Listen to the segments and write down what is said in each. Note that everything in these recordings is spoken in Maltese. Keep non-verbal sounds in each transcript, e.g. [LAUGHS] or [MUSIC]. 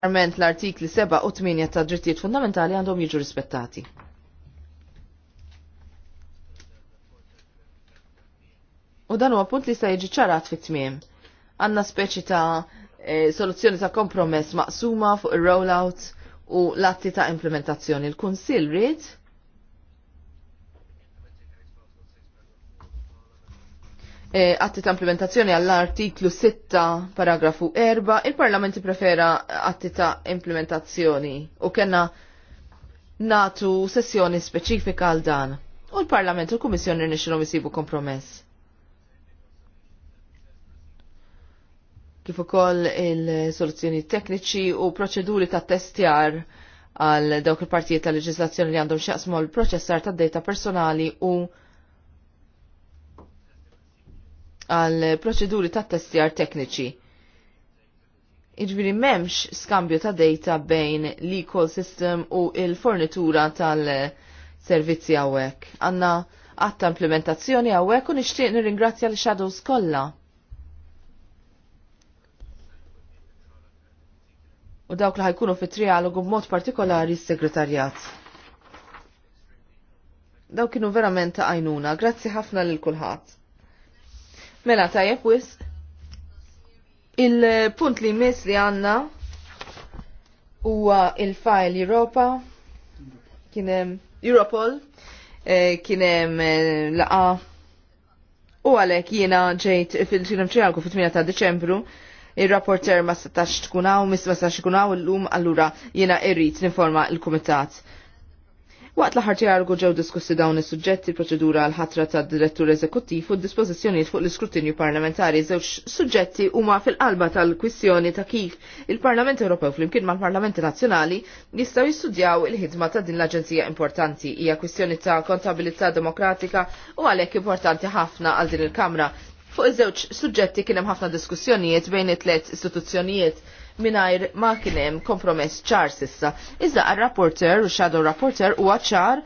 Arment l-artikli 7 u 8 ta' drittijiet fundamentali għandhom jiġu rispettati. U dan huwa punt li se jiġi ċarat fit-tmiem. Għandna speċi ta' e, soluzzjoni ta' kompromess maqsuma fuq ir rollout u l-atti ta' implementazzjoni. Il-Kunsill rrid E, atti ta' implementazzjoni għall-artiklu 6 paragrafu 4 il-Parlament prefera atti ta' implementazzjoni u kena natu sessjoni speċifika għal dan. U l-Parlament u l-Kummissjoni nixilhom isibu kompromess. kif ukoll il-soluzzjoni tekniċi u proċeduri ta' testjar għal dawk il-partijiet tal leġislazzjoni li għandhom xaqsmu l-proċessar ta' data personali u għal proċeduri ta' testjar tekniċi. Iġbiri memx skambju ta' data bejn l-equal system u il-fornitura tal-servizzi għawek. Għanna għatta implementazzjoni għawek u nishtiq nir-ingrazzja l-Shadows kolla. U dawk li ħajkunu fit trialogu b'mod partikolari s-segretarjat. Dawk kienu verament ta' għajnuna, grazzi ħafna lil kulħadd. Mela tajjeb wis. Il-punt li mis li għanna huwa il-file Europa kienem Europol eh, kienem eh, laqa u għalek jiena ġejt fil-ċinem ċiħalku fit-8 ta' Deċembru il-rapporter ma setax tkunaw, mis ma setax tkunaw l-lum allura jiena irrit niforma l-komitat. Waqt l ħarti argu ġew diskussi dawn is-suġġetti proċedura għal ħatra ta' direttur eżekuttiv u dispożizzjonijiet fuq l-iskrutinju parlamentari żewġ suġġetti huma fil-qalba tal-kwissjoni ta' kif il-Parlament Ewropew flimkien mal-Parlamenti Nazzjonali jistgħu jistudjaw il-ħidma ta' din l-aġenzija importanti hija kwistjoni ta' kontabilità demokratika u għalhekk importanti ħafna għal din il-Kamra. Fuq iż-żewġ suġġetti kien hemm ħafna diskussjonijiet bejn it-tliet istituzzjonijiet minajr ma kienem kompromess ċar sissa. Iżda għal-rapporter u shadow rapporter u ċar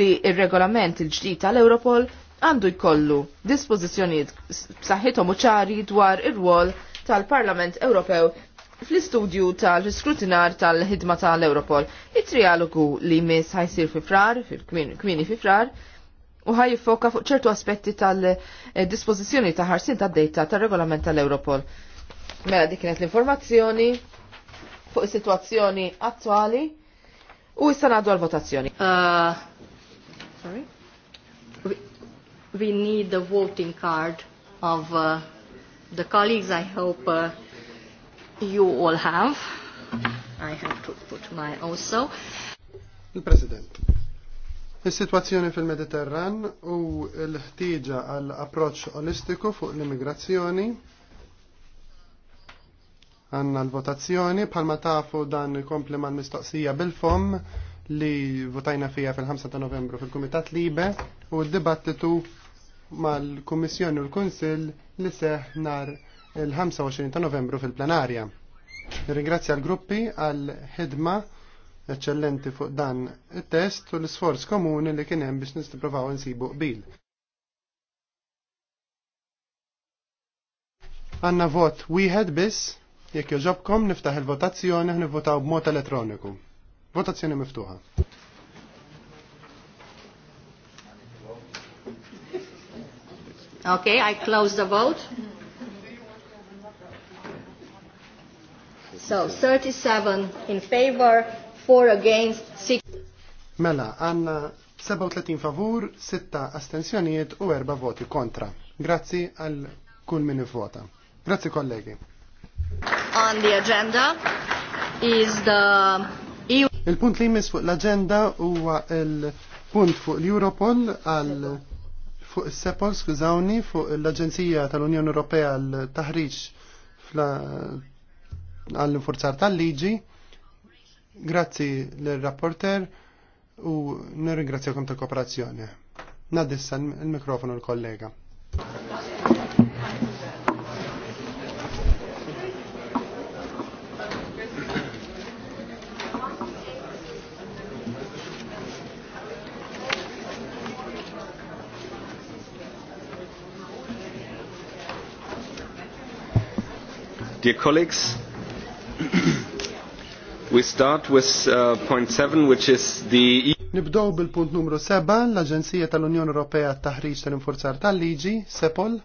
li il-regolament il-ġdid tal-Europol għandu jkollu dispożizzjonijiet saħħitom u ċari dwar ir-rwol tal-Parlament Ewropew fl-istudju tal-skrutinar tal-ħidma tal-Europol. it trialogu li mis ħajsir fi frar, fil-kmini fi frar, u ħaj fuq ċertu aspetti tal-dispozizjoni ta' ħarsin ta' data tal-regolament tal-Europol. Mela dik kienet l-informazzjoni fuq situazzjoni attuali u issa ngħaddu għall-votazzjoni. Uh, sorry. We, need the voting card of uh, the colleagues I hope uh, you all have. I have to put my also. Il-President. Il-situazzjoni fil-Mediterran u l-ħtieġa għal approċċ olistiku fuq l-immigrazzjoni għanna l-votazzjoni bħalma tafu dan kompliman mistoqsija bil-fom li votajna fija fil-5 ta' novembru fil-Kumitat Libe u d-dibattitu mal-Kummissjoni u l-Kunsil li seħ nar il-25 ta' novembru fil-plenarja. Ringrazzja l-gruppi għal-ħidma eccellenti fuq dan il-test u l-sforz komuni li kienem biex nistiprofaw nsibu qbil. Għanna vot wieħed biss Jekk joġobkom niftaħ il-votazzjoni nivvotaw b'mod elettroniku. Votazzjoni miftuħa. Okay, I close the vote. So, 37 in favor, 4 against, 6. Mela, għanna 37 favur, 6 astensjonijiet u 4 voti kontra. Grazzi għal kull min vota. Grazzi kollegi. On the agenda is the EU... Il-punt li jmiss fuq l-agenda huwa il-punt fuq l-Europol għal fuq il-Sepol, skużawni, fuq l-Aġenzija tal-Unjoni Ewropea għal taħriġ għall-infurzar tal-liġi. Grazzi l-rapporter u nirringrazzjakom ta' kooperazzjoni. Nadissa il-mikrofonu l-kollega. Dear colleagues, we start with uh, point seven, which is the... E Nibdow bil-punt numru seba' l-Aġenzija tal-Unjoni Ewropea taħriġ tal-Infurzar tal-Liġi, SEPOL.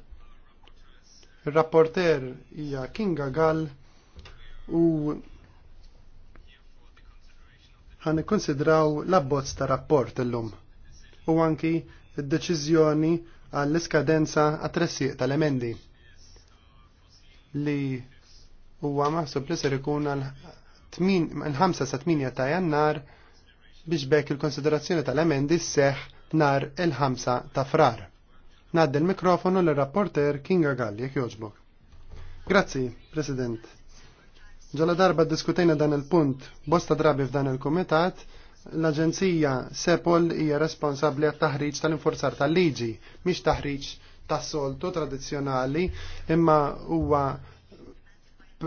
Il-rapporter hija Kinga Gall u ħan ikkonsidraw l-abbozz ta' rapport illum u anki id-deċiżjoni għall-iskadenza għat-tressiq tal-emendi li huwa maħsub li ser ikun l-5 sa 8 ta' jannar biex bekk il-konsiderazzjoni tal-emendi seħ nar il-5 ta' frar. Naddi l-mikrofonu l-rapporter Kinga Galli, jek joġbok. Grazzi, President. Ġala darba diskutejna dan il-punt bosta drabi f'dan il-komitat l-Aġenzija Sepol hija responsabbli għat taħriġ tal-infurzar tal-liġi, mhix taħriġ tas-soltu tradizzjonali, imma huwa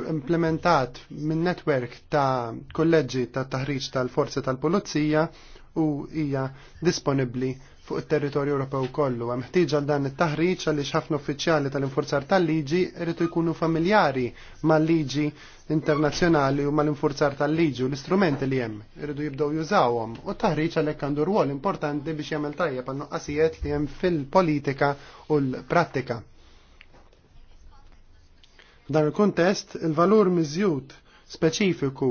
implementat minn netwerk ta' kolleġi ta' taħriġ tal-forzi tal-pulizija u hija disponibbli fuq it-territorju Ewropew kollu. Hemm ħtieġa dan it-taħriġ għaliex ħafna uffiċjali tal-infurzar tal-liġi irid ikunu familjari mal-liġi internazzjonali u mal-infurzar tal-liġi u l-istrumenti li hemm irridu jibdew jużawhom. U t-taħriġ għalhekk għandu rwol importanti biex jagħmel tajjeb għan nuqqasijiet li hemm fil-politika u l-prattika. F'dan il-kuntest, il-valur miżjud speċifiku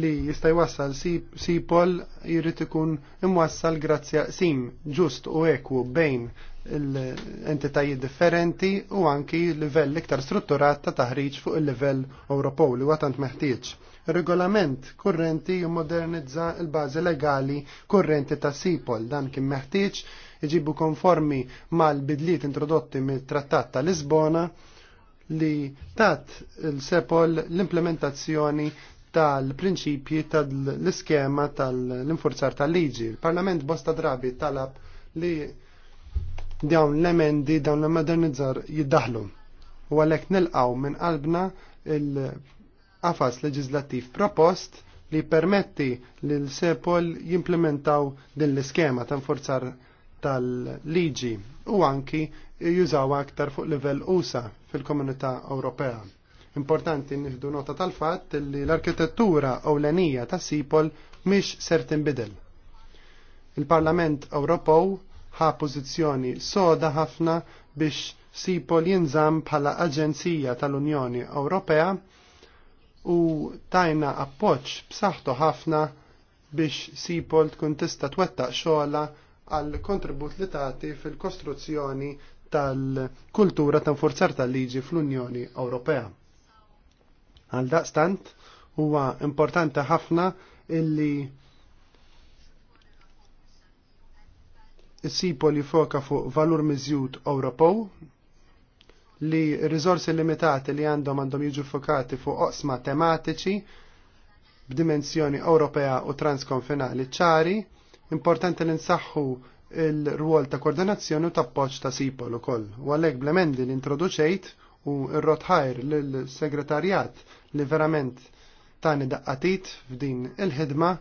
li jista' jwassal sipol jrid ikun imwassal grazzi sim ġust u ekwu bejn l-entitajiet differenti u anki livell iktar strutturat ta' taħriġ fuq il-livell Ewropew li watant meħtieġ. Regolament kurrenti jimmodernizza l-bażi legali kurrenti ta' sipol dan kien meħtieġ iġibu konformi mal-bidliet introdotti mit-Trattat ta' Lisbona li tat il-sepol l-implementazzjoni tal-prinċipji tal-iskema tal-infurzar tal-liġi. Il-Parlament bosta drabi talab li dawn l-emendi, dawn l-modernizzar jiddaħlu. U għalek nilqaw minn qalbna il-qafas leġizlattiv propost li permetti li l-sepol jimplementaw din l-iskema ta' infurzar tal-liġi u anki jużaw aktar fuq livell USA fil-Komunità Ewropea. Importanti nifdu nota tal-fatt li l-arkitettura ewlenija ta' Sipol mhix ser tinbidel. Il-Parlament Ewropew ħa pożizzjoni soda ħafna biex Sipol jinżamm bħala Aġenzija tal-Unjoni Ewropea u tajna appoġġ b'saħħtu ħafna biex Sipol tkun tista' twettaq xogħla għal kontribut li tagħti fil-kostruzzjoni tal-kultura ta' forzar tal-liġi fl-Unjoni Ewropea. Għal daqstant huwa importanti ħafna illi sipo li foka fuq valur miżjud Ewropew li rizorsi limitati li għandhom għandhom jiġu fokati fuq oqsma tematiċi b'dimensjoni Ewropea u transkonfinali ċari, importanti li nsaħħu il ruol ta' koordinazzjoni u ta' poċ ta' sipol u koll. U għalek blemendi l introduċejt u rrotħajr l-segretarjat li verament tani daqqatit f'din il-ħidma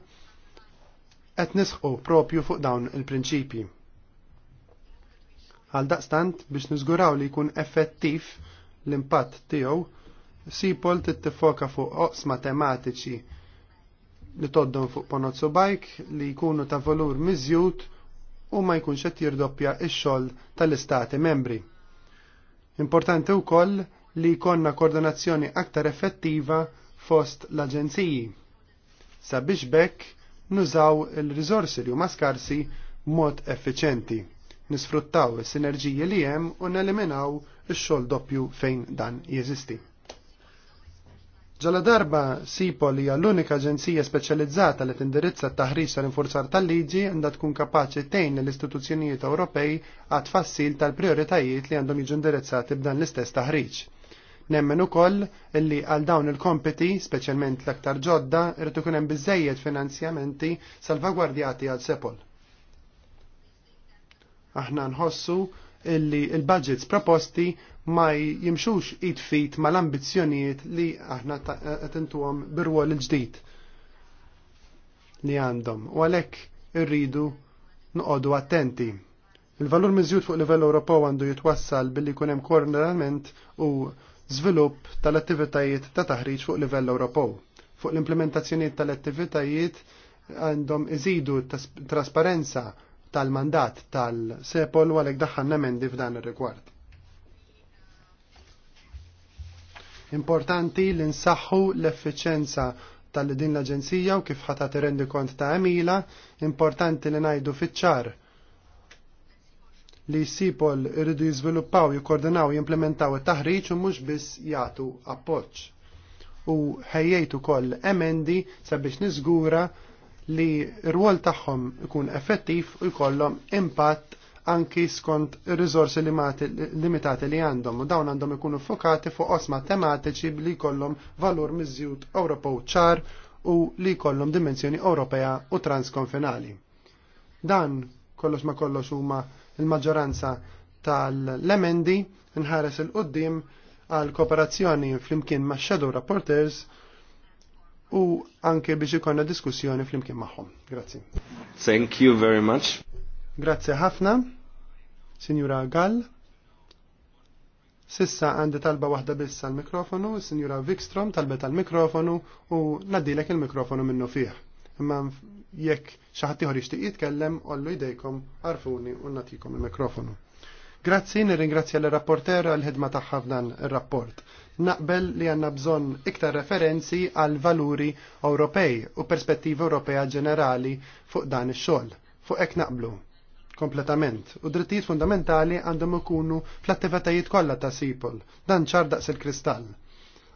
qed nisħu propju fuq dawn il-prinċipji. Għal daqstant biex niżguraw li jkun effettiv l-impatt tiegħu sipol tittifoka fuq oqsma tematiċi li toddon fuq ponozzu bajk li jkunu ta' valur miżjud u ma jkunx qed jirdoppja x-xogħol tal-istati membri. Importanti wkoll li jkollna koordinazzjoni aktar effettiva fost l-aġenziji. Sabiex bekk nużaw il-riżorsi li huma skarsi b'mod effiċenti. Nisfruttaw is-sinerġiji li hemm u neliminaw ix-xogħol doppju fejn dan jeżisti. Ġala darba SIPOL hija l-unika aġenzija speċjalizzata li tindirizza t-taħriġ tal-infurzar tal-liġi għandha tkun kapaċi tgħin l-istituzzjonijiet Ewropej għat fassil tal-prioritajiet li għandhom jiġu indirizzati b'dan l-istess taħriġ. Nemmen ukoll illi għal dawn il-kompiti, speċjalment l-aktar ġodda, irid ikun hemm biżejjed finanzjamenti salvagwardjati għal SEPOL. Aħna nħossu illi il-budgets proposti ma jimxux id-fit ma l ambizjoniet li aħna tintuhom bir-rwol il-ġdid li għandhom. U għalhekk irridu noqogħdu attenti. Il-valur miżjud fuq livell Ewropew għandu jitwassal billi jkun hemm koordinament u żvilupp tal-attivitajiet ta' taħriġ fuq livell Ewropew. Fuq l-implementazzjonijiet tal-attivitajiet għandhom iżidu trasparenza tal-mandat tal-Sepol u għalek daħħanna namendi f'dan ir-rigward. Importanti li nsaħħu l-effiċenza tal-din l-Aġenzija u kif ħatat rendi kont ta' għamila, importanti li najdu fitċar li li sipol irridu jizviluppaw, jikordinaw, jimplementaw it-taħriċ u mux biss jgħatu appoċ. U ħejjejtu koll emendi sabiex nizgura li r wol tagħhom ikun effettiv u jkollhom impatt anki skont ir limitati li għandhom u dawn għandhom ikunu fokati fuq osma tematiċi li jkollhom valur miżjud Ewropew ċar u li jkollhom dimensjoni Ewropea u transkonfinali. Dan kollox ma kollox huma il-maġġoranza tal lemendi nħares il-qoddim għal kooperazzjoni flimkien ma' Shadow Reporters u anke biex ikonna diskussjoni fl-imkien magħhom. Grazzi. Thank you very much. Grazzi ħafna, Sinjura Gall. Sissa għandi talba waħda biss għal mikrofonu, Sinjura Vikstrom talbet għal mikrofonu u naddilek il-mikrofonu minnu fih. Imma jekk xaħat ieħor jixtieq jitkellem, ollu jdejkom, arfuni u natikom il-mikrofonu. Grazzi, nirringrazzja l rapporter għal ħidma tagħha f'dan ir-rapport naqbel li għanna bżon iktar referenzi għal valuri Ewropej u perspettiva Ewropea ġenerali fuq dan ix-xogħol. Fuq hekk naqblu kompletament u drittijiet fundamentali għandhom ikunu fl-attivitajiet kollha ta' sipol, dan ċar daqs il-kristall.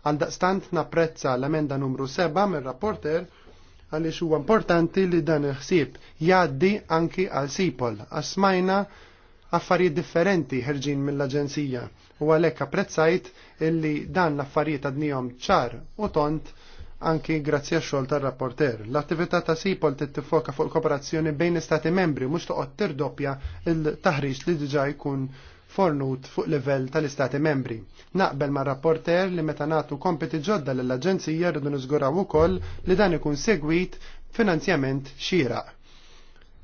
Għal daqstant napprezza l-emenda numru 7 mir-rapporter għaliex huwa importanti li dan il-ħsieb jgħaddi anki għal sipol, għasmajna smajna affarijiet differenti ħerġin mill-Aġenzija u għalhekk apprezzajt illi dan l-affarijiet għadnihom ċar u tont anki grazzi għax-xogħol tar-rapporter. L-attività ta' Sipol tittifoka fuq kooperazzjoni bejn istati membri mhux toqgħod tirdoppja il-taħriġ li diġà jkun fornut fuq livell tal-istati membri. Naqbel ma' rapporter li meta nagħtu kompeti ġodda lill-Aġenzija rridu niżguraw ukoll li dan ikun segwit finanzjament xieraq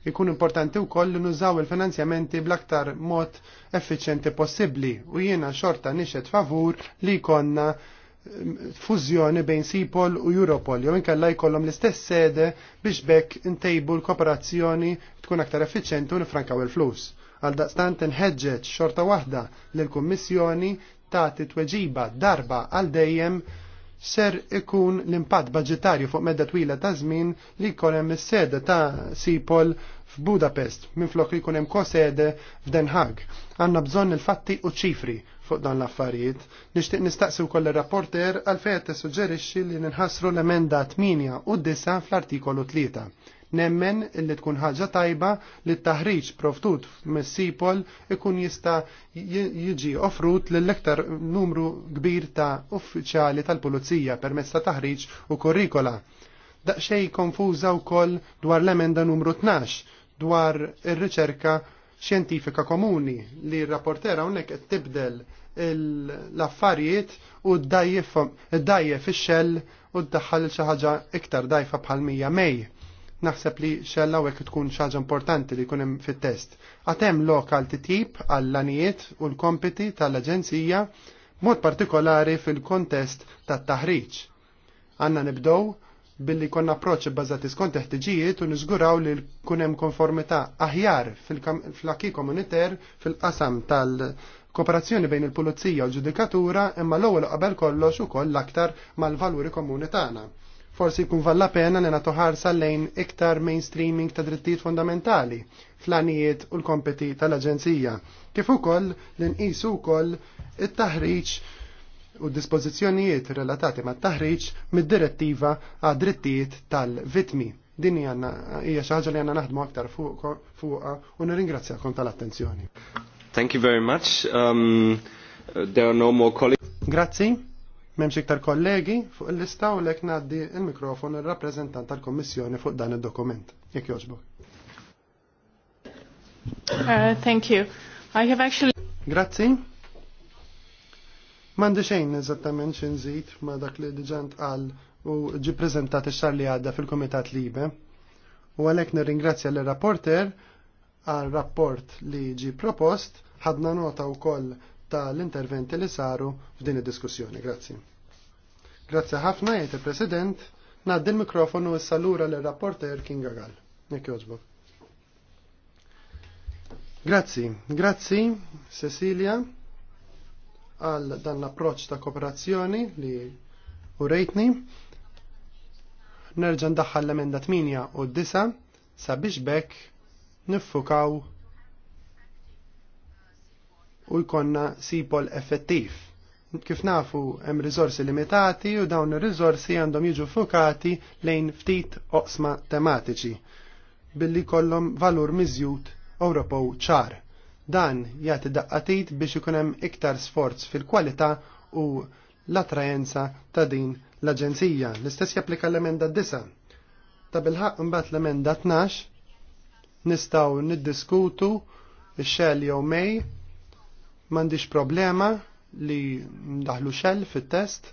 Ikun importanti wkoll li nużaw il-finanzjamenti bl-aktar mod effiċjenti possibbli u jiena xorta nixed favur li konna mm, fużjoni bejn Sipol u Europol jew inkella jkollhom l-istess sede biex bekk intejbu l-kooperazzjoni tkun aktar effiċenti u nifrankaw il-flus. Għal daqstant nħeġġeġ xorta waħda lill kummissjoni tagħti tweġiba darba għal dejjem ser ikun l-impatt budgetarju fuq medda twila ta' żmien li jkun hemm is-sede ta' Sipol f'Budapest minflok li jkun hemm kosede f'Den Haag. Għandna bżonn il-fatti u ċifri fuq dan l-affarijiet. Nixtieq nistaqsi wkoll ir-rapporter għalfejn qed tissuġġerixxi li nħassru l-emenda 8 u 9 fl-artikolu 3 Nemmen illi tkun ħaġa tajba li t-taħriġ proftut messipol ikun jista' jiġi offrut l-lektar numru kbir ta' uffiċjali tal-Pulizija permezz ta' taħriġ u kurrikola. Daqxej konfuża wkoll dwar l-emenda numru 12 dwar ir-riċerka xjentifika komuni li r rapportera hawnhekk qed tibdel l-affarijiet u d-dajjef ix-xell u d-daħħal xi ħaġa iktar dajfa bħal mija mej naħseb li xella u tkun xaġa importanti li kunem fit-test. Għatem lokal titjib għall-lanijiet u l-kompiti tal-Aġenzija mod partikolari fil-kontest tat-taħriġ. Għanna nibdow billi konna approċ bazzati skont teħtiġijiet u niżguraw li kunem konformità aħjar fil-aki komuniter fil-qasam tal-kooperazzjoni bejn il-pulizija u l-ġudikatura imma l-ewwel qabel kollox ukoll l-aktar mal-valuri komuni tagħna forsi jkun valla pena nena toħarsa lejn iktar mainstreaming ta' drittijiet fundamentali flanijiet u l-kompeti tal-Aġenzija, kif ukoll li nqisu wkoll it-taħriġ u dispożizzjonijiet relatati ma' taħriġ mid-direttiva għad drittijiet tal-vitmi. Din hija xi ħaġa li għandna naħdmu aktar fuqha u nirringrazzjakom tal-attenzjoni. Thank you very much. Um, uh, there are no more colleagues. Grazzi. Memx iktar kollegi fuq il-lista u lek naddi il-mikrofon il-rappresentant tal-Kommissjoni fuq dan il-dokument. Jek joġbu. Uh, thank you. I have actually... Grazzi. Mandi xejn eżattament xin zid ma dak li diġant għal u ġi prezentat ix-xar li għadda fil-Komitat Libe. U għalek nirringrazzja l-rapporter għal rapport li ġi propost ħadna nota u koll tal-interventi li saru f'din id-diskussjoni. Grazzi. Grazzi ħafna jgħid il-President, ngħaddi l-mikrofonu issa lura lir rapporter King Gagal. Jekk jogħġbok. Grazzi, grazzi Cecilia għal dan l-approċ ta' kooperazzjoni li u rejtni. Nerġa' ndaħħal l-emenda 8 u 9 sabiex bekk niffukaw u jkonna sipol effettiv. Kif nafu hemm riżorsi limitati u dawn ir-riżorsi għandhom jiġu fokati lejn ftit oqsma tematiċi billi kollhom valur miżjud Ewropew ċar. Dan jagħti daqqatit biex ikun hemm iktar sforz fil-kwalità u l-attrajenza ta' din l-Aġenzija. L-istess japplika l-emenda 9. Ta' bilħaq mbagħad l-emenda 12 nistgħu niddiskutu ix-xel jew mej M'għandix problema li ndaħlu xell fit-test,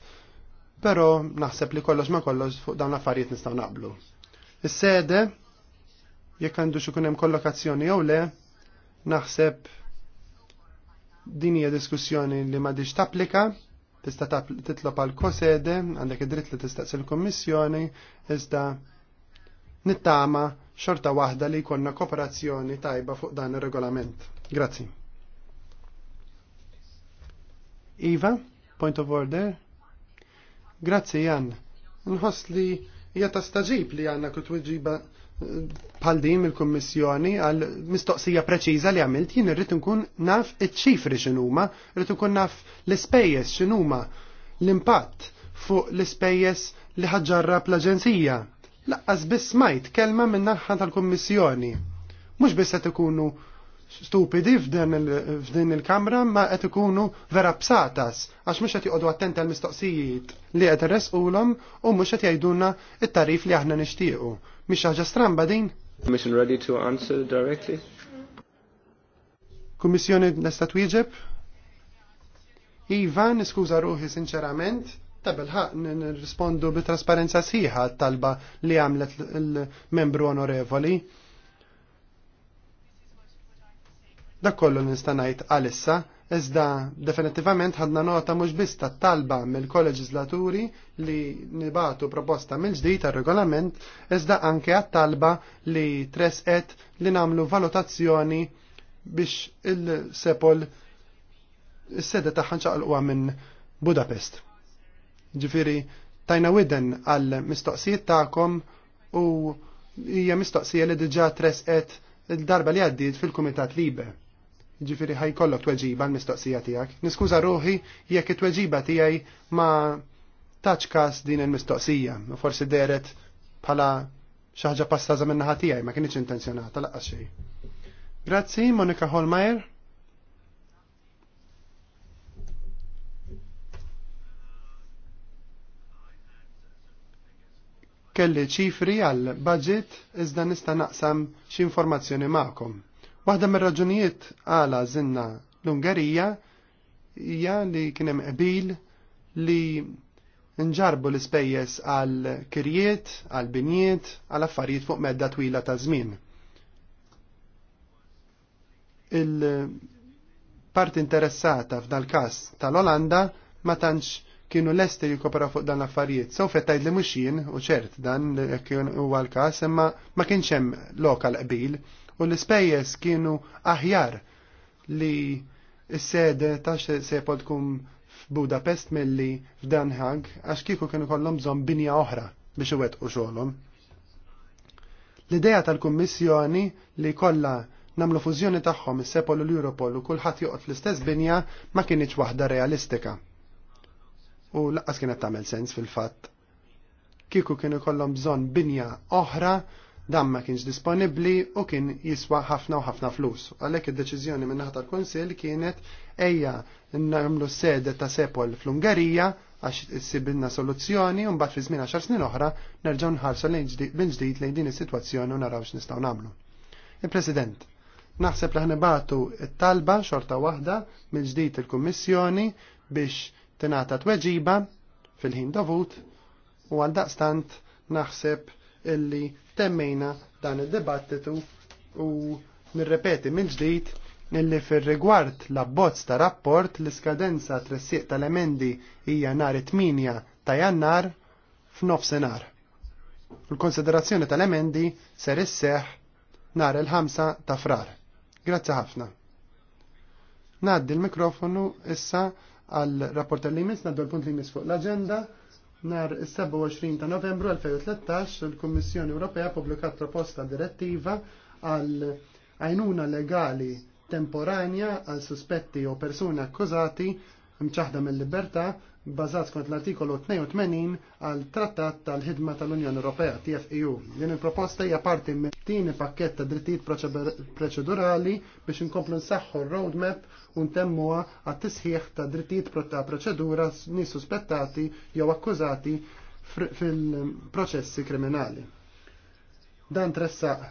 però naħseb li kollox ma kollox fuq dawn l-affarijiet nistgħu naqblu. Is-sede jekk għandux ikun hemm kollokazzjoni jew le, naħseb din hija diskussjoni li m'għadix tapplika, tista' titlob għal kosede, għandek id-dritt li tistaqsi l-Kummissjoni, iżda nittama xorta waħda li jkollna kooperazzjoni tajba fuq dan ir-regolament. Grazzi. Iva, point of order. Grazzi, Jan. Nħoss li hija ta' staġib li għanna kut weġiba eh, bħal din il-Kommissjoni għal mistoqsija preċiża li għamilt jien irrid nkun naf iċ-ċifri x'inhuma, irrid nkun naf l-ispejjeż x'inhuma l-impatt fuq l-ispejjeż li ħaġġarrab l-Aġenzija. Laqqas biss smajt kelma minn naħħa tal-Kummissjoni. Mhux biss qed ikunu stupidi f'din il-kamra ma qed ikunu vera psatas għax mhux qed joqogħdu attenti għal mistoqsijiet li qed irresqulhom u mhux qed jgħidulna t tarif li aħna nixtiequ. Mhix ħaġa stramba din? Commission ready to answer directly? Kummissjoni nesta twieġeb? Iva, niskuża ruħi sinċerament, ta' bilħaq nirrispondu bi trasparenza sħiħa talba li għamlet il-membru onorevoli Dak kollu nista' ngħid għalissa, iżda definitivament ħadna nota mhux biss tat-talba mill-koleġislaturi li nibatu proposta mill-ġdid regolament iżda anke għat-talba li tresqet li nagħmlu valutazzjoni biex il-sepol is-sede tagħha nċaqlquha minn Budapest. Ġifieri tajna widen għal mistoqsijiet tagħkom u hija mistoqsija li diġà tresqet il-darba li għaddiet fil-Kumitat Libe ġifiri ħajkollok tweġiba l-mistoqsija tijak. Niskuza ruħi jekk it-tweġiba tijaj ma taċkas din il-mistoqsija, u forsi deret pala xaħġa pastaza minnaħa tijaj, ma kienieċ intenzjonata, laqqa xej. Grazzi, Monika Holmeier. Kelli ċifri għal budget iżda nista naqsam x'informazzjoni ma'kom Waħda mir-raġunijiet għala zinna l-Ungerija hija li kien hemm qbil li nġarbu l-ispejjeż għal kirjiet, għal binjiet, għal affarijiet fuq medda twila ta' żmien. Il-parti interessata f'dal każ tal-Olanda ma tantx kienu lesti jikopera fuq dan l-affarijiet. Sew fettajd li muxin, u ċert dan kien huwa l-każ, imma ma kienx hemm lokal qbil u l-ispejjeż kienu aħjar li s-sede ta' sepod kum f'Budapest milli f'dan Hag għax kieku kienu kollom bżonn binja oħra biex iwettqu xogħolhom. L-idea tal-Kummissjoni li kolla namlu fużjoni tagħhom is-Sepol u l-Europol u kulħadd joqgħod fl-istess binja ma kienx waħda realistika. U laqqas kienet tagħmel sens fil-fatt. Kieku kienu kollhom bżonn binja oħra Dan ma kienx disponibbli u kien jiswa ħafna u ħafna flus. Għalhekk id-deċiżjoni minn naħa tal-Kunsill kienet ejja nagħmlu sede ta' Sepol fl-Ungerija għax issibilna soluzzjoni u mbagħad fi żmien għaxar snin oħra nerġgħu nħarsu minn ġdid lejn din is-sitwazzjoni u naraw x'nistgħu nagħmlu. Il-President, naħseb li ħnibatu it-talba xorta waħda minn ġdid il-Kummissjoni biex tingħata tweġiba fil-ħin dovut u għal daqstant naħseb illi temmejna dan id-dibattitu u nirrepeti mill-ġdid illi fir-rigward l-abbozz ta' rapport l-iskadenza tressieq tal-emendi hija nhar 8 ta' jannar f'nofsinhar. Il-konsiderazzjoni tal-emendi ser isseħ nhar il-5 ta' frar. Grazzi ħafna. Naddi l-mikrofonu issa għal rapport tal-limis, naddu l-punt limis fuq l-agenda. Nar 27 ta' novembru 2013 il-Kummissjoni Ewropea pubblikat proposta direttiva għal għajnuna legali temporanja għal suspetti u persuni akkużati mċaħda mill-libertà bażat skont l-artikolu 82 għal Trattat tal-Ħidma tal-Unjoni Ewropea TFEU. Din il-proposta hija parti mit-tieni pakkett ta' drittijiet proċedurali biex inkomplu nsaħħu roadmap u ntemmuha għat-tisħiħ ta' drittijiet ta' proċedura nies suspettati jew akkużati fil-proċessi kriminali. Dan tressaq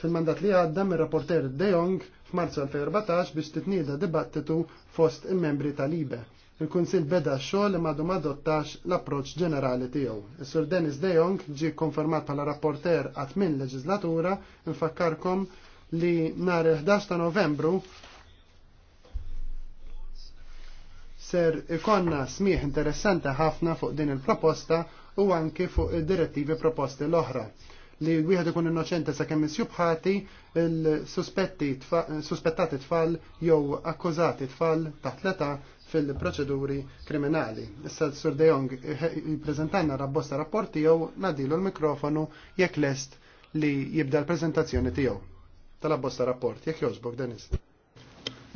fil-mandat li għadda mir rapporter De Jong f'Marzu 2014 biex titnieda dibattitu fost il-membri tal-IBE. Il-Kunsil beda xogħol li madu madottax l-approċ ġenerali tiegħu. Is-Sur Dennis De Jong ġi konfermat bħala rapporter għat min leġislatura infakkarkom li nhar il-11 ta' Novembru ser ikonna smieħ interessanti ħafna fuq din il-proposta u anke fuq direttivi proposti l-oħra li wieħed ikun innoċenti kemm isjubħati il-suspetti suspettati tfal jew akkużati tfal taħt l-età fil-proċeduri kriminali. Issa Sur De Jong jippreżentanna eh, rabbosta rapport tiegħu nadilu l-mikrofonu jekk lest li jibda l-preżentazzjoni tiegħu tal-abbosta rapport. Jekk jogħġbok Denis.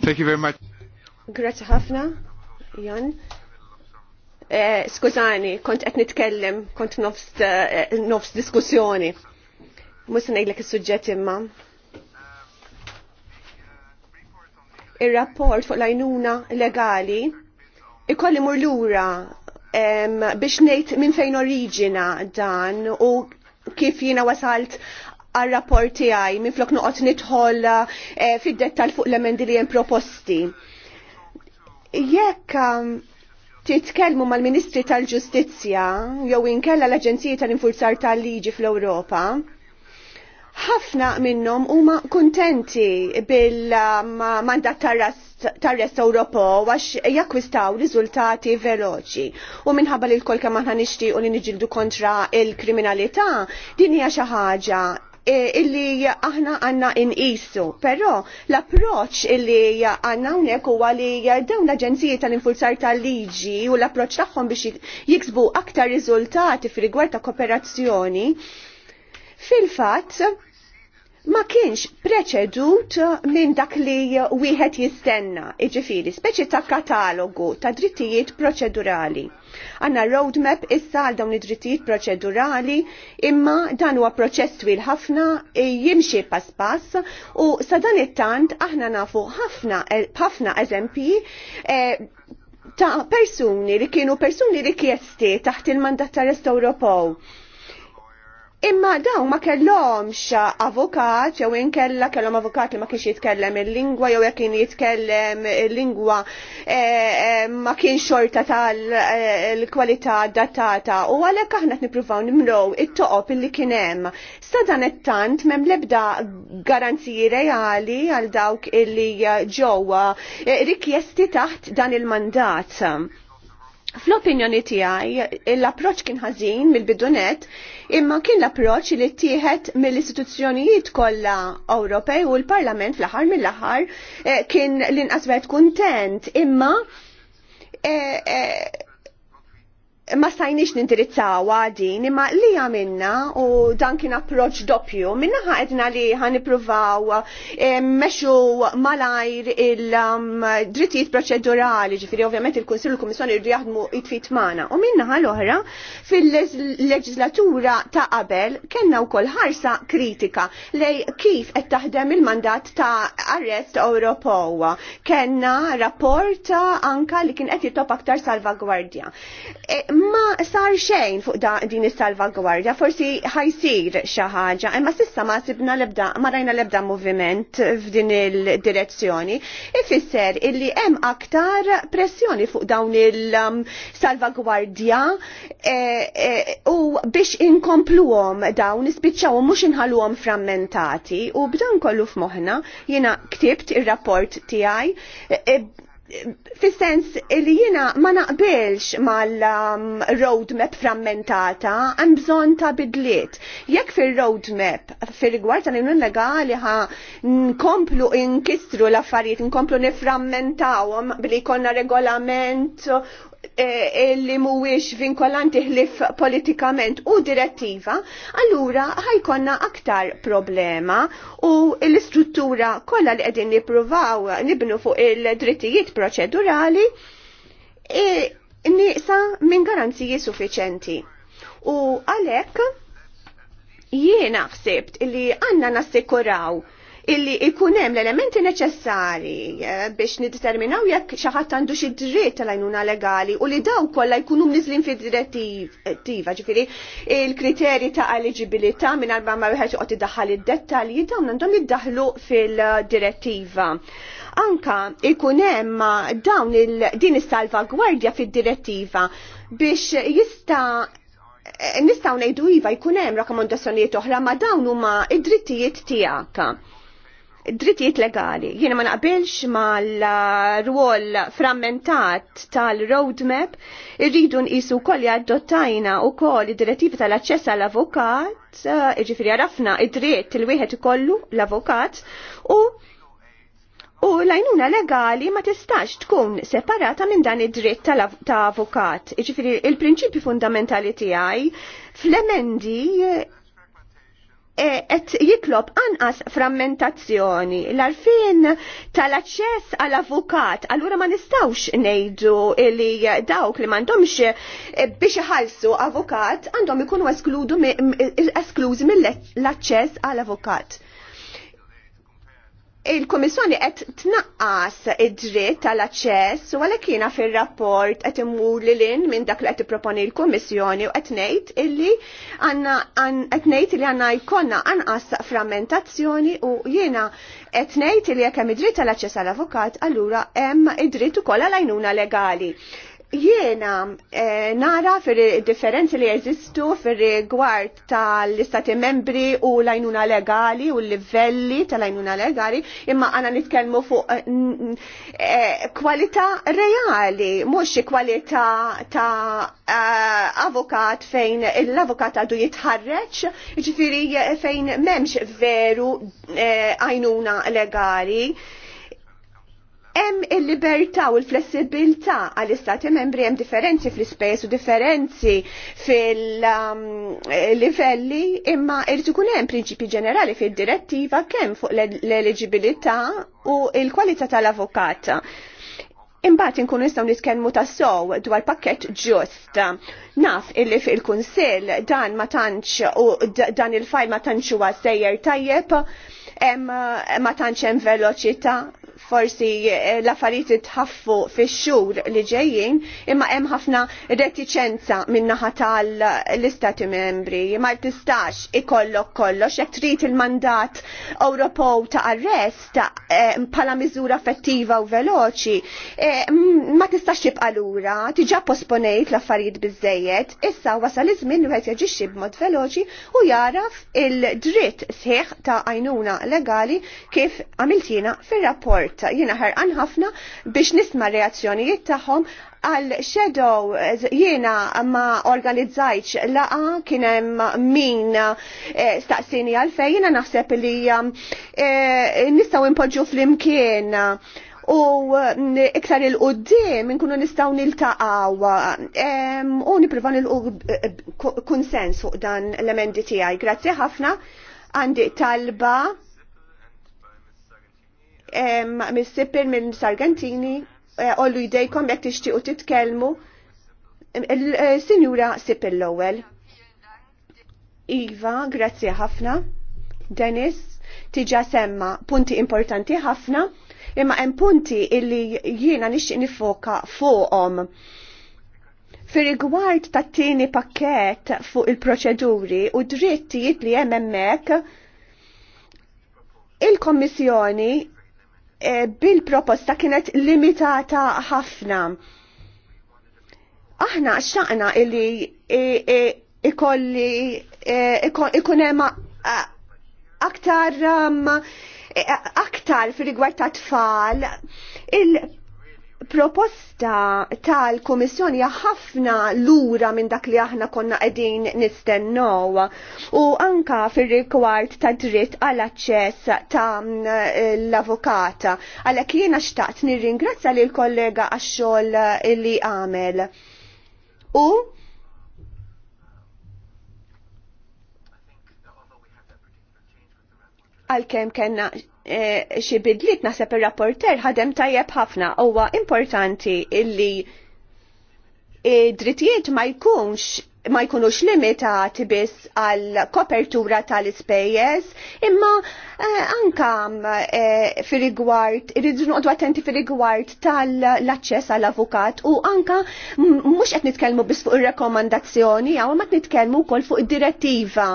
Thank you very much. Grazie ħafna. Jan. Eh, skużani, kont qed nitkellem, kont nofs, eh, diskussjoni. Mus ngħidlek is-suġġett imma. Ir-rapport fuq l legali ikolli mur lura biex ngħid minn fejn oriġina dan u kif jiena wasalt għal rapport tiegħi minn flok noqgħod nidħol eh, fid-dettal fuq l-emendi li hemm proposti Jekk um, titkellmu mal-Ministri tal-Ġustizzja jew inkella l-Aġenziji tal-Infurzar tal-Liġi fl-Ewropa, ħafna minnhom huma kuntenti bil-mandat tar-rest Ewropew għax jakkwistaw riżultati veloċi. U minħabba li l kolka kemm aħna nixtiequ li niġildu kontra il-kriminalità, din hija xi ħaġa Eh, illi aħna għanna inqisu. Però l-approċ illi għanna unek huwa li dawn l aġenzija tal infulsar tal-liġi u l-approċ tagħhom biex jiksbu aktar riżultati fil-rigward ta' kooperazzjoni. Fil-fatt, ma kienx preċedut minn dak li wieħed jistenna, iġifiri, speċi ta' katalogu ta' drittijiet proċedurali. Għanna roadmap issa għal dawn id-drittijiet proċedurali imma dan huwa proċess twil ħafna e jimxi pass pass u sa dan it-tant aħna nafu ħafna e, ħafna eżempji e, ta' persuni li kienu persuni rikjesti taħt il-mandat tar est Ewropew Imma daw ma kellomx avukat, jew inkella kellhom avokat li ma kienx jitkellem il-lingwa, jew jekk kien jitkellem il-lingwa eh, eh, ma kien xorta tal-kwalità datata. U għalhekk aħna nippruvaw nimlow it-toqob illi kien hemm. Sa dan tant m'hemm l-ebda garanziji reali għal dawk illi ġewwa eh, rikjesti taħt dan il-mandat Fl-opinjoni tiegħi l-approċ kien ħażin mill-bidunet imma kien l-approċ li tieħed mill-istituzzjonijiet kollha Ewropej u l-Parlament fl-aħħar mill-aħħar eh, kien l-inqas kuntent imma eh, eh, ma stajniex nindirizzawa din imma li għamilna u dan kien approċ doppju minna ħedna li ħanipruvaw meċu malajr il-drittijiet proċedurali ġifiri ovvjament il-Konsil u l-Komissjoni irdu jaħdmu it-fit maħna u minna ħal-oħra fil-leġislatura ta' qabel kena u kol ħarsa kritika lej kif qed taħdem il-mandat ta' arrest Ewropew. kena rapport anka li kien qed jitop aktar salvagwardja e, ma sar xejn fuq da din is-salvagwardja, forsi ħajsir xi ħaġa, imma s'issa ma sibna l-ebda, ma rajna l-ebda moviment f'din il-direzzjoni. Ifisser illi hemm aktar pressjoni fuq dawn il-salvagwardja eh, eh, u biex inkompluhom dawn ispiċċawhom mhux inħalluhom frammentati u b'dan kollu f'moħħna jiena ktibt ir-rapport tiegħi eh, fis-sens li jiena ma naqbilx mal-roadmap um, frammentata, hemm bżonn ta' bidliet. Jekk fir-roadmap fir-rigward tal-inun legali ħa nkomplu inkistru l-affarijiet, nkomplu niframmentawhom billi jkollna regolament E, li mhuwiex vinkolanti ħlif politikament u direttiva, allura ħajkonna aktar problema u l-istruttura kollha li qegħdin nippruvaw nibnu fuq il-drittijiet proċedurali niqsa e, nieqsa minn garanziji suffiċenti. U għalhekk jiena ħsibt li għandna nassikuraw illi ikun hemm l-elementi neċessari eh, biex niddeterminaw jekk xi ħadd għandu xi dritt tal-għajnuna legali u li daw kollha jkunu mniżlin fid-direttiva, ġifiri il-kriterji ta' eligibilità mingħajr ma wieħed joqgħod iddaħħal id-dettalji dawn għandhom jiddaħlu fil-direttiva. Anka ikunem hemm dawn din is-salvagwardja fid-direttiva biex jista' eh, nistaw nejdu iva jkun hemm rakkomandazzjonijiet oħra ma dawn huma id-drittijiet tiegħek drittijiet legali. Jiena ma naqbilx mal-rwol frammentat tal-roadmap, irridu nqisu wkoll li adottajna wkoll id-direttivi tal-aċċess għall-avukat, jiġifieri għarafna id-dritt il wieħed ikollu l-avukat u U lajnuna legali ma tistax tkun separata minn dan id-dritt ta' avukat. Iġifiri, il-prinċipi fundamentali tiegħi fl-emendi qed jitlob anqas frammentazzjoni l-arfin tal-aċċess għal avukat allura ma nistawx ngħidu li dawk li m'għandhomx e, biex iħallsu avukat għandhom ikunu esklużi mill-aċċess għal avukat il-Komissjoni qed tnaqqas id-dritt tal-aċċess u għalhekk jiena fir-rapport qed immur lil in minn dak li qed tipproponi l-Kummissjoni u qed ngħid illi għandna qed ngħid li għandna jkollna anqas frammentazzjoni u jiena qed ngħid li jekk hemm id-dritt tal-aċċess għall-avukat allura hemm id-dritt ukoll għal għajnuna legali. Jiena eh, nara fir differenzi li jeżistu fir rigward tal-istati membri u l-ajnuna legali u l-livelli tal-ajnuna legali imma għana nitkelmu fuq eh, eh, kwalità reali, mux kwalità ta' avokat fejn l-avokat għadu jitħarreċ, ġifiri fejn memx veru għajnuna legali. Hemm il-libertà u l-flessibilità għall-istati membri hemm differenzi fl-ispejs u differenzi fil-livelli imma irid ikun hemm prinċipji ġenerali fid-direttiva kemm fuq l-eligibilità u l-kwalità tal-avukat. Imbagħad inkunu nistgħu nitkellmu ta' sow dwar pakkett ġust. Naf illi fil kunsill dan ma tantx u dan il-fajl ma tantx huwa sejjer tajjeb, ma tantx hemm veloċità forsi eh, l-affarijiet tħaffu fix-xhur li ġejjin, imma hemm ħafna reticenza min-naħa tal-istati membri. Ma tistax ikollok kollox jekk trid il-mandat Ewropew ta' arrest eh, bħala miżura effettiva u veloċi, eh, ma tistax tibqa' lura, tiġa posponejt l-affarijiet biżejjed, issa wasal iż-żmien li wieħed jaġixxi b'mod veloċi u jaraf il-dritt sħiħ ta' għajnuna legali kif għamiltina fir-rapport Sitt. Jiena ħerqan ħafna biex nisma' reazzjonijiet tagħhom għal shadow jiena ma organizzajċ laqa kienem min eh, staqsini għal fej naħseb li eh, nistaw impoġu fl-imkien u mm, iktar il-qoddim nkunu nistaw niltaqaw u niprivan il-konsens eh, fuq dan l-emendi tiegħi. Grazzi ħafna għandi talba mis-sipir minn Sargentini eh, ollu jdejkom jek tixtiqu titkellmu. Il-Sinjura eh, Sipil l-ewwel. Iva, grazie ħafna. Dennis, tiġa semma punti importanti ħafna, imma hemm punti illi jiena nixtieq nifoka fuqhom. Fir-rigward tat-tieni pakkett fuq il-proċeduri u drittijiet li hemm hemmhekk, il-Kommissjoni E, bil-proposta kienet limitata ħafna. Aħna xaqna illi e, e, ikolli ikunem aktar um, aktar fil-rigward ta' tfal il proposta tal-Komissjoni ħafna lura minn dak li aħna konna qegħdin nistennow u anka fir-rigward ta' dritt għal aċċess ta' mm, l-avukata. Għalhekk jiena xtaqt nirringrazzja lil kollega għax-xogħol li għamel. U għalkemm kellna E, xi bidliet naħseb ir-rapporter ħadem tajjeb ħafna huwa importanti illi drittijiet ma jkunx ma jkunux limitati biss għal kopertura tal-ispejjeż imma e, anka e, fir-rigward irridu noqgħdu attenti fir-rigward tal-aċċess għall avukat u anka mhux qed nitkellmu biss fuq ir-rekomandazzjoni għaw ma qed nitkellmu wkoll fuq id-direttiva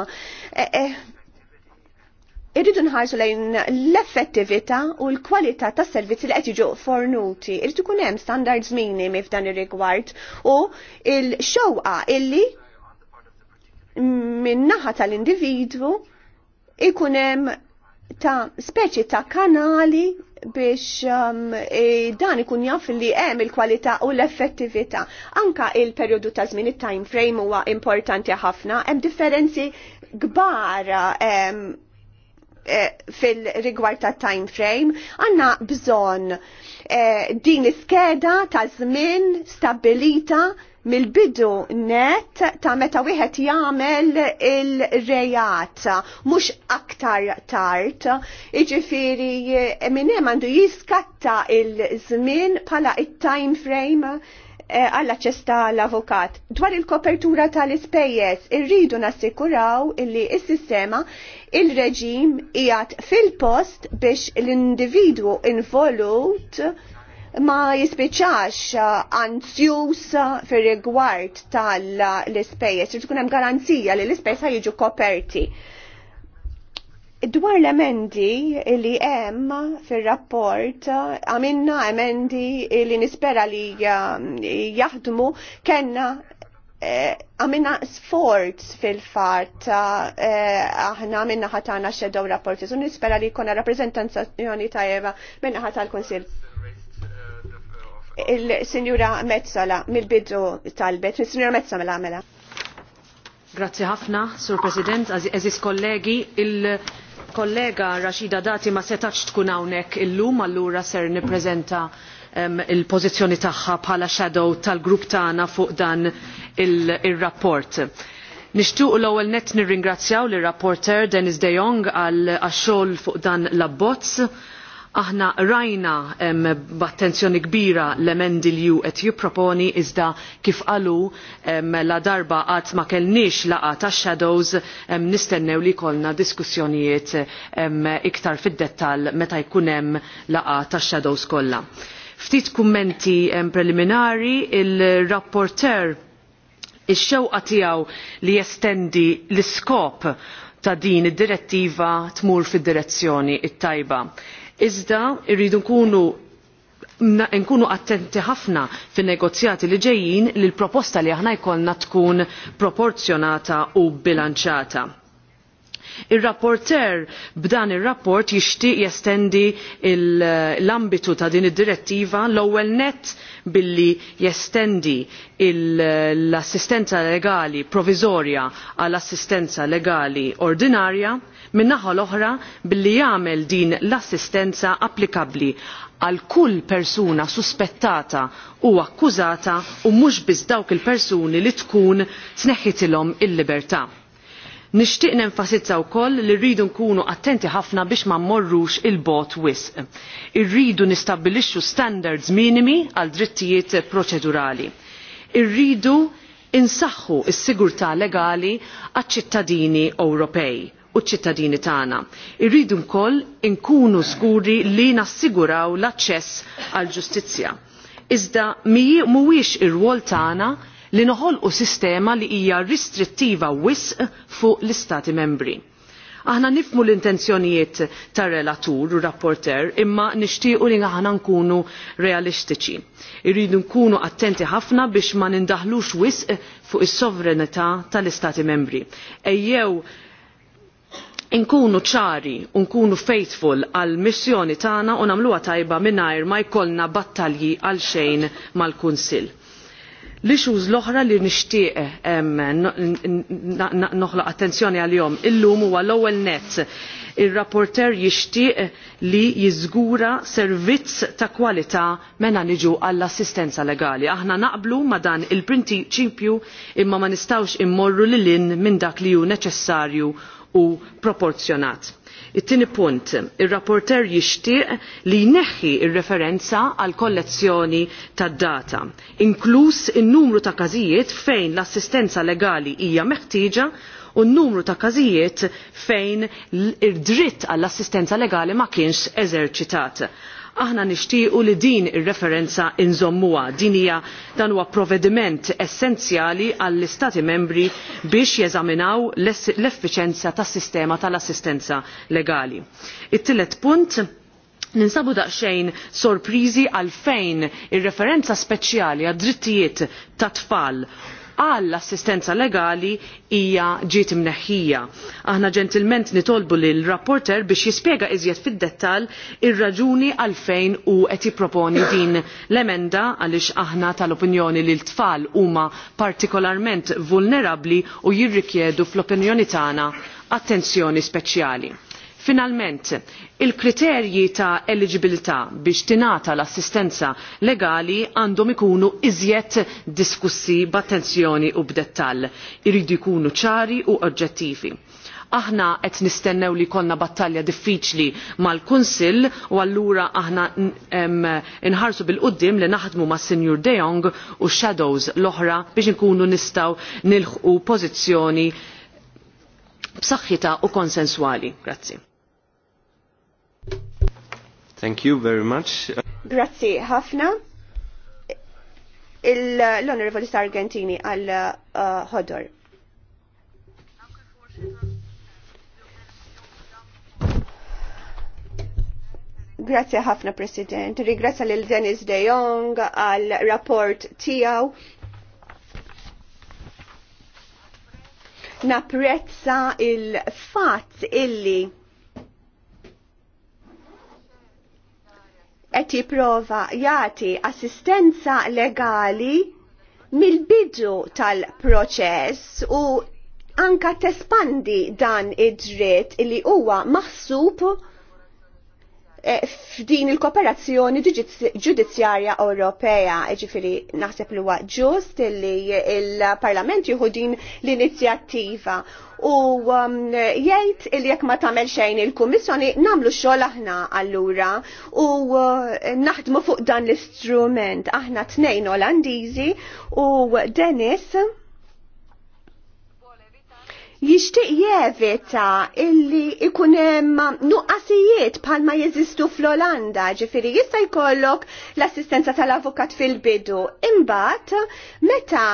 Irridu nħarsu lejn l-effettività u l-kwalità tas servizzi li qed jiġu fornuti. Irid ikun hemm standards minimi f'dan ir-rigward u l-xewqa illi min-naħa tal-individwu ikun hemm ta' speċi ta' kanali biex um, e, dan ikun jaf li hemm il-kwalità u l-effettività. Anka il-perjodu ta' żmien it-time frame huwa importanti ħafna, hemm differenzi kbar um, Eh, fil-rigward ta' time frame, għanna bżon eh, din iskeda ta' żmien stabilita mill-bidu net ta' meta wieħed jagħmel il-rejat mhux aktar tard. Iġifieri eh, minn hemm għandu jiskatta il-żmien bħala it-time frame Eh, għall ċesta l avukat Dwar il-kopertura tal-ispejjeż irridu nassikuraw illi is-sistema il-reġim qiegħed fil-post biex l-individwu involut ma jispiċax eh, anzjus fir-rigward tal-ispejjeż, irid tkun hemm garanzija li l-ispejjeż jiġu koperti. Dwar l-emendi li hemm fir-rapport għamilna emendi li nispera li um, jaħdmu kenna eh, għamilna sforz fil-fat eh, aħna minna ħatana xeddaw rapporti u nispera li jkollna rappreżentazzjoni tajjeba minna ħata l-Konsil. Il-Sinjura Mezzola mill-bidu talbet, il-Sinjura Mezzola mill-għamela. Grazzi ħafna, Sur President, eżis kollegi, il- kollega Rashida Dati ma setax tkun hawnhekk illum allura ser nippreżenta il-pożizzjoni tagħha bħala shadow tal-grupp tagħna fuq dan ir-rapport. Nixtieq l-ewwel nett nirringrazzjaw lir rapporteur Dennis De Jong għal għax-xogħol fuq dan l-abbozz Aħna rajna b'attenzjoni kbira l-emendi li ju qed jipproponi iżda kif qalu la darba qatt ma kellniex laqgħa tax shadows nistennew li jkollna diskussjonijiet iktar fid-dettall meta jkun hemm laqgħa tax shadows kollha. Ftit kummenti preliminari il-rapporter ix-xewqa tiegħu li jestendi l-iskop ta' din id-direttiva tmur fid-direzzjoni t tajba Iżda irridu nkunu nkunu attenti ħafna fin negozjati li ġejjin li l-proposta li aħna jkollna tkun proporzjonata u bilanċata. Ir-rapporter b'dan ir-rapport jixtieq jestendi l-ambitu ta' din id-direttiva l-ewwel nett billi jestendi l-assistenza legali provizorja għall assistenza legali ordinarja Min-naħa l-oħra billi jagħmel din l-assistenza applikabbli għal kull persuna suspettata u akkużata u mhux biss dawk il-persuni li tkun tneħħitilhom il-libertà. Nixtieq nenfasizza wkoll li rridu nkunu attenti ħafna biex ma mmorrux il-bot wisq. Irridu nistabbilixxu standards minimi għal drittijiet proċedurali. Irridu insaħħu s-sigurtà legali għaċ-ċittadini Ewropej u ċ-ċittadini tagħna. Irridu wkoll inkunu skuri li nassiguraw l-aċċess għall ġustizzja. Iżda mhuwiex ir-rwol tagħna li noħolqu sistema li hija ristrittiva wisq fuq l-istati membri. Aħna nifmu l-intenzjonijiet tar relatur u rapporter imma nixtiequ li aħna nkunu realistiċi. Irridu nkunu attenti ħafna biex ma nindaħlux wisq fuq is-sovranità tal-Istati membri. Ejjew inkunu ċari u nkunu faithful għal missjoni tagħna u nagħmluha tajba mingħajr ma jkollna battalji għal xejn mal-kunsill. L-issues l-oħra li nixtieq noħloq attenzjoni għal-jom illum huwa l-ewwel nett ir-rapporter jixtieq li jiżgura servizz ta' kwalità meta niġu għall-assistenza legali. Aħna naqblu ma' dan il-prinċipju imma ma nistgħux immorru lil hinn minn dak li hu neċessarju u proporzjonat. It-tieni punt, ir-rapporter jixtieq li jneħħi ir-referenza għal kollezzjoni tad-data, inkluż in-numru ta' każijiet fejn l-assistenza legali hija meħtieġa u n-numru ta' każijiet fejn id-dritt għall-assistenza legali ma kienx eżerċitat aħna nixtiequ li din ir-referenza inżommuha din hija dan huwa provvediment essenzjali għall-istati membri biex jeżaminaw l-effiċenza tas-sistema tal-assistenza legali. It-tielet punt ninsabu daqsxejn sorpriżi għalfejn ir-referenza speċjali għad-drittijiet tat-tfal l assistenza legali hija ġiet imneħħija. Aħna ġentilment nitolbu lil rapporter biex jispjega iżjed fid-dettall ir-raġuni għalfejn u qed jipproponi din l-emenda għaliex aħna tal-opinjoni li l-tfal huma partikolarment vulnerabbli u jirrikjedu fl-opinjoni tagħna attenzjoni speċjali. Finalment, il-kriterji ta' eligibilità biex tingħata l-assistenza legali għandhom ikunu iżjed diskussi b'attenzjoni u b'dettall, iridu jkunu ċari u oġġettivi aħna qed nistennew li jkollna battalja diffiċli mal-Kunsill u allura aħna inħarsu bil-qudiem li naħdmu mas Sinjur De Jong u Shadows l-oħra biex inkunu nistgħu nilħqu pożizzjoni b'saħħitha u konsenswali. Grazzi. Thank you very much. Grazzi ħafna. L-Onorevoli Sargentini għal uh, ħodor. Grazzi ħafna President. Rigrazza lil Dennis De Jong għal rapport tiegħu. Napprezza il-fatt illi qed jipprova jagħti assistenza legali mill-bidu tal-proċess u anka tespandi dan id-dritt li huwa maħsub Eh, f'din il-kooperazzjoni ġudizzjarja Ewropea, e ġifiri naħseb li huwa ġust li il-Parlament jieħu din l-inizjattiva u um, jgħid il jekk ma tagħmel xejn il-Kummissjoni nagħmlu xogħol aħna allura u eh, naħdmu fuq dan l-istrument. Aħna tnejn Olandiżi u Dennis jixtieq jevita illi ikun hemm nuqqasijiet bħalma jeżistu fl-Olanda, ġifiri jista' jkollok l-assistenza tal-avukat fil-bidu. Imbagħad meta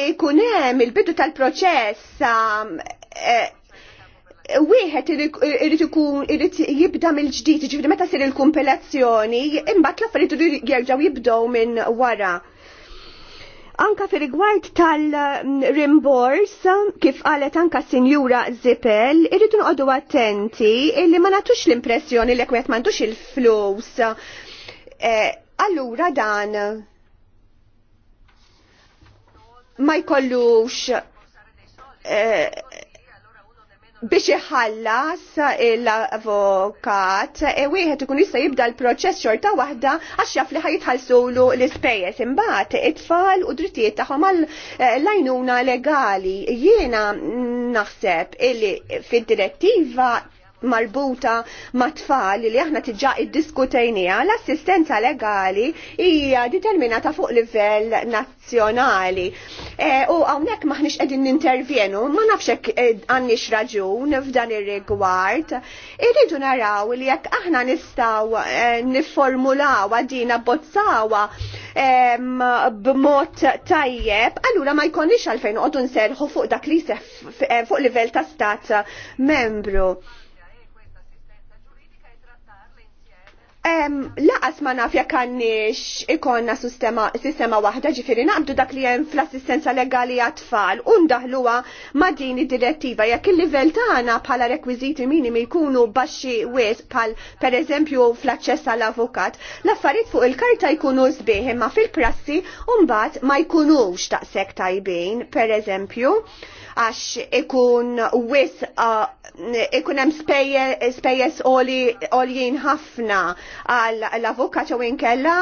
ikun hemm il-bidu tal-proċess eh, wieħed irid ikun irid jibda mill-ġdid, ġifieri meta sir il-kumpilazzjoni, imbagħad l-affarijiet jerġgħu jibdew minn wara. Anka fi rigward tal-rimbors, kif qalet anka sinjura Zippel, irridu noqogħdu attenti illi ma nagħtux l-impressjoni li kwiet m'għandux il-flus. E, allura dan ma jkollux e, biex iħallas l-avokat, e wieħed ikun jista' jibda l-proċess xorta waħda għax jaf li ħajtħallsulu l-ispejjeż imbagħad it-tfal u drittijiet tagħhom għall-lajnuna e, legali. Jiena naħseb illi fid-direttiva marbuta ma' tfal li aħna tiġa iddiskutejnija, l-assistenza legali hija determinata fuq livell nazzjonali. E, u hawnhekk maħniex qegħdin nintervjenu, ma nafx hekk e, għandniex raġun f'dan ir-rigward. Irridu naraw li jekk aħna nistgħu e, nifformulawha din abbozzawa b'mod tajjeb, allura ma jkollniex għalfejn qogħdu nserħu fuq dak li seħ fuq livell ta' stat membru. Um, laqas ma naf jekk għandniex ikonna sistema, sistema waħda ġifieri naqbdu dak li hemm fl-assistenza legali għat-tfal u ndaħluha ma din id-direttiva jekk il-livell tagħna bħala rekwiżiti minimi jkunu baxxi wisq bħal pereżempju fl-aċċess għall avukat l-affarijiet fuq il-karta jkunu sbieħ imma fil-prassi u mbagħad ma jkunux taqsek tajbin pereżempju. eżempju għax ikun wis uh, ikun hemm spejjeż għoljien ħafna għall avukat jew inkella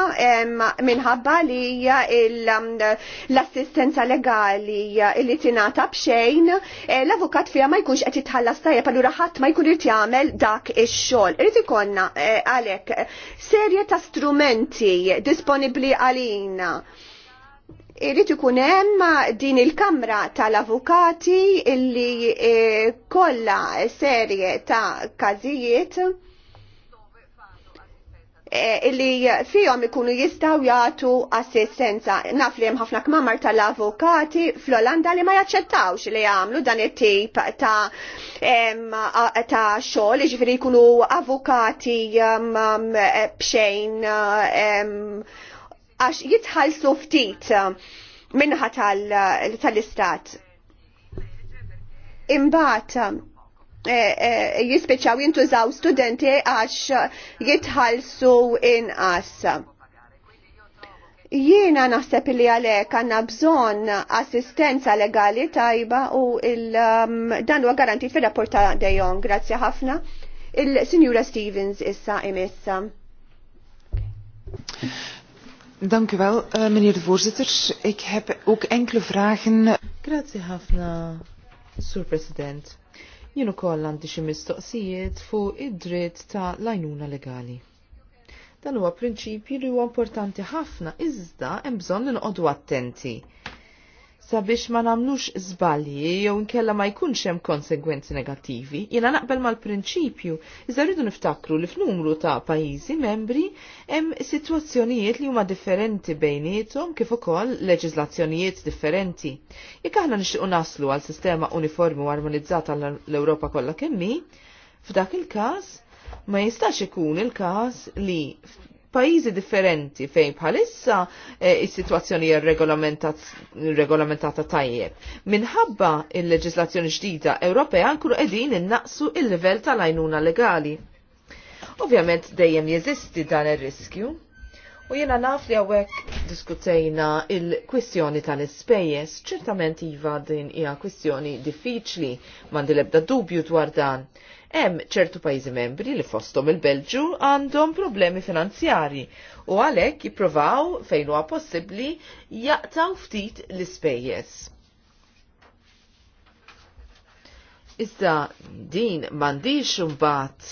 minħabba li um, l-assistenza legali li tingħata b'xejn eh, l-avukat fiha ma jkunx qed jitħallas tajjeb allura ħadd ma jkun irid jagħmel dak ix-xogħol. Irid ikollna eh, għalhekk serje ta' strumenti disponibbli għalina Irrid ikun hemm din il-Kamra tal-Avukati illi eh, kollha serje ta' każijiet eh, illi fihom ikunu jistgħu jagħtu assistenza. Naf li hemm ħafna kmamar tal-avukati fl-Olanda li ma jaċċettawx li jagħmlu dan it-tip ta' ta' xogħol, jiġifieri jkunu avukati bxejn għax jitħallsu ftit eh, minnaħa eh, tal-istat. Imbagħad eh, jispeċaw jintużaw studenti għax jitħallsu inqas. Jiena naħseb li għalek għanna bżon assistenza legali tajba u ehm, dan huwa garantit fil rapport ta' dejjom. Grazzi ħafna. Il-Sinjura Stevens issa imessa. Dank u wel, uh, meneer de voorzitter. Ik heb ook enkele vragen. Grazie ħafna, sur president. Jienu koll għandi xi mistoqsijiet fuq id-dritt ta' lajnuna legali. Dan huwa prinċipju li huwa importanti ħafna iżda hemm bżonn inqogħdu attenti sabiex ma namlux zbalji jew inkella ma jkunx hemm konsegwenzi negattivi, jiena naqbel mal-prinċipju iżda rridu niftakru li f'numru ta' pajjiżi membri hemm sitwazzjonijiet li huma differenti bejniethom kif ukoll leġiżlazzjonijiet differenti. Jekk aħna nixtiequ naslu għal sistema uniformi u armonizzata l-Ewropa kollha kemm f'dak il-każ ma jistax ikun il-każ li pajizi differenti fejn bħalissa eh, is-sitwazzjoni hija regolamentata tajjeb. Minħabba il-leġislazzjoni ġdida Ewropea nkunu qegħdin innaqsu il-livell tal-għajnuna legali. Ovvjament dejjem jeżisti dan ir-riskju. U jiena naf li hawnhekk diskutejna il-kwistjoni tal-ispejjeż, ċertament iva din hija kwistjoni diffiċli, mandi lebda ebda dubju dwar dan. Hemm ċertu pajjiżi membri li fostom il-Belġu għandhom problemi finanzjari u għalhekk jippruvaw fejn huwa possibbli jaqtaw ftit l-ispejjeż. Iżda din m'għandix imbagħad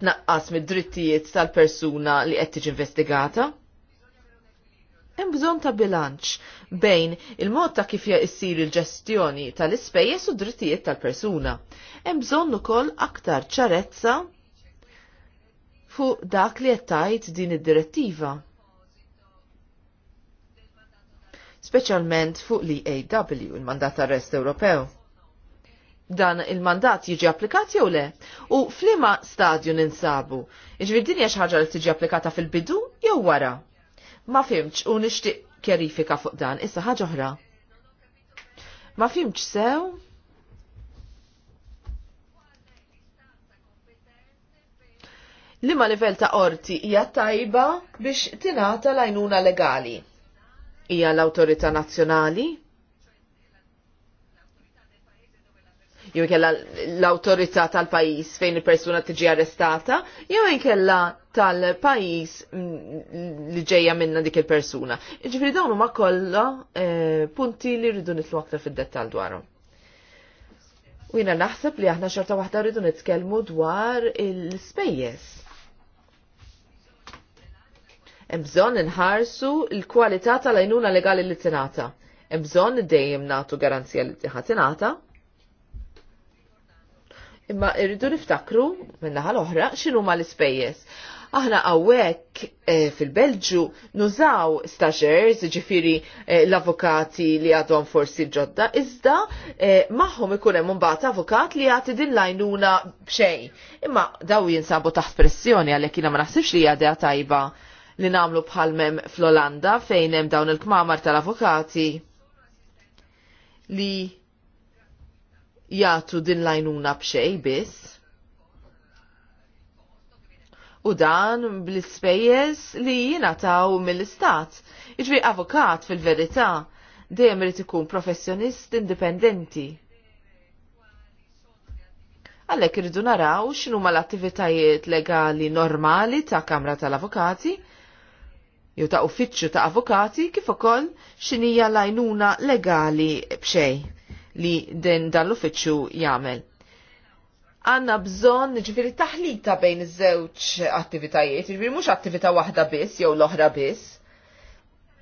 tnaqqas mid-drittijiet tal-persuna li qed tiġi investigata hemm bżonn ta' bilanċ bejn il-mod ta' kif jsir il-ġestjoni tal-ispejjeż u drittijiet tal-persuna. Hemm bżonn ukoll aktar ċarezza fuq dak li qed tajt din id-direttiva. Speċjalment fuq li AW, il-mandat arrest Ewropew dan il-mandat jiġi applikat jew le? U flima stadju ninsabu? Iġvir din hija xi ħaġa li tiġi applikata fil-bidu jew wara? Ma fimx u nixtieq kjerifika fuq dan, issa ħaġa oħra. Ma fimx sew? Lima livell ta' orti hija tajba biex tingħata lajnuna legali? Hija l-Awtorità Nazzjonali? jew inkella l-awtorità tal-pajjiż fejn il-persuna tiġi arrestata, jew inkella tal-pajis li ġeja minna dik il-persuna. Ġifri dawn huma kollha eh, punti li rridu nitlu aktar fid-dettal dwarhom. U jina naħseb li aħna xorta waħda rridu nitkellmu dwar il spejjes Hemm bżonn inħarsu l-kwalità tal-għajnuna legali li tingħata. Hemm bżonn dejjem nagħtu garanzija li tingħata. Imma rridu niftakru minn naħa l-oħra x'inhu ma l-ispejjeż. Aħna għawek eh, fil-Belġu nużaw staġers, ġifiri eh, l-avokati li għadhom forsi ġodda, iżda eh, maħħom ikun hemm mbagħad avukat li jagħti din lajnuna b'xejn. Imma daw jinsabu taħt pressjoni għalhekk jiena ma naħsibx li għadha tajba li namlu bħalmem fl-Olanda fejn hemm dawn il-kmamar tal-avukati li jagħtu din lajnuna b'xej biss u dan bl-ispejjeż li jingħataw mill-istat. Iġri avokat fil-verità dejjem irid ikun professjonist indipendenti. Għalhekk irridu naraw x'inhuma l-attivitajiet legali normali ta' Kamra tal-Avukati jew ta' uffiċċju ta' avukati kif ukoll x'inhija l-għajnuna legali b'xejn li din dan l-uffiċċju jagħmel għanna bżon ġifiri taħlita bejn iż-żewġ attivitajiet, ġifiri mux attività waħda biss jew l-oħra biss.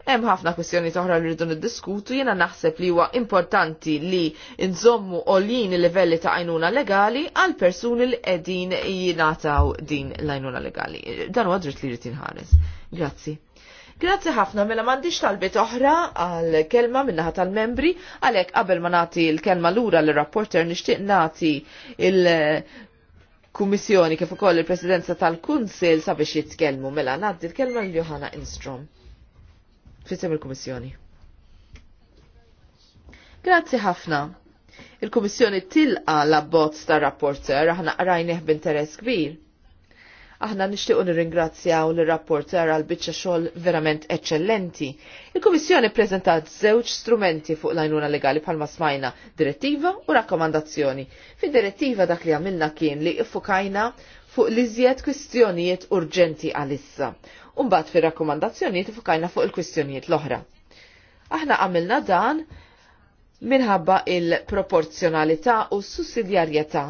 Hemm ħafna kwestjoni oħra li rridu niddiskutu, jiena naħseb li huwa importanti li nżommu olin livelli ta' għajnuna legali għal persuni li qegħdin jingħataw din l-għajnuna legali. Dan huwa dritt li jrid inħares. Grazzi. Grazzi ħafna mela mandiċ talbiet oħra għal kelma minnaħa tal-membri, għalhekk qabel ma nagħti l-kelma lura l-rapporter nixtieq nagħti il-Kummissjoni kif ukoll il-Presidenza tal-Kunsil sabiex jitkellmu mela ngħaddi l-kelma lil Johanna Instrom. Fisem il-Kummissjoni. Grazzi ħafna. Il-Kummissjoni tilqa l-abbozz tar-rapporter aħna qrajnih b'interess kbir Aħna nixtiequ nirringrazzjaw l-rapporter għal biċċa xogħol verament eċċellenti. Il-Kummissjoni ppreżentat żewġ strumenti fuq l-għajnuna legali bħalma smajna, direttiva u rakkomandazzjoni. Fid-direttiva dak li għamilna kien li iffukajna fuq li żjed kwistjonijiet urġenti għalissa. Umbat fir-rakkomandazzjonijiet ifukajna fuq il-kwistjonijiet l-oħra. Aħna għamilna dan minħabba il-proporzjonalità u s sussidjarjetà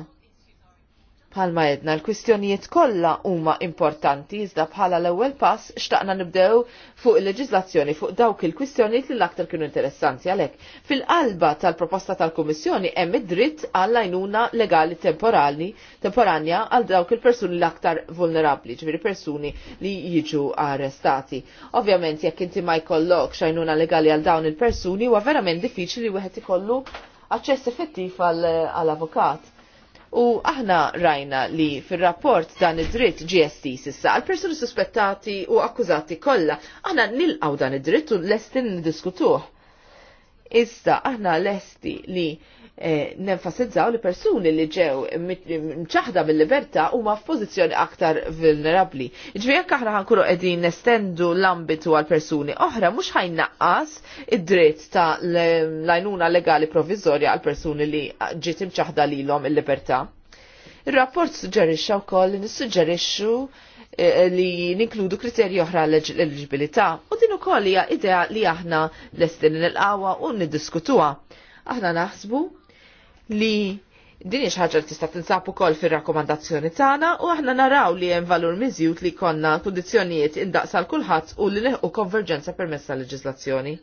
Palma jedna l-kwistjonijiet kollha huma importanti iżda bħala l-ewwel pass xtaqna nibdew fuq il leġizlazzjoni fuq dawk il-kwistjonijiet li l-aktar kienu interessanti għalhekk. Fil-qalba tal-proposta tal-Kummissjoni hemm id-dritt għall għajnuna legali temporali temporanja għal dawk il-persuni l-aktar vulnerabbli, ġviri persuni li jiġu arrestati. Ovvjament jekk inti ma jkollokx għajnuna legali għal dawn il-persuni huwa verament diffiċli wieħed ikollu aċċess effettiv għall avukat U aħna rajna li fil-rapport dan id-dritt GST sissa għal persuni suspettati u akkużati kollha. Aħna nilqaw dan id-dritt u lestin niddiskutuh. Iżda aħna lesti li eh, nenfasizzaw li persuni li ġew mċaħda mill-libertà huma f'pożizzjoni aktar vulnerabbli. Ġifieri jekk aħna ħankuru qegħdin nestendu l-ambitu għal persuni oħra mhux ħajnaqqas id-dritt ta' l-għajnuna legali provizorja għal persuni li ġiet imċaħda lilhom il-libertà. Il-rapport suġġerixxa wkoll li nissuġġerixxu Eh, li ninkludu kriterji oħra l-eligibilità u din ukoll hija idea li aħna lestin nilqawha u niddiskutuha. Aħna naħsbu li din hija ħaġa li tista' tinsab ukoll fir-rakkomandazzjoni tagħna u aħna naraw li hemm valur miżjud li konna kundizzjonijiet indaqsal kulħadd u li neħu konverġenza permess tal-leġiżlazzjoni.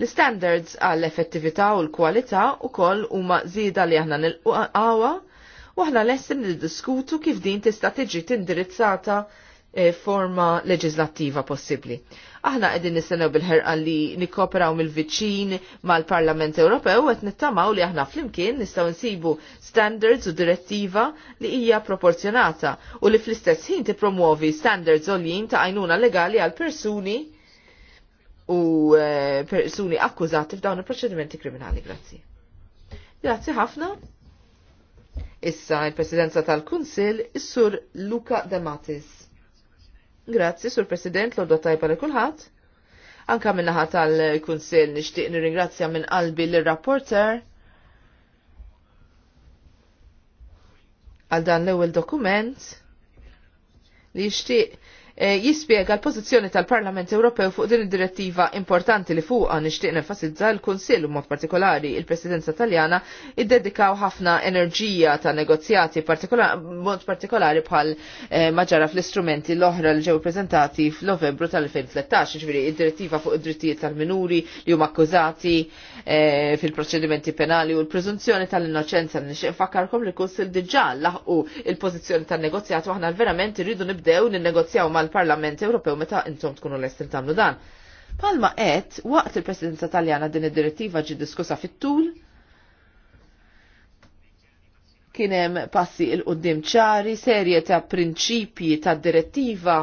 L-standards għall-effettività u l-kwalità ukoll huma żieda li aħna nilqawha u aħna lessin niddiskutu kif din tista' tiġi tindirizzata eh, forma leġislattiva possibbli. Aħna qegħdin nistennew bil-ħerqa li nikoperaw mill-viċin mal-Parlament Ewropew qed nittamaw li aħna flimkien nistgħu nsibu standards u direttiva li hija proporzjonata u li fl-istess ħin tippromuovi standards għoljin ta' għajnuna legali għal persuni u eh, persuni akkużati f'dawn il-proċedimenti kriminali. Grazzi. Grazzi ħafna. Issa il-Presidenza tal-Kunsil, is-Sur Luca Damatis. Grazzi, Sur President, l ordu tajba li kulħadd. Anka minnaħat tal-Kunsil nixtieq nirringrazzja minn qalbi l-rapporter għal dan l-ewwel dokument li jixtieq Eh, jispjega l-pożizzjoni tal-Parlament Ewropew fuq din id-direttiva importanti li fuqha nixtieq nenfasizza l-Kunsill mod partikolari il-Presidenza Taljana iddedikaw ħafna enerġija ta' negozjati mod partikolari bħal eh, ġara fl-istrumenti l-oħra li ġew preżentati f'Novembru tal-2013, ġifieri id-direttiva fuq id-drittijiet tal-minuri li huma akkużati eh, fil-proċedimenti penali u l-preżunzjoni tal-innoċenza nixtieq nfakkarkom li kunsill diġà laħqu il-pożizzjoni tan-negozjat u aħna verament irridu nibdew ninnegozjaw ma' mal-Parlament Ewropew meta intom tkunu l-estin tamlu dan. Palma qed waqt il-Presidenza Taljana din id-direttiva ġi diskussa fit-tul kienem passi il-qoddim ċari, serje ta' prinċipji ta' direttiva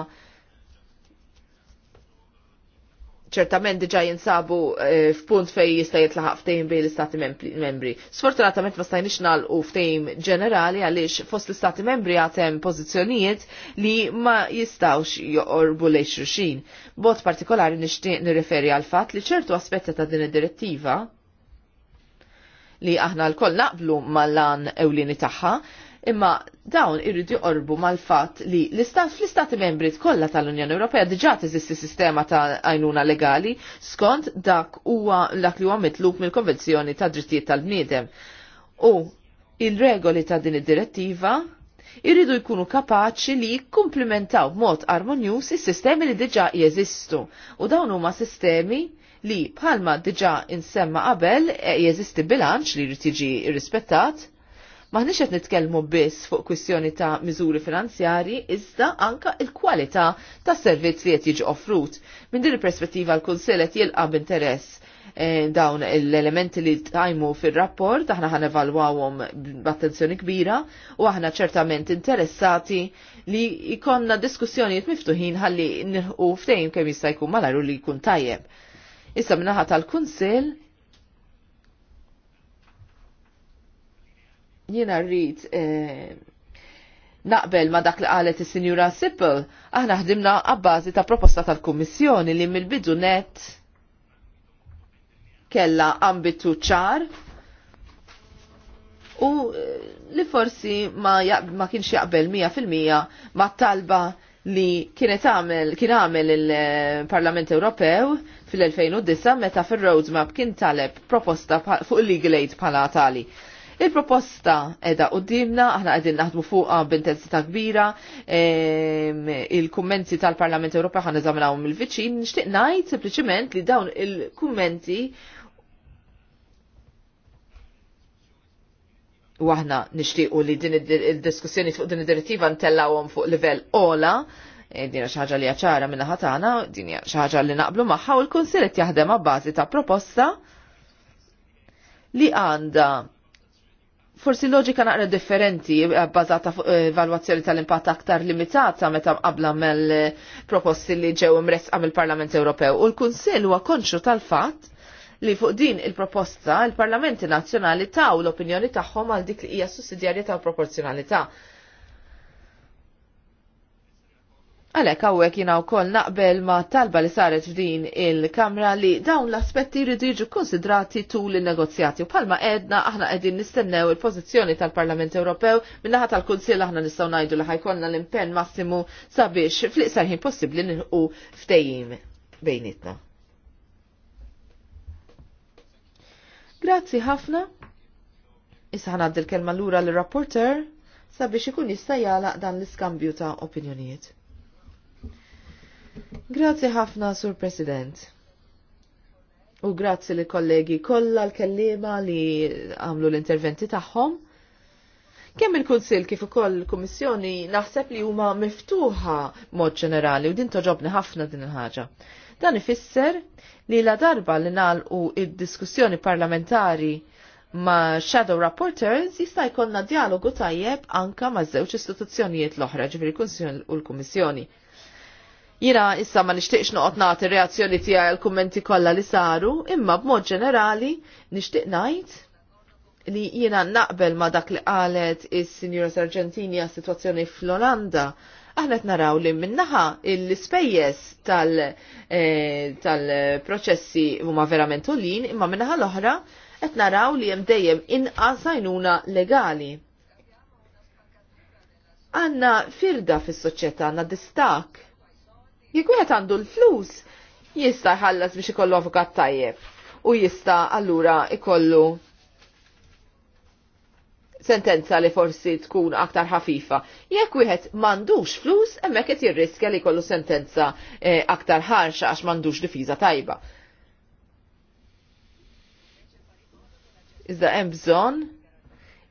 ċertament diġa jinsabu eh, f'punt fej jista' jitlaħaq ftehim bejn l-istati membri. Sfortunatament ma stajniex nagħlqu ftehim ġenerali għaliex fost l-istati membri għatem pożizzjonijiet li ma jistawx joqorbu lej xulxin. Bot partikolari nixtieq nirreferi għal fatt li ċertu aspetti ta' din id-direttiva li aħna l-koll naqblu mal-lan ewlieni tagħha, imma dawn irridu jorbu mal-fatt li l-istat fl-istati membri kollha tal-Unjoni Ewropea diġà teżisti sistema ta' għajnuna legali skont dak huwa dak li huwa mitlub mill-Konvenzjoni ta' Drittijiet tal-Bniedem. U il-regoli ta' din id-direttiva irridu jkunu kapaċi li jikkumplimentaw b'mod armonjus is-sistemi li diġà jeżistu u dawn huma sistemi li bħalma diġa' insemma qabel e, jeżisti bilanċ li jrid jiġi rrispettat Maħniex qed nitkellmu biss fuq kwistjoni ta' miżuri finanzjari, iżda anka il-kwalità tas servizz li qed jiġi offrut. Minn din il-perspettiva l-Kunsill qed jilqab interess eh, dawn l-elementi li tajmu fil-rapport, aħna ħan evalwawom b'attenzjoni kbira u aħna ċertament interessati li ikonna diskussjonijiet miftuħin ħalli nħu ftejn kemm jista' jkun malaru li jkun tajjeb. Issa minnaħa tal-Kunsill Jiena rrid eh, naqbel ma dak li qalet is-Sinjura Sippel, aħna ħdimna għabbażi ta' proposta tal-Kummissjoni li mill-bidu net kella ambitu ċar u eh, li forsi ma, ma kienx jaqbel 100% ma talba li kienet għamel, kien għamel il-Parlament Ewropew fil-2009 meta fil-roadmap kien taleb proposta fuq il-legal aid pala tali. Il-proposta edha u dimna, aħna għedin naħdmu fuqa b'intensità kbira, ehm, il-kummenti tal-Parlament Ewropea ħan eżaminawhom il-viċin, nixtieq ngħid sempliċiment li dawn il-kummenti u aħna nixtiequ li din id-diskussjoni fuq din id-direttiva ntellawhom fuq livell ola, e, din xi ħaġa li ċara minna ħatana, din xi ħaġa li naqblu magħha u l-Kunsill qed jaħdem ma' bażi ta' proposta li għandha forsi loġika naqra differenti eh, bbażata fuq eh, evalwazzjoni tal-impatt aktar limitata meta qabla mill-proposti li ġew imresqa mill-Parlament Ewropew u l-Kunsill huwa konxu tal-fatt li fuq din il-proposta il-Parlamenti Nazzjonali taw l-opinjoni tagħhom għal dik li hija sussidjarjetà u proporzjonalità. Għalek għawek jina u koll naqbel ma talba li saret f'din il-kamra li dawn l-aspetti jridu jiġu konsidrati tul il-negozjati. U palma edna aħna edin nistennew il-pozizjoni tal-Parlament Ewropew minnaħa tal-Kunsil aħna nistaw najdu li ħajkonna l-impen massimu sabiex fl-iqsar ħin possibli nilħu ftejim bejnitna. Grazzi ħafna. Issa ħanad il-kelma l-ura l-rapporter sabiex ikun jista' dan l-iskambju ta' opinjonijiet. Grazzi ħafna, Sur President. U grazzi li kollegi kollha l-kellima li għamlu l-interventi tagħhom. Kemm il-Kunsil kif ukoll il-Kummissjoni naħseb li huma miftuħa mod ġenerali u din toġobni ħafna din il-ħaġa. Dan ifisser li la darba li nagħlqu id-diskussjoni parlamentari ma' Shadow rapporters jista' jkollna dialogu tajjeb anka ma' żewġ istituzzjonijiet l-oħra ġifieri Kunsil u l-Kummissjoni. Jina issa ma nixtieqx noqgħod nagħti reazzjoni tiegħi għal kummenti kollha li saru, imma b'mod ġenerali nixtieq ngħid li jiena naqbel ma dak li qalet is-Sinjura Sargentini għas sitwazzjoni fl-Olanda aħna naraw li minnaħa l-spejjes eh, tal-proċessi eh, tal huma verament ulin, imma minnaħa l-oħra qed naraw li hemm dejjem inqas għajnuna legali. Għanna firda fis-soċjetà għandna distak Jekk wieħed għandu l-flus, jista' jħallas biex ikollu avukat tajjeb u jista' allura ikollu sentenza li forsi tkun aktar ħafifa. Jekk wieħed m'għandux flus, hemmhekk qed jirriskja li jkollu sentenza e, aktar ħarxa għax m'għandux difiża tajba. Iżda hemm bżonn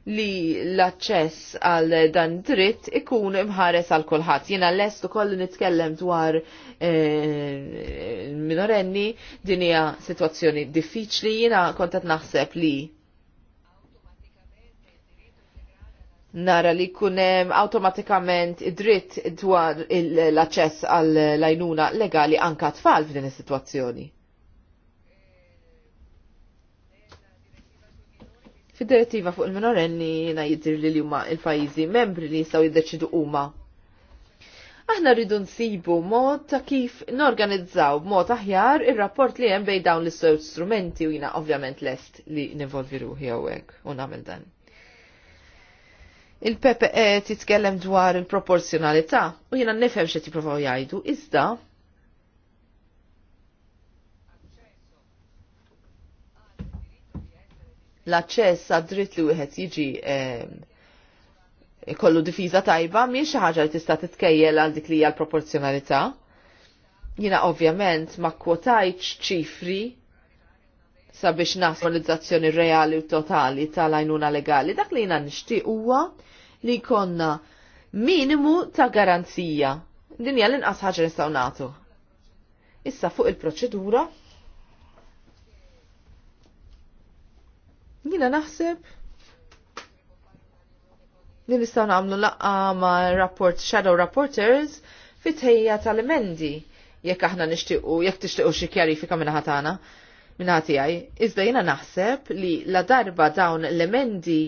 li l-aċċess għal dan dritt ikun imħares għal kulħadd. Jiena lest ukoll nitkellem dwar eh, minorenni din hija sitwazzjoni diffiċli jiena kont qed naħseb li nara li kunem automatikament dritt dwar l-aċċess għal lajnuna legali anka tfal f'din is-sitwazzjoni. Fid-direttiva fuq il-minorenni jina li li huma il-pajizi membri li jistaw jiddeċidu huma. Aħna rridu nsibu mod ta' kif norganizzaw b'mod aħjar ir-rapport li hemm bejn dawn l-istow strumenti u jina ovvjament lest li nivolvi ruħi u nagħmel dan. Il-PPE titkellem dwar il-proporzjonalità u jina xe ti provaw jgħidu iżda l-aċċess għad dritt li wieħed jiġi eh, kollu difiża tajba mhix xi ħaġa li tista' titkejjel għal dik li hija l-proporzjonalità. Jiena ovvjament ma kwotajtx ċifri sabiex nasmonizzazzjoni reali u totali tal-għajnuna legali. Dak li jina nixtieq huwa li konna minimu ta' garanzija. Dinja l-inqas ħaġa nistgħu nagħtu. Issa fuq il-proċedura Jina naħseb li nistaw nagħmlu laqqa ma' rapport shadow rapporters fit-tejja tal-emendi jekk aħna nixtiequ jekk tixtiequ xi kjarifika minn ħatana minn ħati Iżda jiena naħseb li la darba dawn l-emendi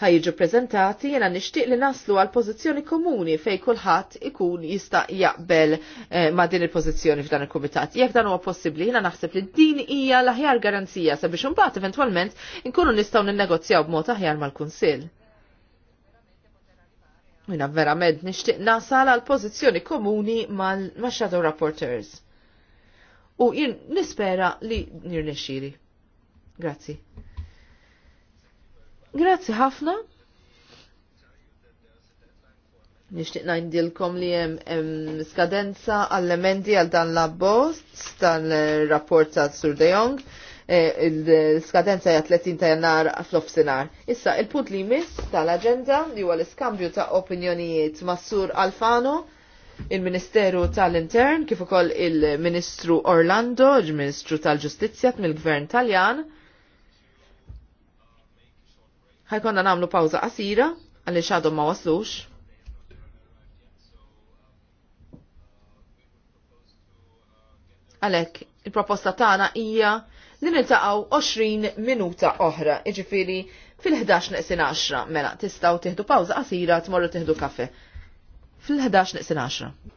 ħajġu prezentati jena nixtieq li naslu għal pożizzjoni komuni fej kulħadd ikun jista' jaqbel eh, ma' din il-pożizzjoni f'dan il-kumitat. Jekk dan huwa possibbli jiena naħseb li din hija l-aħjar garanzija sabiex imbagħad eventwalment inkunu nistgħu ninnegozjaw b'mod aħjar mal-Kunsill. Jina verament nixtieq nasal għal pożizzjoni komuni mal-Shadow Rapporteurs. U jien nispera li nirnexxiri. Grazzi. Grazzi ħafna. Nishtiq najndilkom li jem skadenza għall-emendi għal dan la bost tal-rapport tal Sur De Jong. E, il-skadenza jgħat 30 ta' jannar fl-ofsinar. Issa, il-punt li jmiss tal-agenda li huwa l-iskambju ta' opinjonijiet ma' Sur Alfano, il-Ministeru tal-Intern, kif ukoll il-Ministru Orlando, il-Ministru tal-Ġustizzja mill-Gvern Taljan ħajkonna namlu pawza qasira għalli xadhom ma waslux. Għalek, il-proposta tana hija li niltaqgħu 20 minuta oħra, iġifieri fil-11 naqsin 10, mela tistgħu tieħdu pawza qasira tmorru tieħdu kafe. Fil-11 naqsin 10.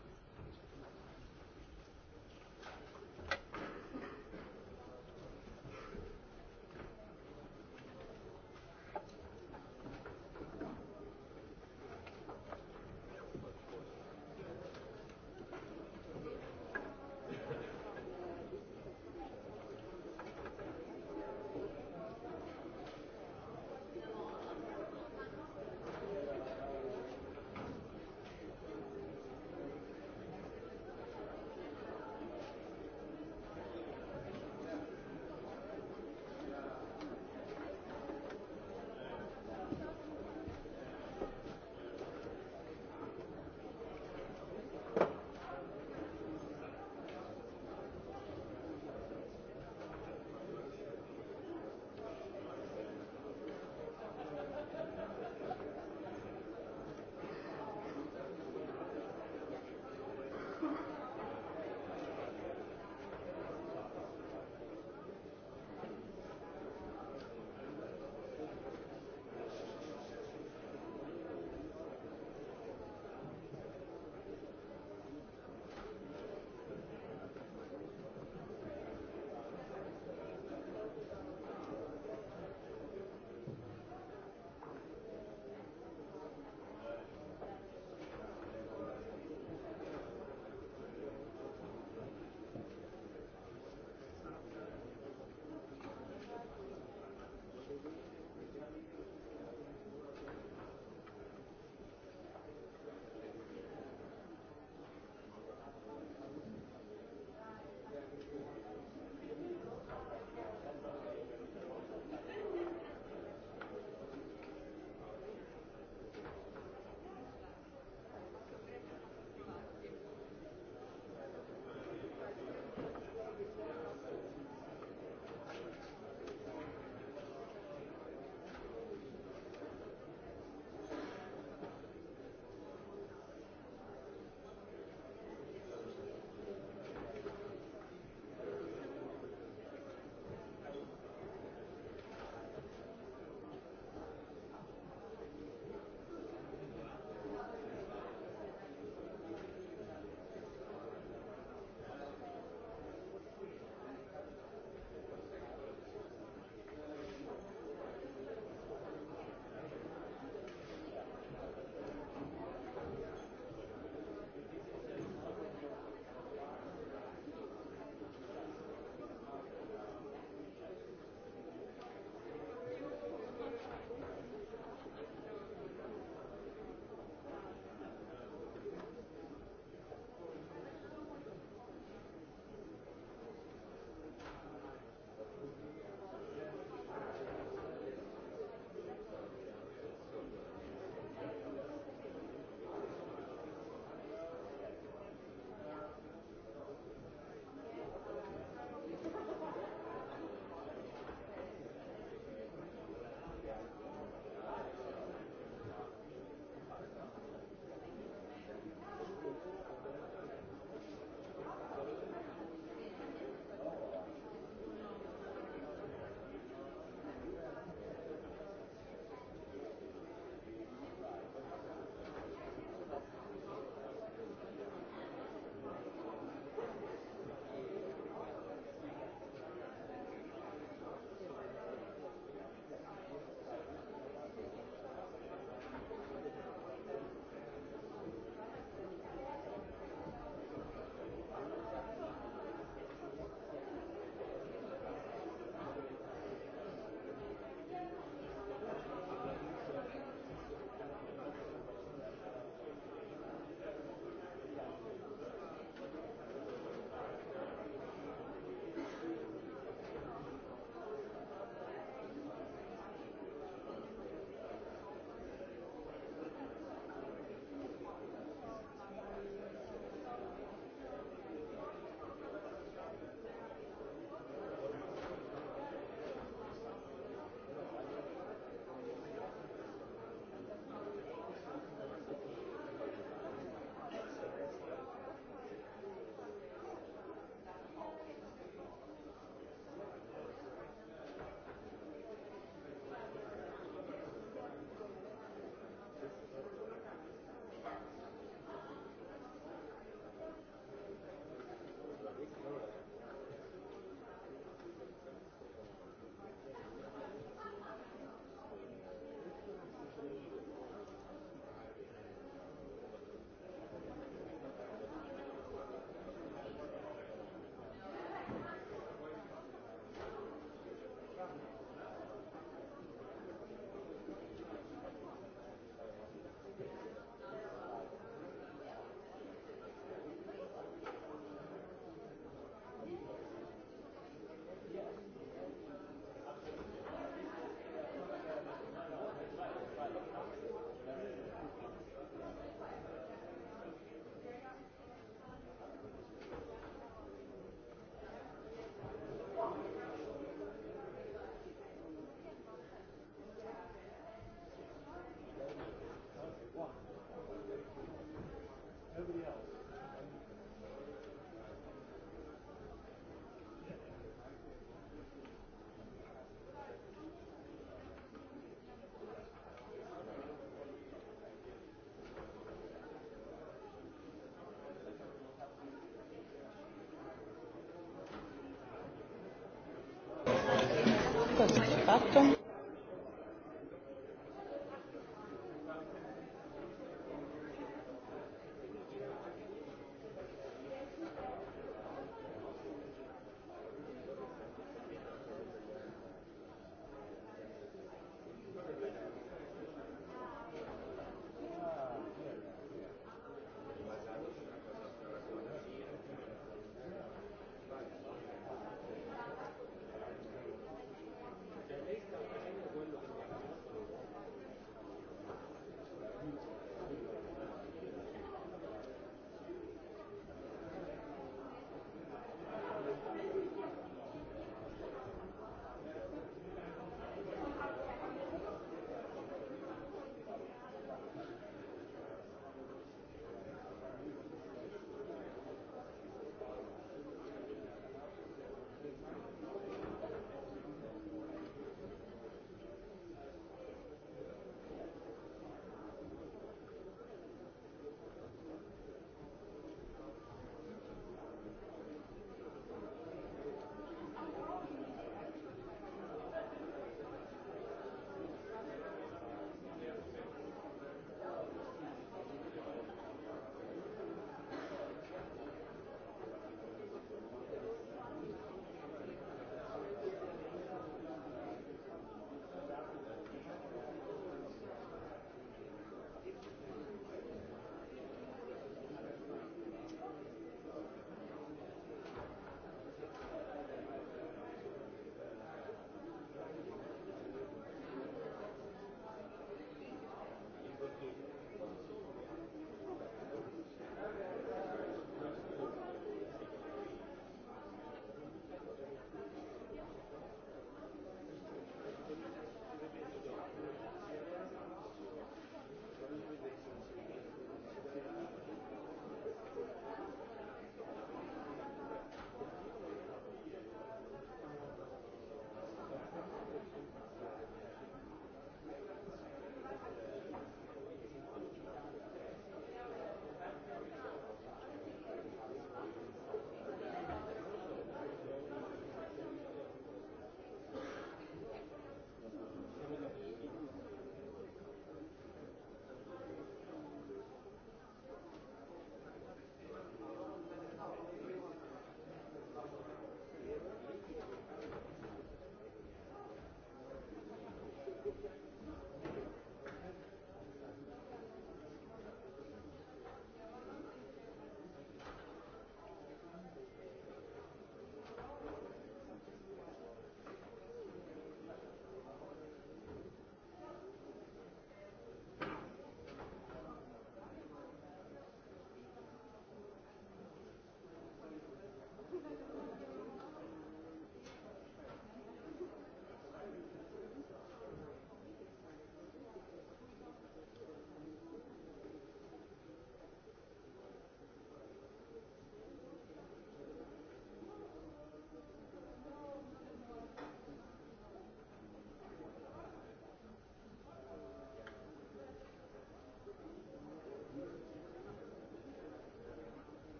cosa si è fatto?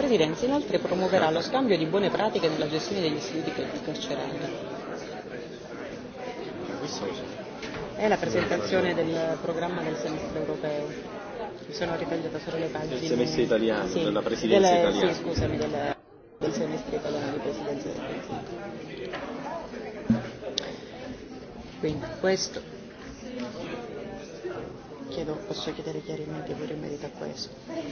Presidenza inoltre promuoverà lo scambio di buone pratiche nella gestione degli istituti carcerari. È la presentazione del programma del semestre europeo. Mi sono ritagliata solo le pagine. Del semestre italiano, sì, della presidenza delle, italiana. Sì, scusami, del, del semestre italiano di presidenza del Consiglio. Quindi questo. Chiedo, posso chiedere chiarimenti pure in merito a questo.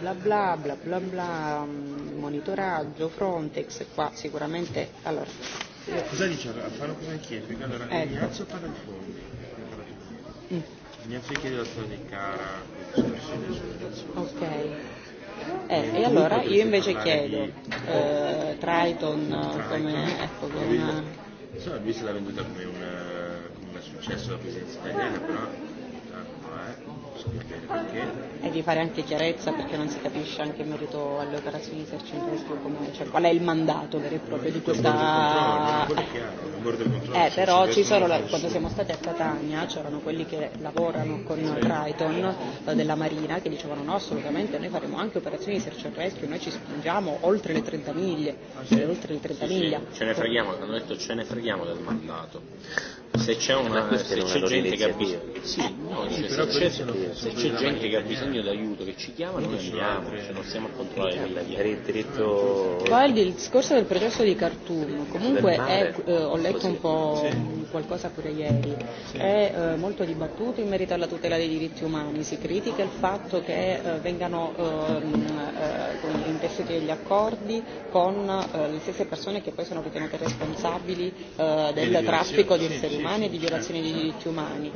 bla bla bla bla bla mm, monitoraggio, Frontex qua sicuramente allora cosa dice allora? Farò come chiede? allora ecco. Ignazio parla il fondo mm. Ignazio chiede la di cara ok eh, e, e allora io invece chiedo di... eh, eh Triton, come ecco come una... so, l'ha venduta come, eh, come un successo la presenza italiana però e di fare anche chiarezza perché non si capisce anche in merito alle operazioni di esercizio comune, cioè qual è il mandato vero e proprio di questa... Eh, però ci sono, la... quando siamo stati a Catania c'erano quelli che lavorano con Triton della Marina che dicevano no assolutamente noi faremo anche operazioni di search and rescue, noi ci spingiamo oltre le 30 miglia, ah, sì. oltre le 30 sì, miglia. Sì. Ce ne freghiamo, hanno detto ce ne freghiamo del mandato se c'è una, se c'è gente che ha bisogno sì, no, se c'è, gente che ha bisogno d'aiuto che ci chiama noi andiamo cioè, non siamo a controllare il diritto poi il discorso del processo di Khartoum comunque è, eh, ho letto un po' qualcosa pure ieri è eh, molto dibattuto in merito alla tutela dei diritti umani si critica il fatto che eh, vengano ehm, eh, intessuti degli accordi con le stesse persone che poi sono ritenute responsabili del traffico di esseri umani e di violazione dei diritti umani.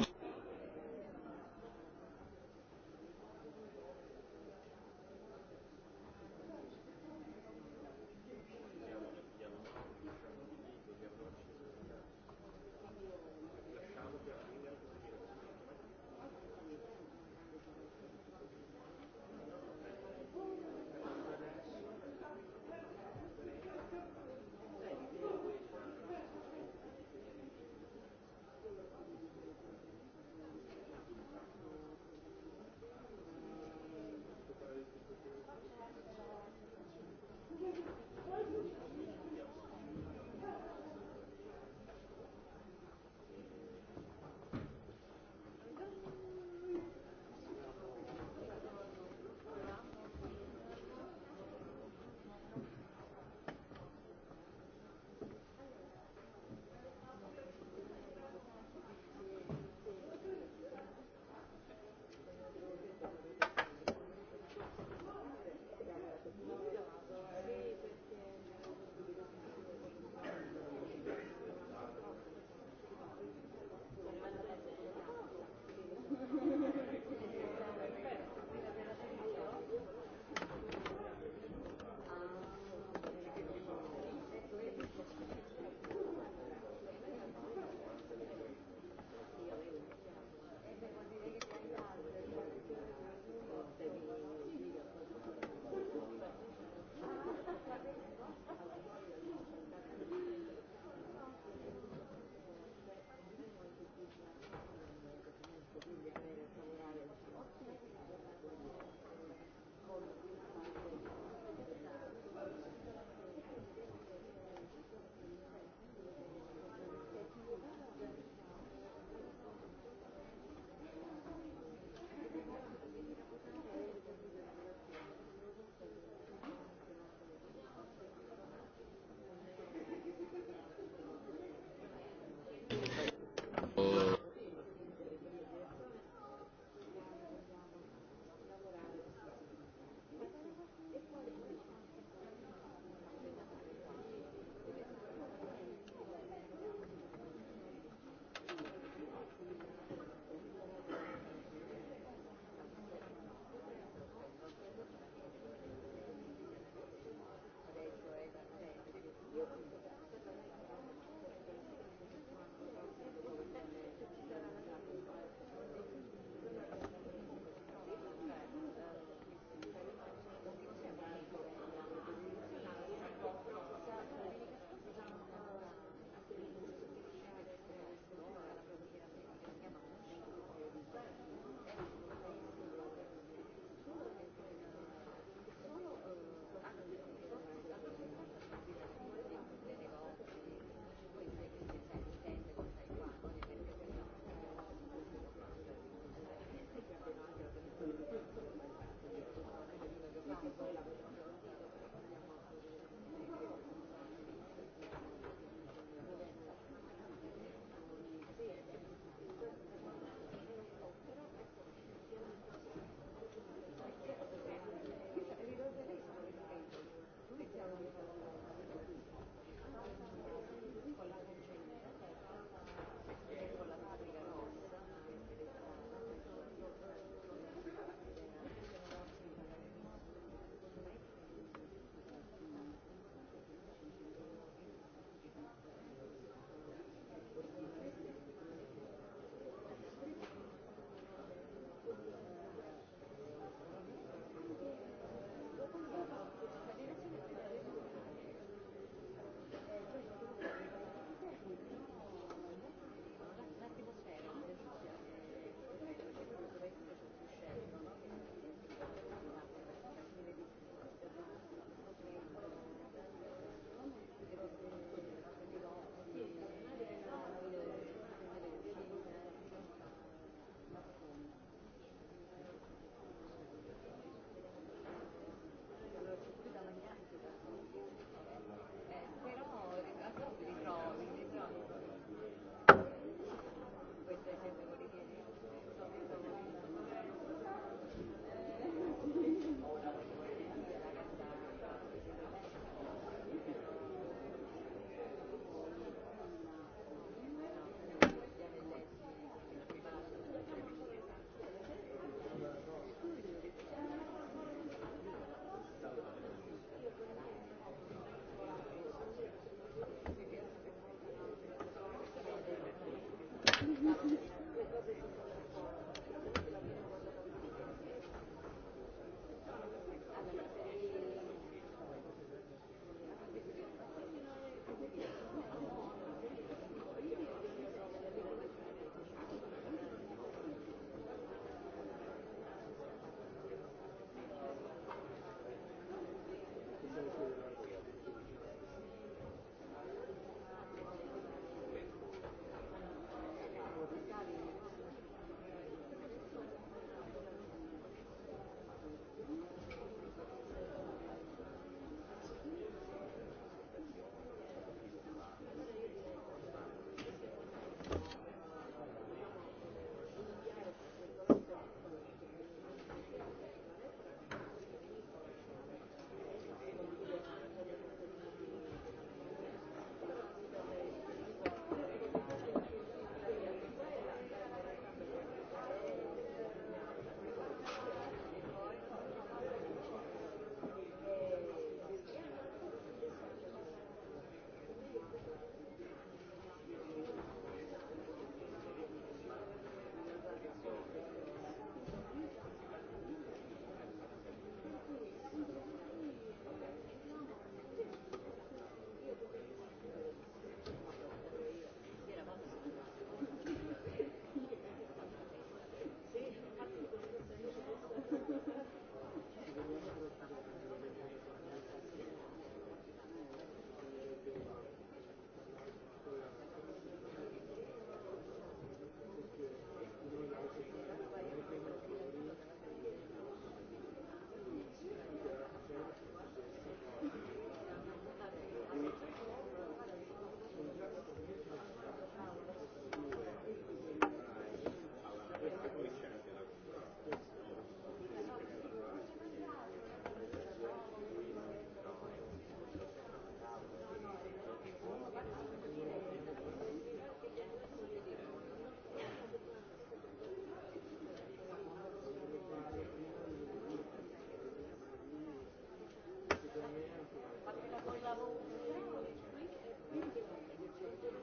Thank you.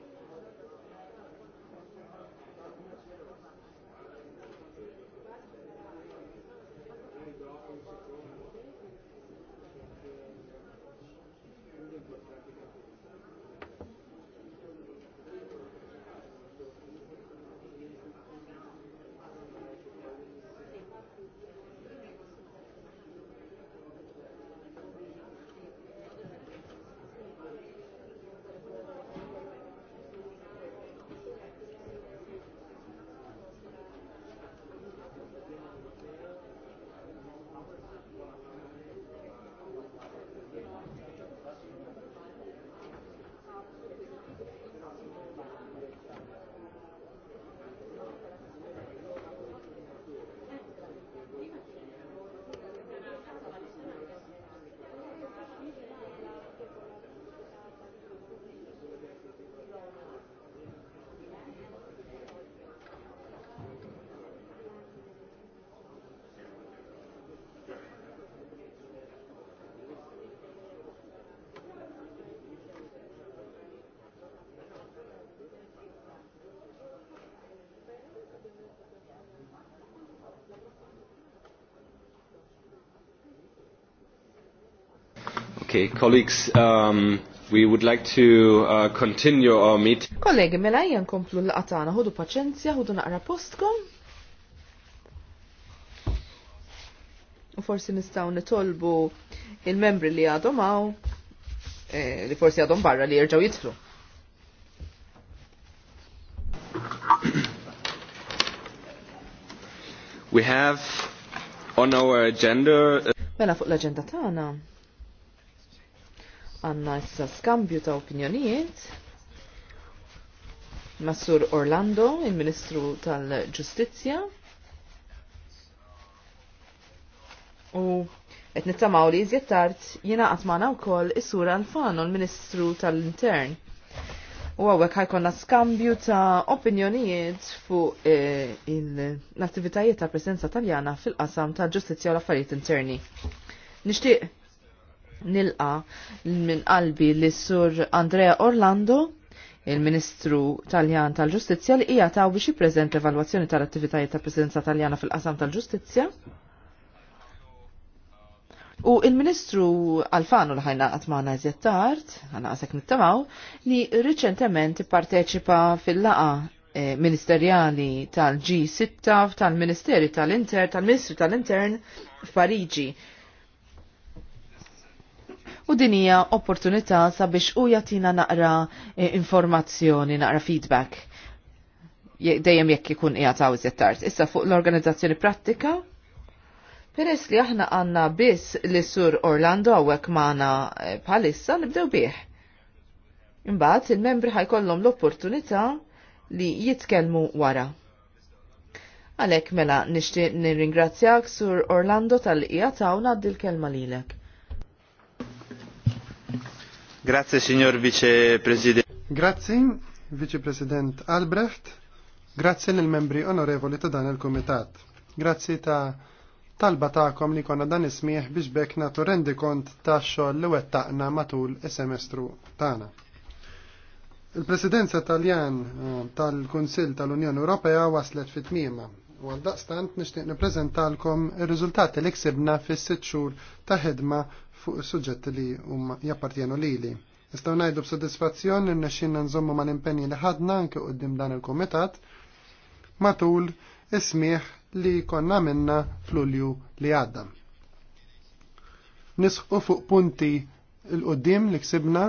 Okay, colleagues, um, we would like to uh, continue our meet. Kollegi, mela jen komplu l-qatana, hudu paċenzja, hudu naqra postkom. U forsi nistaw nitolbu il-membri li għadhom għaw, eh, li forsi għadhom barra li jirġaw jitlu. We have on our agenda... Mela fuq l-agenda tagħna Għanna issa skambju ta' opinjonijiet. Massur Orlando, il-Ministru tal-Ġustizja. U qed nittamaw li iżjed tard jingħaqad magħna wkoll is-Sur Alfano, l-Ministru tal-Intern. U għawek ħajkonna skambju ta' opinjonijiet fuq eh, l-attivitajiet ta' presenza taljana fil-qasam ta' ġustizja u l-affarijiet interni. Nixtieq nilqa minn qalbi l sur Andrea Orlando, il-Ministru Taljan tal-Ġustizzja li hija taw biex jippreżent l-evalwazzjoni tal-attivitajiet tal-Presidenza Taljana fil-qasam tal-Ġustizzja. U il-Ministru Alfano li ħajna magħna eżjed tard, ħana qasek nittamaw, li riċentement parteċipa fil-laqa eh, ministerjali tal-G6 tal-Ministeri tal-Inter, tal-Ministri tal-Intern f'Pariġi u din hija opportunità sabiex u jatina naqra eh, informazzjoni, naqra feedback. Dejjem jekk ikun qiegħed għawiż iżjed tard. Issa fuq l-organizzazzjoni prattika, Peress li aħna għanna biss li sur Orlando għawek maħna palissa eh, nibdew bieħ. Imbat, il-membri ħajkollhom l-opportunità li jitkelmu wara. Għalek mela nishtiq nirringrazzjak sur Orlando tal-qija għaddi l-kelma lilek. Grazie signor vicepresidente. Grazie vicepresident Albrecht. Grazie lill membri onorevoli ta' dan il-komitat. Grazie ta' talba ta'kom li konna dan ismiħ biex bek natu rendi kont ta' xogħol li wettaqna matul is-semestru tagħna. Il-Presidenza Taljan eh, tal-Kunsill tal-Unjoni Ewropea waslet fit-tmiema U għal daqstant nixtieq nippreżentalkom ir-riżultati li ksibna fis-sitt xhur ta' ħidma fuq is-suġġetti li huma jappartjenu lili. Nistgħu ngħidu b'sodisfazzjon li nexxinna nżommu mal-impenji li ħadna anke qudiem dan il-kumitat matul ismiħ li konna minna f'Lulju li għadda. Nisħu fuq punti l-qoddim li ksibna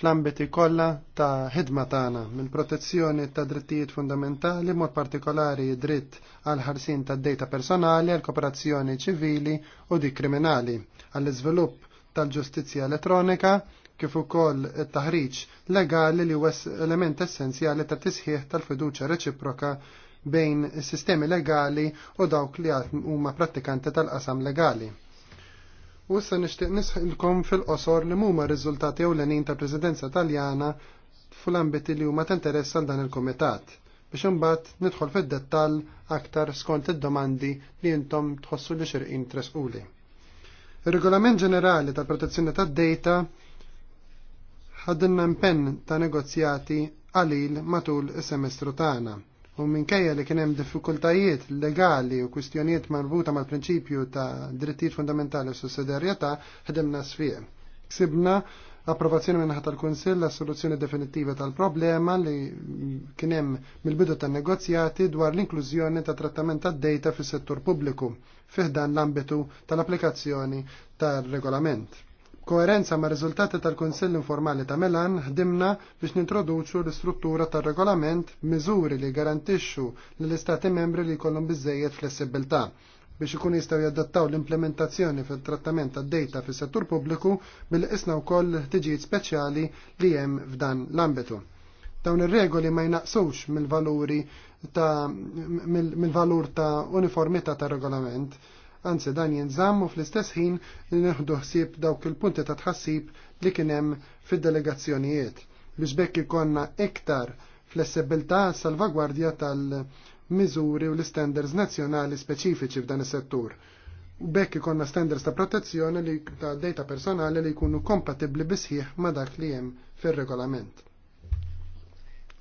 fl-ambiti kollha ta' ħidma tagħna mill-protezzjoni ta' drittijiet fundamentali mod partikolari dritt għal ħarsin ta' data personali għal kooperazzjoni ċivili u dik kriminali għall iżvilupp tal-ġustizzja elettronika kif ukoll it-taħriġ legali li huwa element essenzjali ta' tisħiħ tal-fiduċja reċiproka bejn is-sistemi legali u dawk li huma prattikanti tal-qasam legali U issa nixtieq nisħilkom fil-qosor li huma r-riżultati ewlenin ta' Presidenza Taljana fl-ambiti li huma għal dan il-Kumitat biex imbagħad nidħol fid-dettall aktar skont id-domandi li intom tħossu li xirqin tresquli. Ir-Regolament Ġenerali tal Protezzjoni tad-Data ħadinna impenn ta' negozjati għalil matul is-semestru tagħna U minkejja li kien hemm diffikultajiet legali u kwistjonijiet marbuta mal-prinċipju ta' drittijiet fundamentali u sussidjarjetà ħedemna sfieq. Ksibna approvazzjoni minnaħat tal-Kunsill la soluzzjoni definittiva tal-problema li kien hemm bidu tan-negozjati dwar l-inklużjoni ta' trattament tad-dejta fis-settur pubbliku fiħdan l-ambitu tal-applikazzjoni tar-regolament koerenza ma' riżultati tal-Kunsill Informali ta' Melan ħdimna biex nintroduċu l-istruttura tal-regolament miżuri li garantixxu lill istati membri li jkollhom biżejjed flessibilità biex ikun jistgħu jadattaw l-implementazzjoni fit-trattament tad-dejta fis-settur pubbliku bil-qisna wkoll tiġijiet speċjali li hemm f'dan l-ambitu. Dawn ir-regoli ma jnaqsux mill-valuri ta' mill-valur ta' uniformità tar regolament anzi dan jinżammu fl-istess ħin li neħdu ħsieb dawk il-punti ta' tħassib li kien hemm fid-delegazzjonijiet biex bekk ikonna iktar flessibilità salvagwardja tal-miżuri u l-standards nazzjonali speċifiċi f'dan is-settur. U bekk ikonna standards ta' protezzjoni li ta' data personali li jkunu kompatibbli bisħieħ ma' dak li hemm fir-regolament.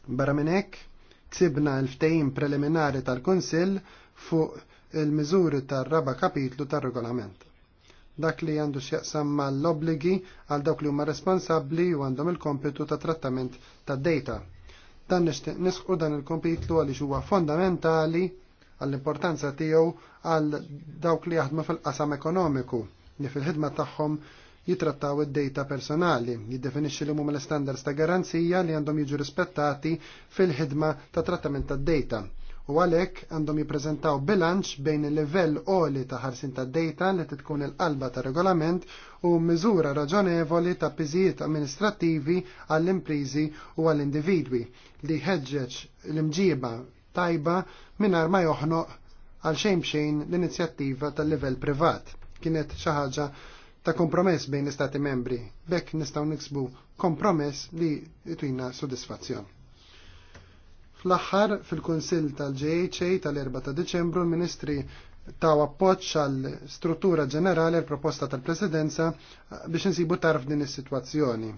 Barra minn hekk, ksibna l-ftehim preliminari tal-Kunsill fuq il-miżuri tar-raba kapitlu tar-regolament. Dak li għandu x'jaqsam l obligi għal dawk li huma responsabbli u għandhom il-kompitu ta' trattament tad data. Dan nixtieq nisħu dan il-kompitlu għaliex huwa fondamentali għall-importanza tiegħu għal dawk li jaħdmu fil-qasam ekonomiku li fil-ħidma tagħhom jitrattaw id-data personali, jiddefinixxi li huma l-standards ta' garanzija li għandhom jiġu rispettati fil-ħidma ta' trattament tad-data u għalhekk għandhom jippreżentaw bilanċ bejn il-livell qoli ta' ħarsin ta' data li titkun il-qalba ta' regolament u miżura raġonevoli ta' piżijiet amministrativi għall-imprizi u għall-individwi li ħedġeċ l-imġiba tajba mingħajr ma joħnoq għal xejn l-inizjattiva tal-livell privat. Kienet xi ħaġa ta' kompromess bejn l-istati membri. Bekk nistgħu niksbu kompromess li jitwina sodisfazzjon. Fl-aħħar fil kunsil tal-GHA tal-4 ta' Deċembru l-Ministri ta' appoġġ għal struttura ġenerali għal proposta tal-Presidenza biex insibu tarf din is-sitwazzjoni.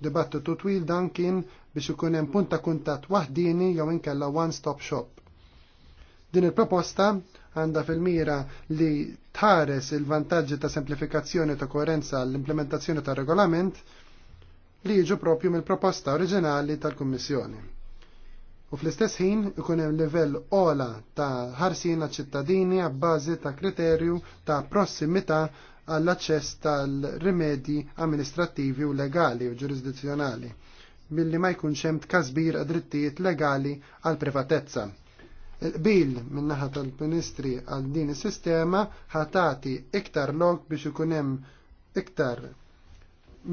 Dibattitu twil dan kien biex ikun hemm punt ta' kuntatt waħdini jew inkella one-stop shop. Din il-proposta għanda fil-mira li tħares il-vantaġġi ta' semplifikazzjoni ta' koerenza l-implementazzjoni ta' regolament li jiġu propju mill-proposta oriġinali tal-Kummissjoni. U fl-istess ħin ikun hemm livell ola ta' ħarsin ċittadini għabbażi ta' kriterju ta' prossimità għall-aċċess tal-rimedji amministrattivi u legali u ġurisdizzjonali billi ma jkunx hemm tkażbir drittijiet legali għal privatezza. Il-qbil min-naħa tal-Ministri għal din is-sistema ħatati iktar log biex ikun hemm iktar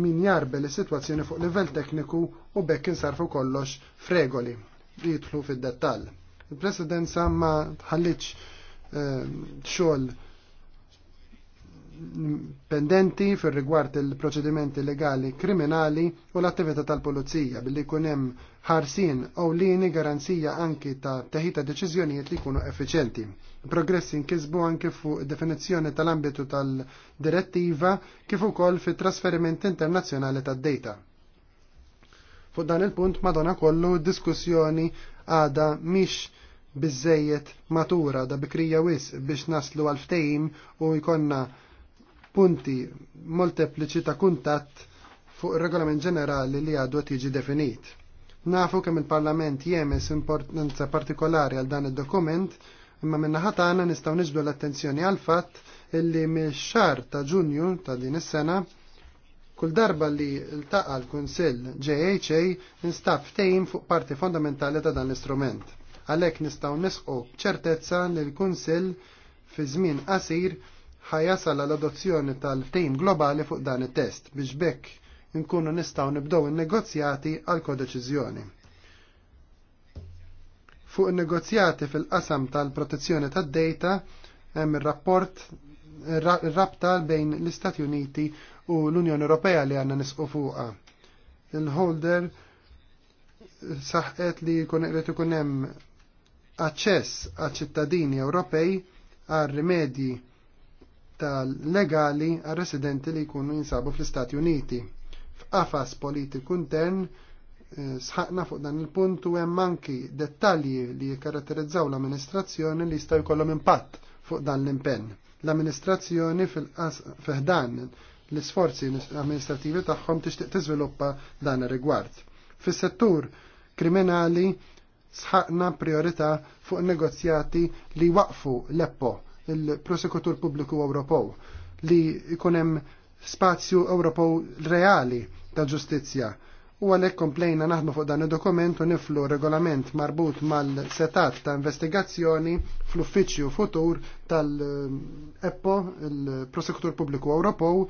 min jarbel is-sitwazzjoni fuq livell tekniku u bekk insarfu kollox fregoli jidħlu fid-dettall. Il-presidenza ma tħallitx ehm, xogħol pendenti fir rigward il-proċedimenti legali kriminali u l-attività tal-pulizija billi jkun hemm ħarsien u lini garanzija anki ta' teħita deċiżjonijiet li jkunu effiċenti. Progressi nkisbu anke fuq definizzjoni tal-ambitu tal-direttiva kif ukoll fit-trasferiment internazzjonali tad-data. Fuq dan il-punt madonna kollu diskussjoni għada miex bizzejiet matura da bikrija wis biex naslu għal ftejim u jkonna punti moltepliċi ta' kuntatt fuq regolament ġenerali li għadu tiġi definit. Nafu kemm il-Parlament jemes importanza partikolari għal dan id-dokument, imma minna ħatana nistgħu niġbdu l-attenzjoni għal fatt illi mill-xar ta' Ġunju ta' din is-sena Kull darba li l-taqa l-Kunsill JHA instab ftejn fuq parti fondamentali ta' dan l-istrument. Għalek nistaw nisqu ċertezza li l-Kunsill fi żmien qasir ħajasal l-adozzjoni tal-ftejn globali fuq dan it-test biex bekk nkunu nistaw nibdow il negozjati għal kodeċizjoni. Fuq in-negozjati fil-qasam tal-protezzjoni tad-data hemm ir-rapport rabta bejn l-Istati Uniti u l-Unjoni Ewropea li għanna nisqu fuqa. Il-holder saħqet li jrid ikun hemm aċċess għaċ ċittadini Ewropej għal rimedji tal-legali għar residenti li jkunu jinsabu fl-Istati Uniti. F'qafas politiku intern eh, sħaqna fuq dan il-punt u hemm anki dettalji li jikkaratterizzaw l-amministrazzjoni li jistgħu jkollhom impatt fuq dan l-impenn. L-amministrazzjoni fil-ħdan qas l-isforzi amministrativi tagħhom tixtieq tiżviluppa dan ir-rigward. Fis-settur kriminali sħaqna priorità fuq negozjati li waqfu l-EPPO, il-Prosekutur Pubbliku Ewropew, li jkun hemm spazju Ewropew reali ta' ġustizzja u għalhekk komplejna naħdmu fuq dan id-dokument u niflu regolament marbut mal-setat ta' investigazzjoni fl-uffiċċju futur tal-EPPO, il-Prosekutur Pubbliku Ewropew,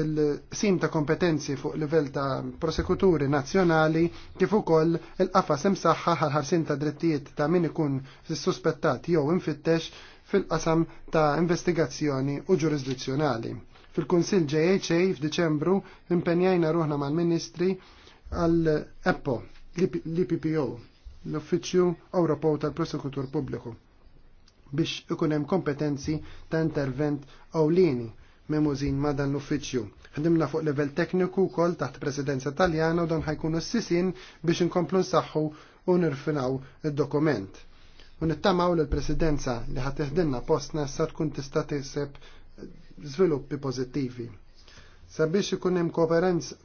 il-sim ta' kompetenzi fuq livell ta' prosekuturi nazzjonali kif ukoll il-qafas imsaħħa ħarsin ta' drittijiet ta' min ikun suspettat jew infittex fil-qasam ta' investigazzjoni u ġurisdizzjonali. Fil-Kunsil JHA f'Diċembru impenjajna ruħna mal-Ministri għal EPPO, l-IPPO, l-Uffiċċju Ewropew tal-Prosekutur Pubbliku, biex ikun hemm kompetenzi ta' intervent ewlieni memużin ma' dan l-uffiċċju. Ħdimna fuq livell tekniku wkoll taħt presidenza Taljana u dan ħajkunu s-sisin biex inkomplu nsaħħu u nirfinaw id-dokument. U nittamaw l-presidenza li ħat postna sa tkun tista' tiseb żviluppi pożittivi Sabiex ikun hemm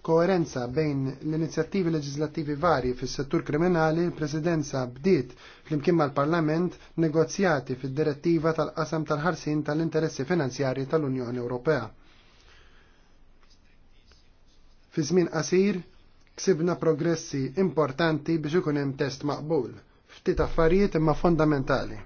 koerenza bejn l-inizjattivi leġislattivi varji fis-settur kriminali, il-Presidenza bdiet flimkien mal-Parlament negozjati fid-direttiva tal-qasam tal-ħarsin tal-interessi finanzjarji tal-Unjoni Ewropea. Fi żmien qasir ksibna progressi importanti biex ikun hemm test maqbul, ftit affarijiet imma fondamentali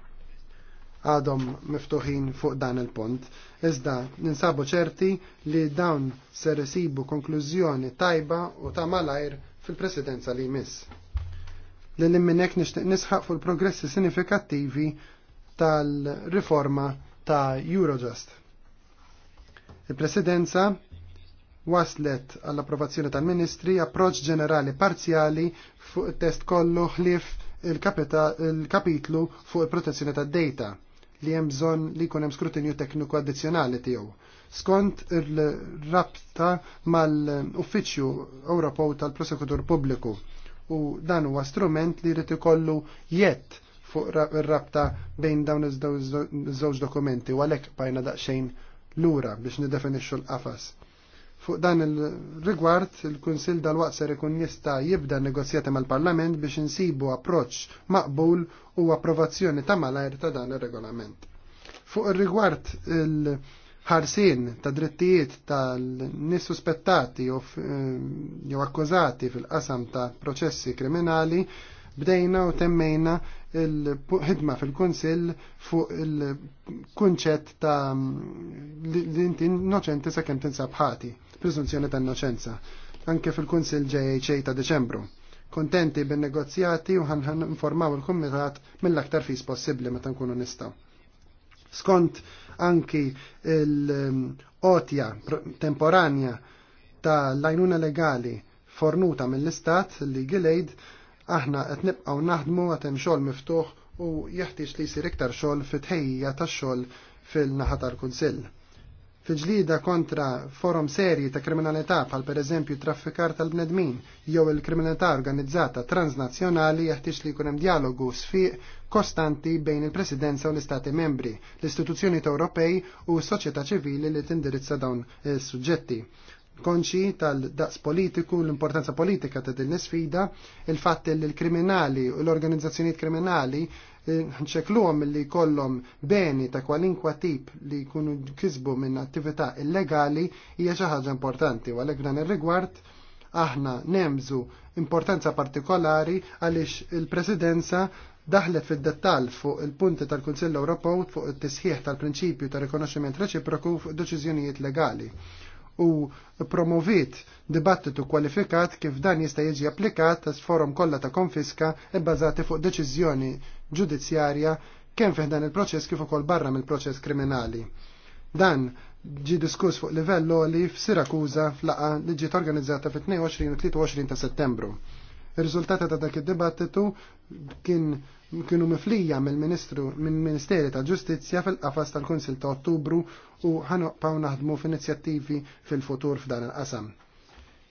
għadhom miftuħin fuq dan il-punt. Iżda ninsabu ċerti li dawn ser isibu konklużjoni tajba u ta' malajr fil-presidenza li jmiss. Li l-imminek nishtiq nisħaq fuq il-progressi sinifikattivi tal-riforma ta' Eurojust. Il-presidenza waslet għall-approvazzjoni tal-Ministri approċ ġenerali parzjali fuq test kollu ħlif il-kapitlu fuq il-protezzjoni tad-data li hemm bżonn li jkun hemm skrutinju tekniku addizzjonali tiegħu. Skont ir-rabta mal-Uffiċċju Ewropew tal-Prosekutur Pubbliku u dan huwa strument li jrid ikollu jett fuq ir-rabta bejn dawn iż-żewġ dokumenti u għalhekk bajna daqsxejn lura biex nidefinixxu l-qafas. Fuq dan il-rigward, il-Kunsil dal-Waqser ikun jista jibda negozjati mal-Parlament biex insibu approċċ maqbul u approvazzjoni ta' malajr ta' dan il-regolament. Fuq il-rigward il-ħarsin ta' drittijiet tal-nis suspettati eh, jew akkużati fil-qasam ta' proċessi kriminali, Bdejna u temmejna il-ħidma fil-Kunsill fuq il-kunċett ta' l inti innoċenti sa' kem tinsab ħati, prezunzjoni ta' innoċenza, anke fil-Kunsill JHA ta' Deċembru. Kontenti bin-negozjati u ħan informaw il-Kumitat mill-aktar fis possibbli meta nkunu nistaw. Skont anki l otja temporanja ta' lajnuna legali fornuta mill-Istat li gilejd Aħna qed nibqgħu naħdmu għad hemm xogħol miftuħ u jeħtieġ li jsir iktar xogħol fit-tħejja tax-xogħol fil-naħa tal-Kunsill. fil kontra forum serji ta' kriminalità bħal pereżempju traffikar tal-bnedmin jew il-kriminalità organizzata transnazzjonali jeħtieġ li jkun hemm dialogu sfiq kostanti bejn il-Presidenza u l-Istati membri, l-istituzzjoni Ewropej u s-soċjetà ċivili li tindirizza dawn is-suġġetti konxi tal-daqs politiku, l-importanza politika ta' din sfida, il-fatt li l-kriminali u l-organizzazzjonijiet kriminali eh, nxekluhom li kollhom beni ta' kwalinkwa tip li jkunu kisbu minn attività illegali hija xi ħaġa importanti u għalhekk dan ir-rigward aħna nemżu importanza partikolari għaliex il-presidenza daħlet fid dettall fuq il-punti tal-Kunsill Ewropew fuq it-tisħiħ tal-prinċipju ta' rikonoxximent reċiproku fuq deċiżjonijiet legali u promovit dibattitu kwalifikat kif dan jista' jiġi applikat għas forum kollha ta' konfiska ibbażati e fuq deċiżjoni ġudizzjarja kemm fih dan il-proċess kif ukoll barra mill-proċess kriminali. Dan ġi diskuss fuq livell li f'Sirakuza f'laqa li ġiet organizzata fit-22 u 23 ta' Settembru. Ir-riżultati ta' dak id-dibattitu kien kienu miflija mill-Ministru minn Ministeri ta' Ġustizzja fil-qafas tal-Kunsil ta' Ottubru u ħanoqpaw naħdmu f'inizjattivi fil-futur f'dan il-qasam.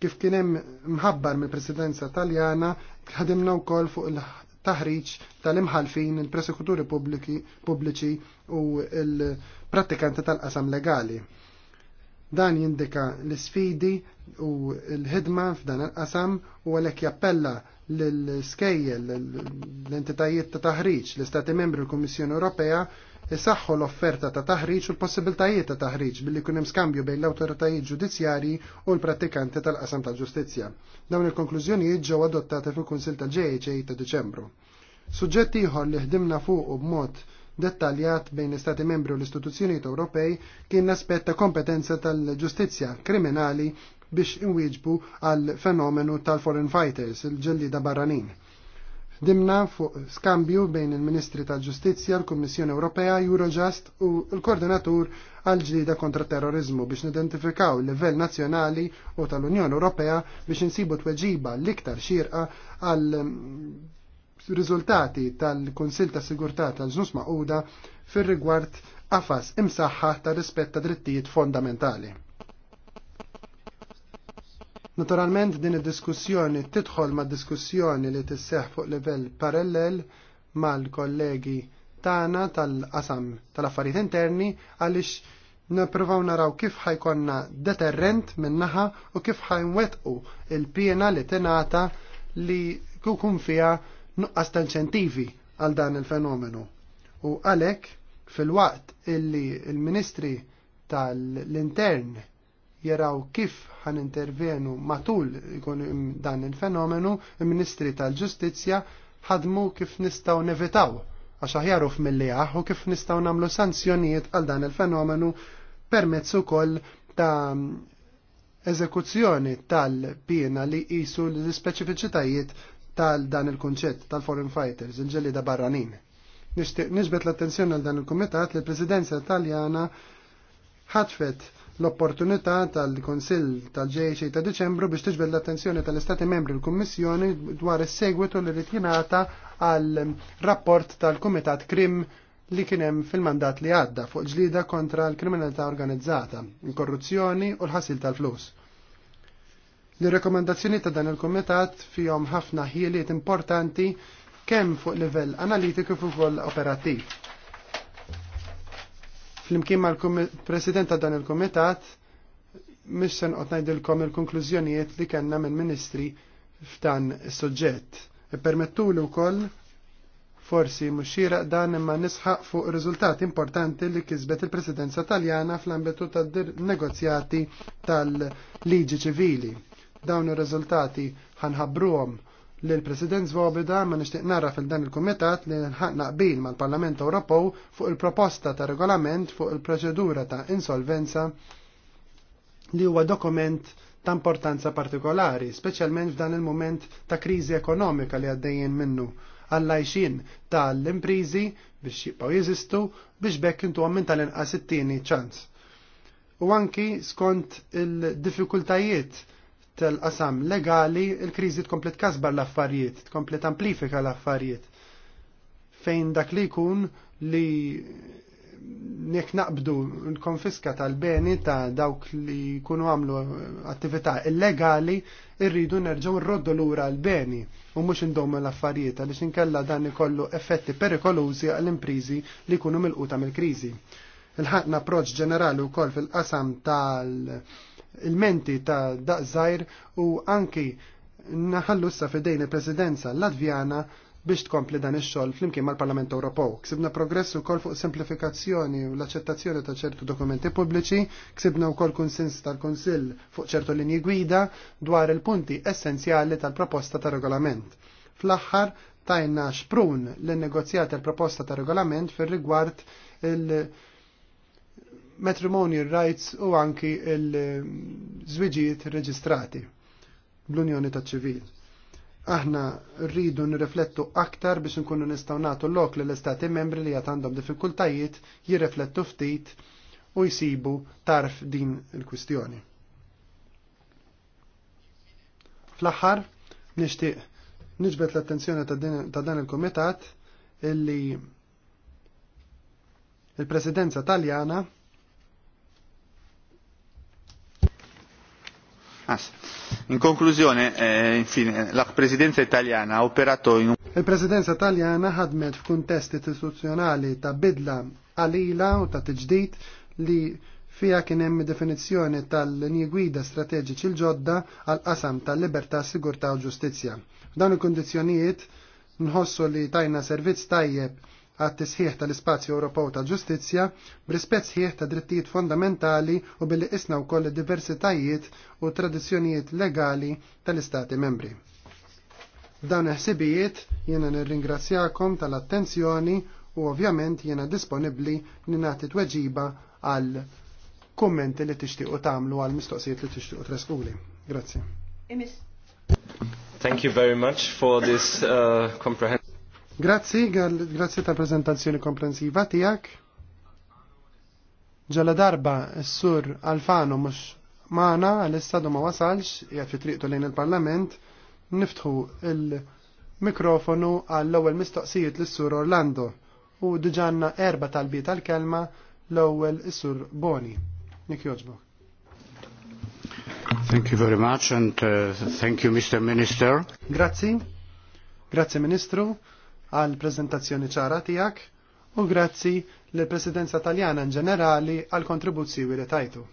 Kif kien hemm mħabbar mill-Presidenza Taljana, ħadimna wkoll fuq il taħriġ tal-imħalfin il presekuturi pubbliċi u l-prattikanti tal-qasam legali Dan jindika l-sfidi u l-ħidma f'dan il-qasam u għalhekk jappella l-skejjel, l-entitajiet ta' taħriġ, l-Istati membri l-Kummissjoni Ewropea isaħħu l-offerta ta' taħriġ u l-possibiltajiet ta' taħriġ billi kunem skambju bejn l-autoritajiet ġudizzjarji u l-prattikanti tal-qasam ta' ġustizzja. Dawn il-konklużjonijiet ġew adottati fil-Kunsil tal-JHA ta' Deċembru. Suġġetti ieħor li ħdimna fuq u b'mod dettaljat bejn l-Istati membri u l-istituzzjonijiet Ewropej kien l-aspett ta' kompetenza tal-ġustizzja kriminali biex inwieġbu għal fenomenu tal-foreign fighters, il-ġellida barranin. Dimna fuq skambju bejn il-Ministri tal-Ġustizzja, l-Kummissjoni Ewropea, Eurojust u l-Koordinatur għal ġlida kontra terrorizmu biex nidentifikaw il-livell nazzjonali u tal-Unjoni Ewropea biex insibu tweġiba l-iktar xirqa għal riżultati tal konsil ta' Sigurtà tal-Ġnus Maquda fir-rigward qafas imsaħħa ta' rispett ta' drittijiet fondamentali. Naturalment din id-diskussjoni tidħol ma' diskussjoni li tisseħ fuq livell parallel mal-kollegi tagħna tal-qasam tal-affarijiet interni għaliex Nipprovaw naraw kif ħajkonna deterrent minnaħa u kif ħajnwetqu il-pjena li tingħata li kukun fija nuqqas ta' inċentivi għal dan il-fenomenu. U għalhekk fil-waqt illi il-Ministri tal-Intern jeraw kif ħan intervenu matul ikon dan il-fenomenu, il-Ministri tal-Ġustizzja ħadmu kif nistaw nevitaw għax aħjaru mill u kif nistaw namlu sanzjonijiet għal dan il-fenomenu permezz ukoll ta' eżekuzzjoni tal-pina li jisu l-speċifiċitajiet tal dan il-kunċett tal-foreign fighters, il da barranin. Nisbet l-attenzjoni għal dan il-Kumitat li l-Presidenza Taljana ħatfet l-opportunità tal konsil tal-ġejxi ta' Deċembru biex tiġbed l-attenzjoni tal-Istati membri l-Kummissjoni dwar is-segwitu li jingħata għal rapport tal-Kumitat Krim li kienem fil-mandat li għadda fuq ġlida kontra l-kriminalità organizzata, l korruzzjoni u l-ħasil tal-flus. L-rekomendazzjoni ta' dan il-Komitat fihom ħafna ħiliet importanti kemm fuq livell analitiku fuq ukoll operattiv. Flimkien mal-President ta' dan il-Komitat, missen sen qed ngħidilkom il-konklużjonijiet li kellna minn ministri f'dan is-suġġett. Ippermettuli wkoll forsi mhux xieraq dan imma nisħaq fuq riżultati importanti li kisbet il-Presidenza Taljana fl-ambitu tad-negozjati tal-liġi ċivili Dawn ir-riżultati ħanħabruhom lil President Zvobida ma nixtieq narra fil-dan il-Kumitat li nħaqna qbil mal-Parlament Ewropew fuq il-proposta ta' regolament fuq il-proċedura ta' insolvenza li huwa dokument ta' importanza partikolari, speċjalment f'dan il-moment ta' kriżi ekonomika li għaddejjin minnu għallajxin ta' l-imprizi biex jibqaw jeżistu biex bekk intu għammin tal-inqas it-tieni ċans. U anki skont il-diffikultajiet tal-qasam legali il-kriżi tkompli tkasbar l-affarijiet, tkompli tamplifika l-affarijiet. Fejn dak li jkun li nek naqbdu l-konfiska tal-beni ta' dawk li kunu għamlu attività illegali irridu nerġaw rroddu lura l-beni u mux indomu l-affarijiet għaliex inkella dan ikollu effetti perikolużi għall-imprizi li kunu mil quta mill-krizi. il ħatna proċ ġenerali u koll fil-qasam tal- il-menti ta' daqżajr u anki naħallu sa fidejn il-presidenza latvjana biex tkompli dan ix-xogħol flimkien mal-Parlament Ewropew. Ksibna progress ukoll fuq semplifikazzjoni u l-aċċettazzjoni ta' ċertu dokumenti pubbliċi, ksibna wkoll kunsens tal-Kunsill fuq ċertu linji gwida dwar il-punti essenzjali tal-proposta ta' regolament. Fl-aħħar tajna xprun l-negozjati tal proposta ta' regolament fir rigward il- matrimonial rights u anki il-żwiġijiet reġistrati bl-Unjoni ta' ċivil. Aħna rridu nirreflettu aktar biex nkunu nistgħu nagħtu lok l istati membri li għandhom diffikultajiet jirreflettu ftit u jsibu tarf din il-kwistjoni. Fl-aħħar nixtieq niġbet l-attenzjoni ta' dan il-kumitat illi il-Presidenza Taljana In konklużjoni, eh, infine, la Presidenza Italjana ha operato in un... Il-Presidenza Taljana ħadmet f'kuntest istituzzjonali ta' bidla għalila u ta' tiġdid li fija kien hemm definizzjoni tal-linji gwida strateġiċi l-ġodda għal qasam tal-libertà, sigurtà u ġustizzja. F'dawn il-kundizzjonijiet nħossu li tajna servizz tajjeb għat tisħiħ tal-Ispazju Ewropew ta' Ġustizzja b'rispett sħiħ ta' drittijiet fondamentali u billi isna wkoll diversitajiet u tradizzjonijiet legali tal-Istati membri. Dawn il-ħsibijiet jiena nirringrazzjakom tal-attenzjoni u ovvjament jiena disponibbli li nagħti tweġiba għal kummenti li tixtiequ tagħmlu għal mistoqsijiet li tixtiequ treskuli. Grazzi. Thank you very much for this uh, comprehensive Grazzi, grazzi tal-prezentazzjoni komprensiva tijak. Ġala darba s-sur Alfano mux maħna għal-istadu ma wasalx, jgħat fi triqtu lejn il-parlament, niftħu il-mikrofonu għall-ewel mistoqsijiet l-sur Orlando u diġanna erba talbiet tal-kelma l-ewel is-sur Boni. Nik joġbu. Thank you very much and uh, thank you Mr. Minister. Grazzi. Grazzi Ministru għal prezentazzjoni ċara tijak u grazzi l-Presidenza Taljana in ġenerali għal kontribuzzjoni li tajtu.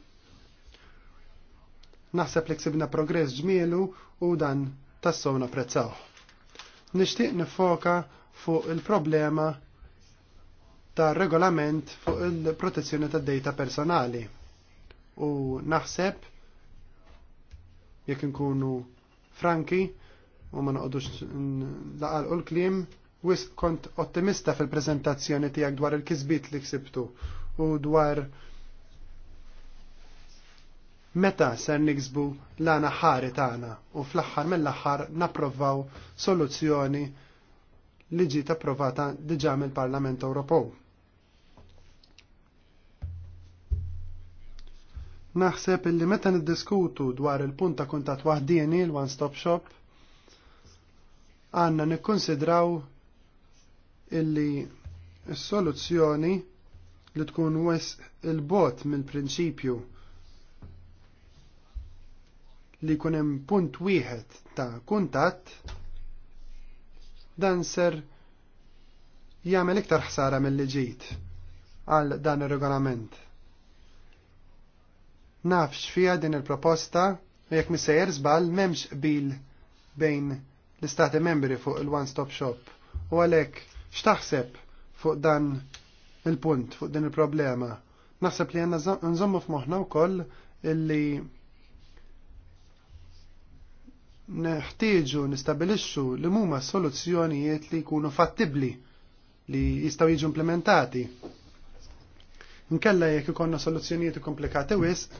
Naħseb li ksibna progress ġmielu u dan tassow naprezzaw. Nixtieq nifoka fuq il-problema ta' regolament fuq il-protezzjoni ta' data personali. U naħseb, jekk nkunu franki, u ma laqal u l-klim, wis kont ottimista fil-prezentazzjoni tiegħek dwar il-kisbit li ksibtu u dwar meta ser niksbu l-għana ħari tagħna u fl-aħħar mill-aħħar napprovaw soluzzjoni li ġiet approvata diġà mill-Parlament Ewropew. Naħseb illi meta niddiskutu dwar il-punt ta' kuntat waħdieni l-one stop shop għandna nikkonsidraw illi s-soluzzjoni li tkun wes il-bot mill-prinċipju li kunem punt wieħed ta' kuntat dan ser jagħmel iktar ħsara mill-li ġejt għal dan ir-regolament. Nafx fija din il-proposta u jekk missejjer żball m'hemmx qbil bejn l-istati membri fuq il-one-stop shop u għalhekk X'taħseb fuq dan il-punt, fuq din il-problema? Naħseb li għanna nżommu f'moħna wkoll illi neħtieġu nistabilixxu li huma soluzzjonijiet li jkunu fattibbli li jistgħu jiġu implementati. Nkella jekk ikonna soluzzjonijiet komplikati wisq,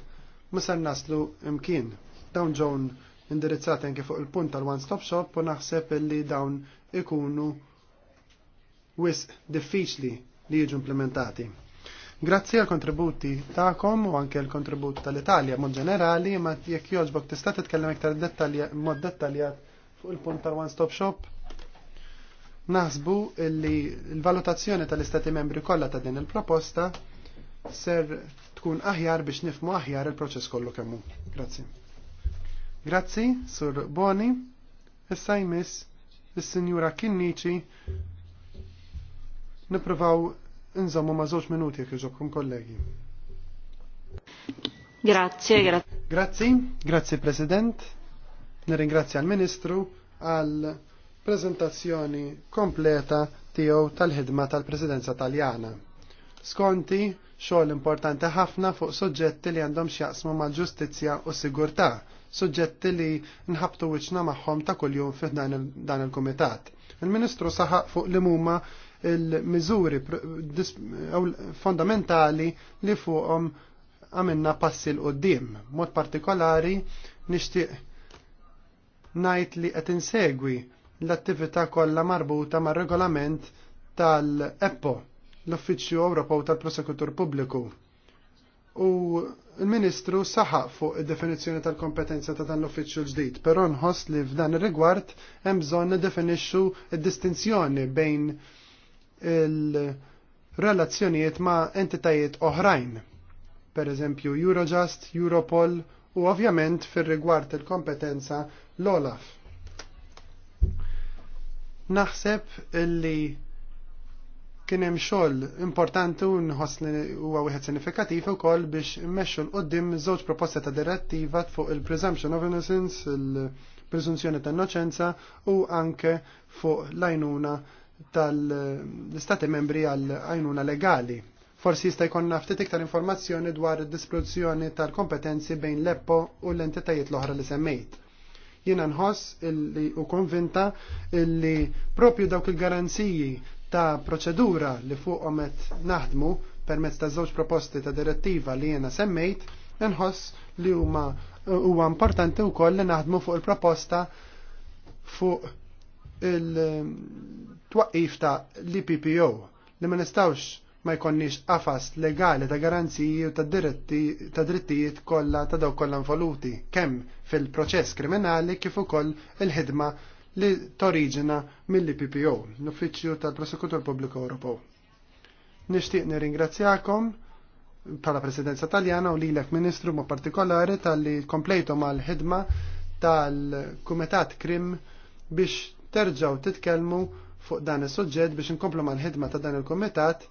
ma se naslu imkien. Dawn ġew indirizzati anke fuq il-punt tal-one stop shop u naħseb illi dawn ikunu wisq diffiċli li jiġu implementati. Grazzi għal kontributi ta'kom u anke l kontributi tal-Italja mod ġenerali, ma jekk joġbok tista' titkellem iktar mod dettaljat fuq il-punt tal-One Stop Shop. Naħsbu li l-valutazzjoni tal-Istati membri kollha ta' din il-proposta ser tkun aħjar biex nifmu aħjar il-proċess kollu kemmu. Grazzi. Grazzi, Sur Boni, issa jmiss is-Sinjura Kinnici Nipprovaw nżammu ma' żewġ minuti jekk iġobkom kollegi. Grazie, grazie. Grazzi, grazie President. Nirringrazzja l-Ministru għal prezentazzjoni kompleta tiegħu tal-ħidma tal-Presidenza Taljana. Skonti, xogħol importanti ħafna fuq suġġetti li għandhom x'jaqsmu mal-ġustizzja u sigurtà, suġġetti li nħabtu wiċċna magħhom ta' kuljum fi dan il-kumitat. Il-Ministru saħaq fuq li huma il-miżuri fondamentali li fuqhom għamilna passi l-qoddim. Mod partikolari nixtieq ngħid li qed insegwi l-attività kollha marbuta mar-regolament tal-EPPO, l-Uffiċċju Ewropew tal-Prosekutur Pubbliku. U l ministru saħaq fuq id-definizzjoni tal-kompetenza ta' dan l-uffiċċju ġdid, però nħoss li f'dan ir-rigward hemm bżonn niddefinixxu d-distinzjoni bejn il-relazzjonijiet ma' entitajiet oħrajn, per eżempju Eurojust, Europol u ovvjament fir-rigward il-kompetenza l-Olaf. Naħseb illi kien hemm xogħol importanti u nħossni huwa wieħed sinifikattiv ukoll biex immexxu l qoddim żewġ proposta ta' direttiva fuq il-presumption of innocence, il-presunzjoni ta' innoċenza u anke fuq l ajnuna tal-istati membri għal għajnuna legali. Forsi jista' jkollna ftit iktar informazzjoni dwar id-displuzzjoni tal-kompetenzi bejn l-EPPO u l-entitajiet l-oħra li semmejt. Jiena nħoss illi u konvinta illi propju dawk il-garanziji ta' proċedura li fuqhom qed naħdmu permezz ta' żewġ proposti ta' direttiva li jiena semmejt, nħoss li huma huwa importanti wkoll li naħdmu fuq il-proposta fuq il twaqif ta' l-IPPO li ma nistawx ma jkonniex qafas legali ta' garanziji u ta' drittijiet kollha ta' dawk kollha involuti kemm fil-proċess kriminali kif ukoll il-ħidma li toriġina mill-IPPO, l-Uffiċċju tal-Prosekutur Pubbliku Ewropew. Nixtieq nirringrazzjakom bħala Presidenza Taljana u lilek Ministru ma' partikolari tal-li komplejtu mal-ħidma tal-Kumitat Krim biex terġaw titkellmu fuq dan is-suġġett biex inkomplu l ħidma ta' dan il-Kumitat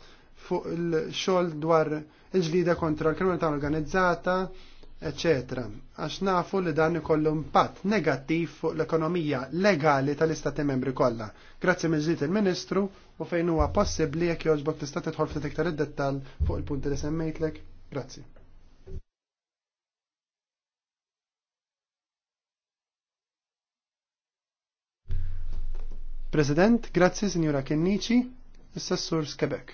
fuq il-xogħol dwar il-ġlida kontra l-kriminalità organizzata, ecc. Għax nafu li dan ikollu impatt negattiv fuq l-ekonomija legali tal-Istati membri kollha. Grazzi mill-ġdid il-Ministru u fejn huwa possibbli jekk jogħġbok tista' tidħol ftit iktar id-dettall fuq il-punti li semmejtlek. Grazzi. President, grazie Signora Kennici, Assessors Quebec.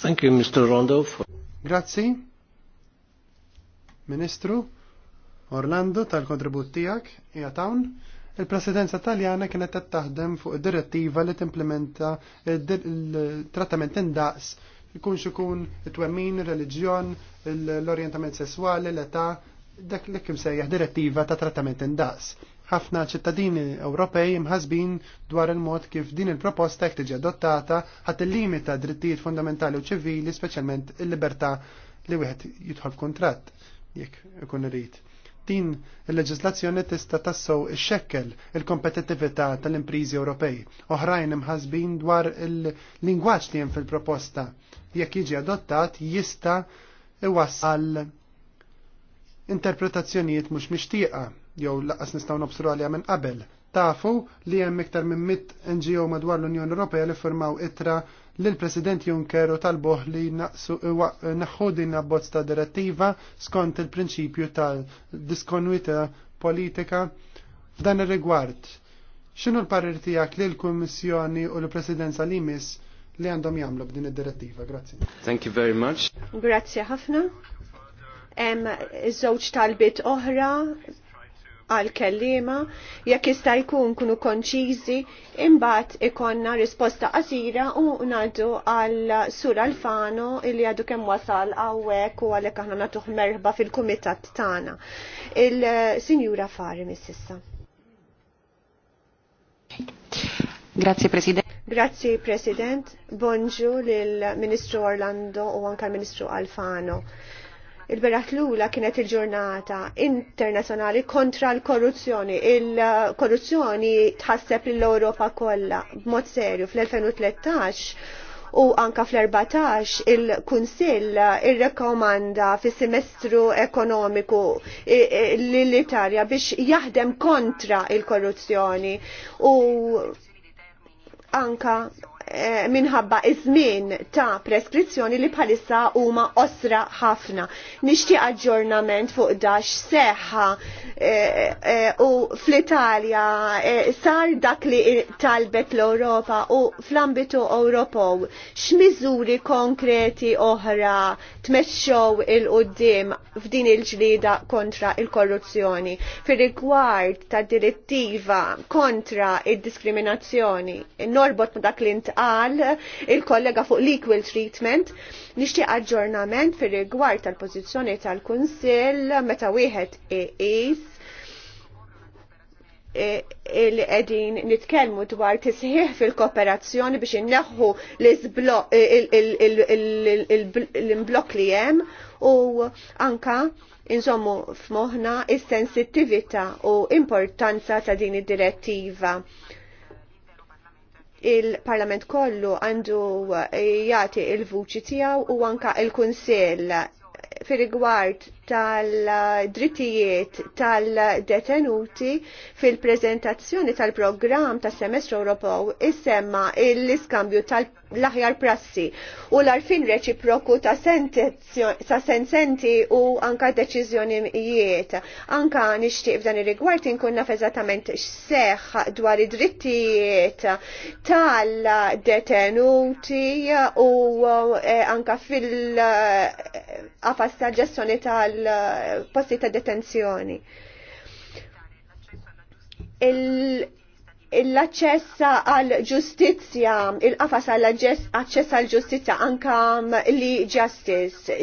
Thank you, Mr. Rondo. For... Grazzi, Ministru, Orlando tal-kontribut tijak, jgħatawn. Il-presidenza taljana kienet qed taħdem fuq id direttiva li timplementa il-trattament indaqs ikun xikun it-twemmin, reliġjon, l-orientament sessuali, l-età, dak li kim sejjaħ direttiva ta' trattament indaqs ħafna ċittadini Ewropej imħasbin dwar il-mod kif din il-proposta jekk tiġi adottata ħadd illimita drittijiet fundamentali u ċivili, speċjalment il-libertà li wieħed jidħol f'kuntratt jekk ikun irid din il-leġislazzjoni tista tassow ix-xekkel il-kompetittività tal-imprizi Ewropej. Oħrajn imħasbin dwar il-lingwaġġ li hemm fil-proposta. Jekk jiġi adottat jista' iwassal interpretazzjonijiet mhux mixtieqa jew laqas nistgħu nobsru għalija minn qabel. Tafu li hemm iktar minn mit NGO madwar l-Unjoni Ewropea li firmaw itra lil President Juncker u talboh li naħħu din abbozz ta' direttiva skont il-prinċipju tal-diskonwita politika f'dan ir-rigward. X'inhu l-parir tiegħek lil kummissjoni u l-Presidenza li jmiss li għandhom jagħmlu b'din id-direttiva. Grazzi. Thank you very much. Grazzi ħafna. Hemm iż-żewġ talbiet oħra għal kellima jekk jista' jkun kunu konċiżi imbagħad ikonna risposta qasira u ngħaddu għal Sur Alfano li għadu kemm wasal hawnhekk u għalhekk aħna nagħtuh merħba fil-kumitat tagħna. Il-Sinjura Fari mis-sissa. Grazie President. Grazie President. Bonġu lill-Ministru Orlando u anke l-Ministru Alfano il berat l-ula kienet il-ġurnata internazjonali kontra l-korruzzjoni. Il-korruzzjoni tħasseb l-Europa kollha b'mod serju fl-2013 u anka fl-14 il-Kunsill il-rekomanda fis semestru ekonomiku l-Italja biex jaħdem kontra il-korruzzjoni u anka Eh, minħabba iż-żmien ta' preskrizzjoni li bħalissa huma osra ħafna. Nixtieq aġġornament fuq dax seħħa eh, eh, u fl-Italja sar dak li talbet l-Ewropa u fl-ambitu Ewropew x'miżuri konkreti oħra tmexxew il-qudiem f'din il-ġlida kontra il-korruzzjoni. Fir-rigward ta' direttiva kontra id-diskriminazzjoni, norbot ma' dak li int qal il-kollega fuq l-equal treatment nixtieq aġġornament fir rigward tal-pożizzjoni tal-Kunsill meta wieħed is. E, il qegħdin nitkellmu dwar tisħiħ fil-kooperazzjoni biex inneħħu l-imblok li hemm u anka insommu f'moħna is-sensittività u importanza ta' din id-direttiva il-Parlament kollu għandu eh, jagħti il-vuċi tiegħu u anka il-Kunsill fil rigward tal-drittijiet tal-detenuti fil-prezentazzjoni tal-programm tas semestru Ewropew issemma l-iskambju tal-aħjar prassi u l-arfin reċiproku ta' sensenti u anka deċiżjonijiet. Anka nixtieq f'dan ir-rigward inkun naf eżattament x'seħħ dwar id-drittijiet tal-detenuti u eh, anka fil-qafas eh, tal-ġestjoni tal fil-posti ta' detenzjoni l-aċċess għal ġustizzja, il-qafas għal aċċess għal ġustizzja anka mm, li justice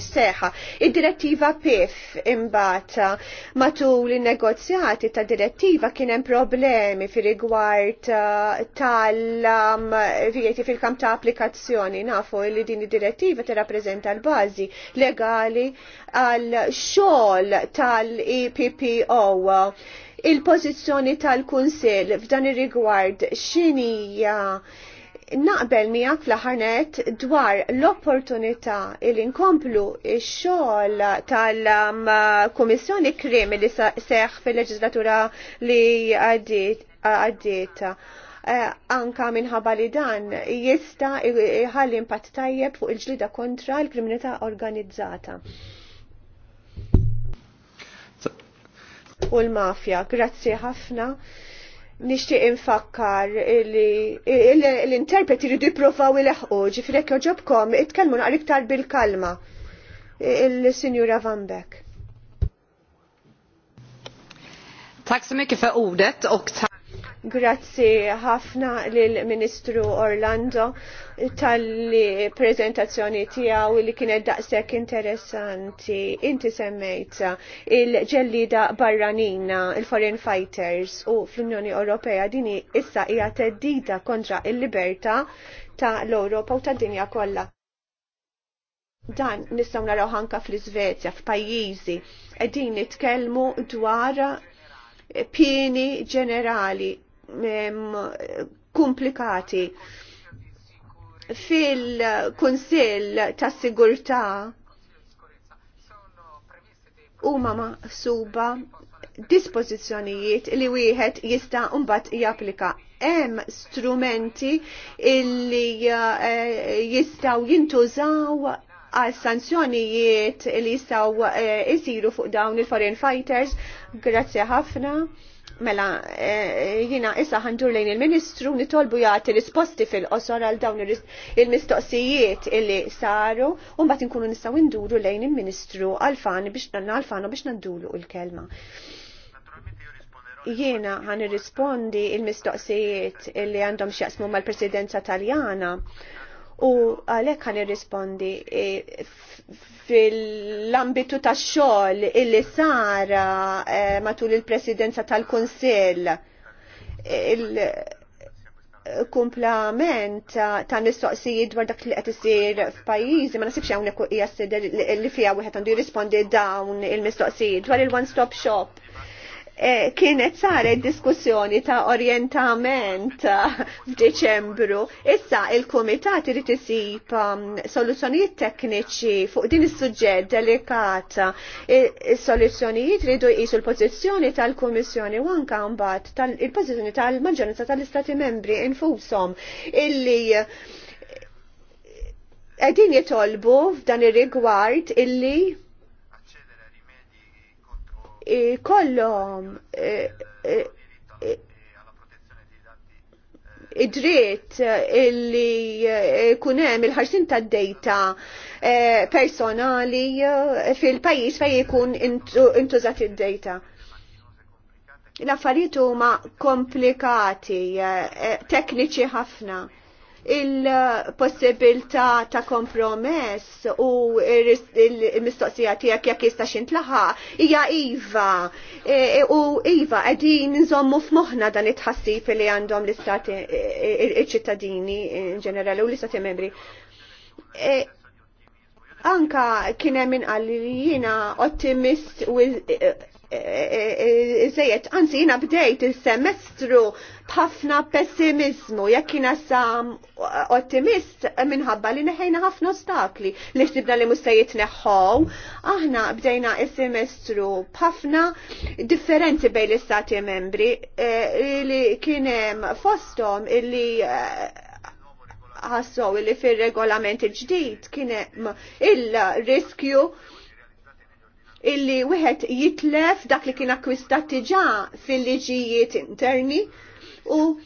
seħa. Id-direttiva PIF imbat matul il-negozjati ta' direttiva kien hemm problemi fi rigward eh, tal-vieti mm, fil kam ta' applikazzjoni nafu li din id-direttiva tirrappreżenta l-bażi legali għal xogħol tal-EPPO il-pożizzjoni tal-Kunsill f'dan ir-rigward x'inija naqbel miegħek fl-ħarnet dwar l-opportunità il inkomplu x-xogħol tal-Kummissjoni Krim li seħħ fil-leġislatura li għaddiet eh, anka minħabba li dan jista' jħalli impatt tajjeb fuq il-ġlida kontra l-kriminalità organizzata. u l-mafja. Grazzi ħafna. Nishtiq infakkar l-interpreti ridu jippruvaw il-ħqu ġifrek joġobkom itkellmu naqra iktar bil-kalma. Il-Sinjura Van Beck. Tack så mycket för ordet och tack Grazzi ħafna lill-Ministru Orlando tal-li prezentazzjoni tiegħu li kienet daqshekk interessanti. Inti semmejt il-ġellida barranina, il-foreign fighters u fl-Unjoni Ewropea din issa hija teddida kontra il-libertà ta' l-Ewropa u tad-dinja kollha. Dan nistgħu naraw ħanka fl-Iżvezja, f'pajjiżi qegħdin nitkellmu dwar pieni ġenerali komplikati. Fil-Kunsill tas Sigurtà huma maqsuba dispożizzjonijiet li wieħed jista' mbagħad japplika. Hemm strumenti li eh, jistgħu jintużaw għal sanzjonijiet li jistgħu jsiru eh, fuq dawn il-foreign fighters. Grazzi ħafna. Mela, eh, eh, jina issa ħandur lejn il-Ministru nitolbu jagħti risposti fil-qosor għal dawn il-mistoqsijiet illi saru u mbagħad inkunu nistgħu nduru lejn il-Ministru għalfan biex nanna biex nandulu l-kelma. Jiena ħan irrispondi il-mistoqsijiet illi għandhom x'jaqsmu mal-Presidenza Taljana u għalhekk għan irrispondi e, fil-ambitu tax-xogħol illi sara e, matul il-presidenza tal-Kunsill kumplament ta' mistoqsijiet dwar dak li qed isir f'pajjiżi ma nasibx hawnhekk hija s-sidel li fiha wieħed għandu jirrispondi dawn il-mistoqsijiet dwar il-one stop shop Eh, kienet saret diskussjoni ta' orientament eh, f'Deċembru. Issa il-Kumitat irid isib um, soluzzjonijiet tekniċi fuq din is-suġġett delikata. Is-soluzzjonijiet ridu jqisu l-pożizzjoni tal-Kummissjoni u anke mbagħad il-pożizzjoni tal-maġġoranza tal-Istati membri infushom illi eh, qegħdin jitolbu f'dan ir-rigward illi E, kollom e, e, id-dritt illi kunem il-ħarsin ta' data personali fil-pajis fej jkun intużat id-data. L-affarijiet huma komplikati, tekniċi ħafna il-possibilità ta' kompromess u il-mistoqsija tiegħek jekk jista' laħa, hija iva u iva qegħdin nżommu f'moħħna dan it-tħassib li għandhom l-istati il ċittadini ġenerali u l-istati membri. Anka kien hemm inqalli jiena ottimist u iżejjed, anzi jiena bdejt il-semestru b'ħafna pessimizmu, jekk jina sam mm, ottimist minħabba li neħejna ħafna ostakli li xtibna li mustajiet neħħow, aħna bdejna semestru b'ħafna differenzi bejn l-istati membri eh, li kienem fostom illi eh, ħassow illi fil-regolament ġdid kienem il-riskju illi wieħed jitlef dak li kien akkwistat diġà fil-liġijiet interni u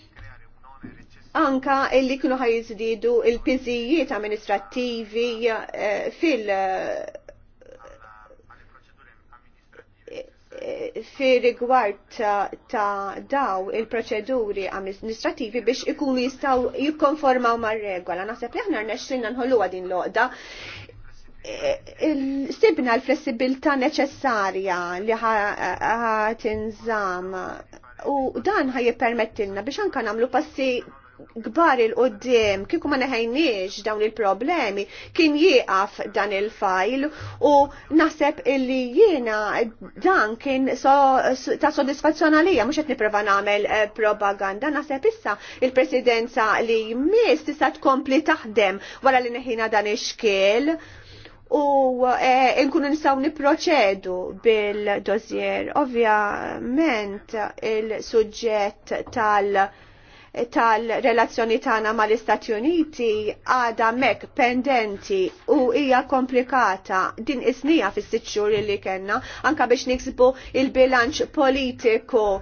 anka illi kienu ħajżdiedu il-piżijiet amministrattivi eh, fil- eh, fi rigward ta' daw il-proċeduri amministrativi biex ikunu jistaw jikkonformaw mar regola Naħseb li aħna rnexxilna nħolluha din l-oqda eh, sibna l-flessibilità neċessarja li ħatinżam U dan ħaj permettilna biex anka namlu passi gbar il-qoddim, kieku ma neħajniex dawn il-problemi, kien jieqaf dan il-fajl u naħseb illi jiena dan kien so, ta' soddisfazzjon għalija, mux qed niprofa nagħmel eh, propaganda, naħseb issa il-presidenza li jmiss tista' tkompli taħdem wara li neħina dan ix-xkiel u e, nkunu nistaw niproċedu bil-dossier. Ovvjament il-suġġett tal- tal-relazzjoni tagħna mal-Istati Uniti għadha mek pendenti u hija komplikata din isnija fis-sitt li kellna anka biex niksbu il-bilanċ politiku.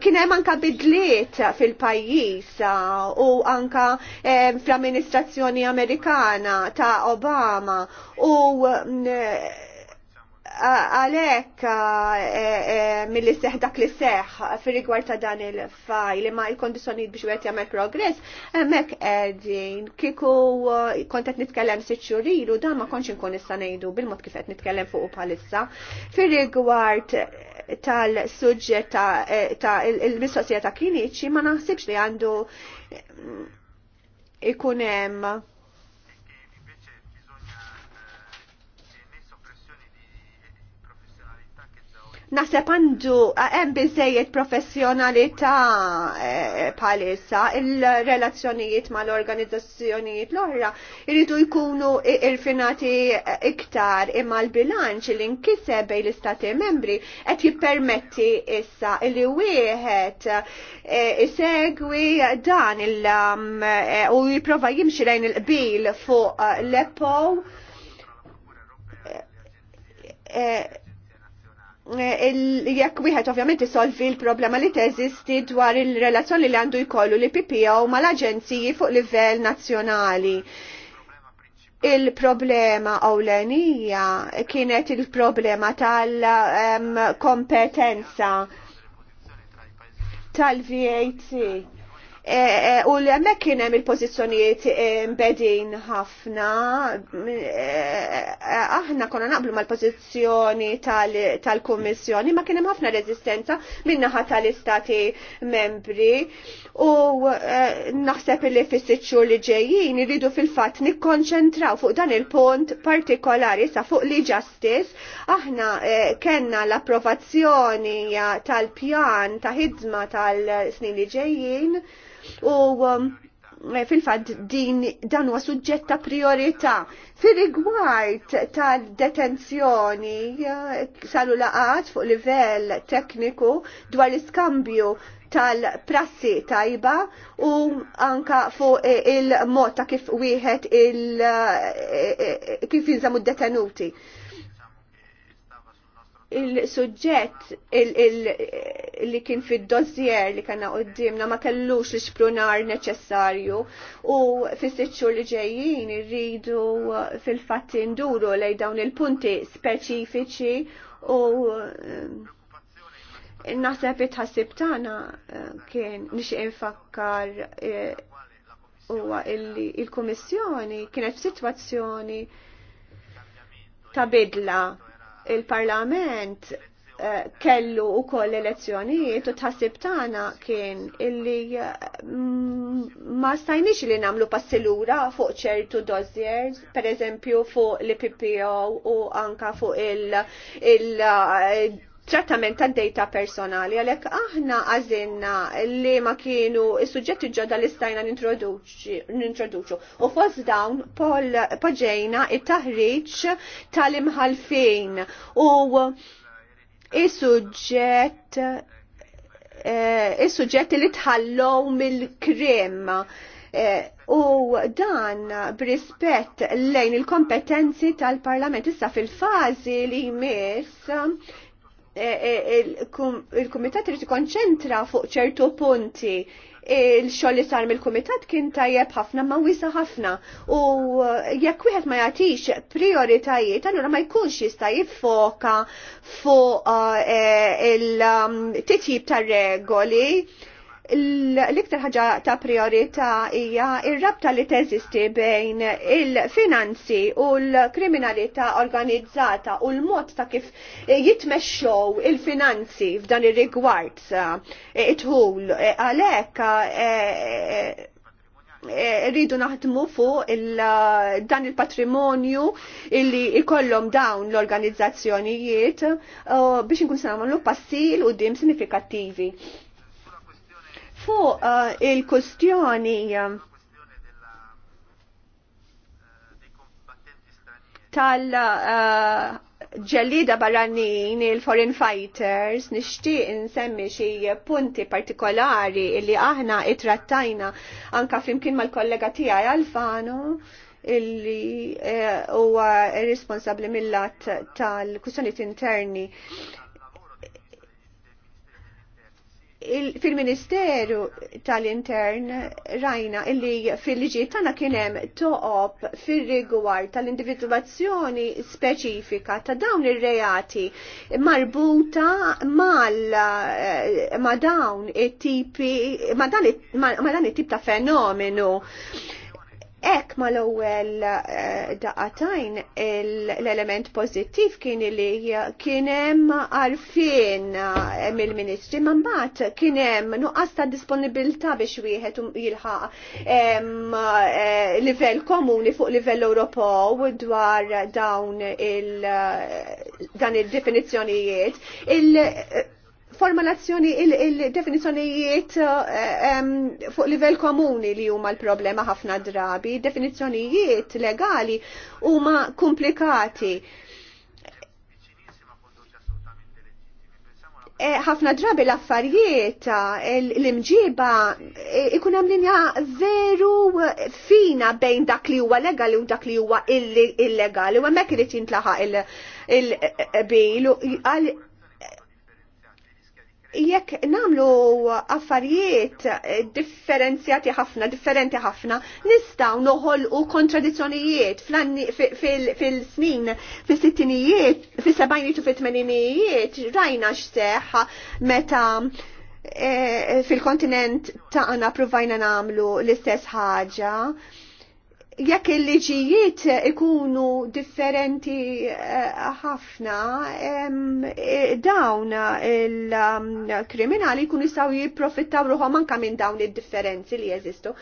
Kien hemm anka bidliet fil-pajjiż u anka eh, fl-amministrazzjoni Amerikana ta' Obama u mm, eh, għalek eh, eh, mill seħ dak li seħ fil rigward ta' dan il-faj li ma' il-kondizjoni biex għet jgħamil progress, mek edin kiku eh, kontet nitkellem siċurilu dan ma' konċ nkun issa nejdu bil-mod kif qed nitkellem fuq palissa. fil rigward tal-sujġet ta' il-mistoqsija ta' kliniċi ma' naħsibx li għandu ikunem Naseb għandu hemm biżejjed professjonalità bħalissa e, il-relazzjonijiet mal-organizzazzjonijiet l-oħra jridu jkunu irfinati e, iktar imma l-bilanċ li nkiseb bej l-istati membri qed jippermetti issa li wieħed e, isegwi dan il um, u jipprova jimxi lejn il-qbil fuq l-EPO Eh, jekk wieħed ovvjament isolvi l-problema li teżisti dwar il-relazzjoni li għandu jkollu li PPO mal-aġenziji fuq livell nazzjonali. Il-problema ewlenija kienet il-problema tal-kompetenza tal-VAT Eh, eh, u li hemmhekk kien hemm il-pożizzjonijiet eh, bedin ħafna. Aħna konna naqblu mal-pożizzjoni tal-Kummissjoni, ma kien hemm ħafna reżistenza min-naħa tal-Istati membri u naħseb li fis-sitxur li ġejjin irridu fil-fatt nikkonċentraw fuq dan il-punt partikolari sa fuq li justice. Aħna kellna l-approvazzjoni tal-pjan ta' ħidma tal-snin li ġejjin u um, fil-fat din dan huwa suġġett ta' priorità. Fir-rigward tal-detenzjoni eh, salu laqat fuq livell tekniku dwar l-iskambju tal-prassi tajba u anka fuq eh, il-mod ta' kif wieħed il- eh, kif jinżamu d-detenuti il sujġet li kien fid-dossier li kanna qoddimna ma kellux li xprunar neċessarju u fis-sitxur li ġejjin irridu fil fatti induru lej dawn il-punti speċifiċi u eh, naħseb it-ħassib tagħna eh, kien nix infakkar eh, huwa il-Kummissjoni kienet f'sitwazzjoni ta' bidla il-Parlament eh, kellu u koll elezzjonijiet u tħassib tagħna kien illi eh, ma stajniex li namlu passilura fuq ċertu dossiers, per eżempju fuq l-PPO u anka fuq il eh, trattament ta' data personali għalhekk aħna għażilna li ma kienu il suġġetti ġodda li stajna nintroduċu. U fost dawn pol poġejna il taħriġ tal-imħalfin u il suġġett eh, is-suġġetti li tħallow mill-krim. Eh, u dan b'rispett lejn il-kompetenzi tal-Parlament issa fil-fażi li jmiss Eh, eh, il-Kumitat irid ikkonċentra fuq ċertu punti il-xogħol li sar mill-kumitat kien tajjeb ħafna ma wisa ħafna u eh, jekk wieħed ma jagħtix prioritajiet allura ma jkunx jista' jiffoka fuq il-titjib um, tar-regoli l-iktar ħaġa ta' priorità hija ir-rabta li teżisti bejn il-finanzi u l-kriminalità organizzata u l-mod ta' kif jitmexxow il-finanzi f'dan ir-rigward eh, itħul eh, għalhekk eh, rridu naħdmu fuq dan il-patrimonju illi ikollhom dawn l-organizzazzjonijiet biex inkun se nagħmlu passil u dim sinifikattivi. Fuq uh, il-kustjoni tal uh, ġellida barranin il-foreign fighters nixtieq insemmi xi punti partikolari li aħna itrattajna anka flimkien mal-kollega tiegħi Alfano illi uh, huwa responsabbli mill-lat tal-kwistjonijiet interni fil-Ministeru tal-Intern rajna illi fil-liġi tana kienem toqob fil-rigward tal-individuazzjoni speċifika ta' dawn ir-reati marbuta mal eh, ma dawn it-tipi ma dan it-tip ta' fenomenu Ek ma l-ewwel eh, daqatajn l-element pozittiv kien li kien hemm għarfien eh, mill-Ministri ma mbagħad kien hemm nuqqas ta' disponibilità biex wieħed um- jilħaq eh, livell komuni fuq livell Ewropew dwar dawn il dan id-definizzjonijiet formulazzjoni il-definizjonijiet eh, fuq livell komuni li huma l-problema ħafna drabi, definizjonijiet legali huma komplikati. E, ħafna drabi l-affarijiet l-imġiba e, ikun hemm linja veru fina bejn dak li huwa legali u dak li huwa illegali u hemmhekk irid jintlaħaq il-bil e, jekk namlu affarijiet eh, differenzjati ħafna, differenti ħafna, nistaw noħolqu kontradizzjonijiet fil-snin, fil-sittinijiet, fil-sebajniet u fil-tmeninijiet, rajna xseħ meta eh, fil-kontinent ta' għana provajna namlu l-istess ħaġa jekk il-liġijiet ikunu differenti eh, ħafna, eh, dawn il-kriminali jkunu jistgħu jipprofittaw ruħom anka minn dawn id-differenzi li jeżistu.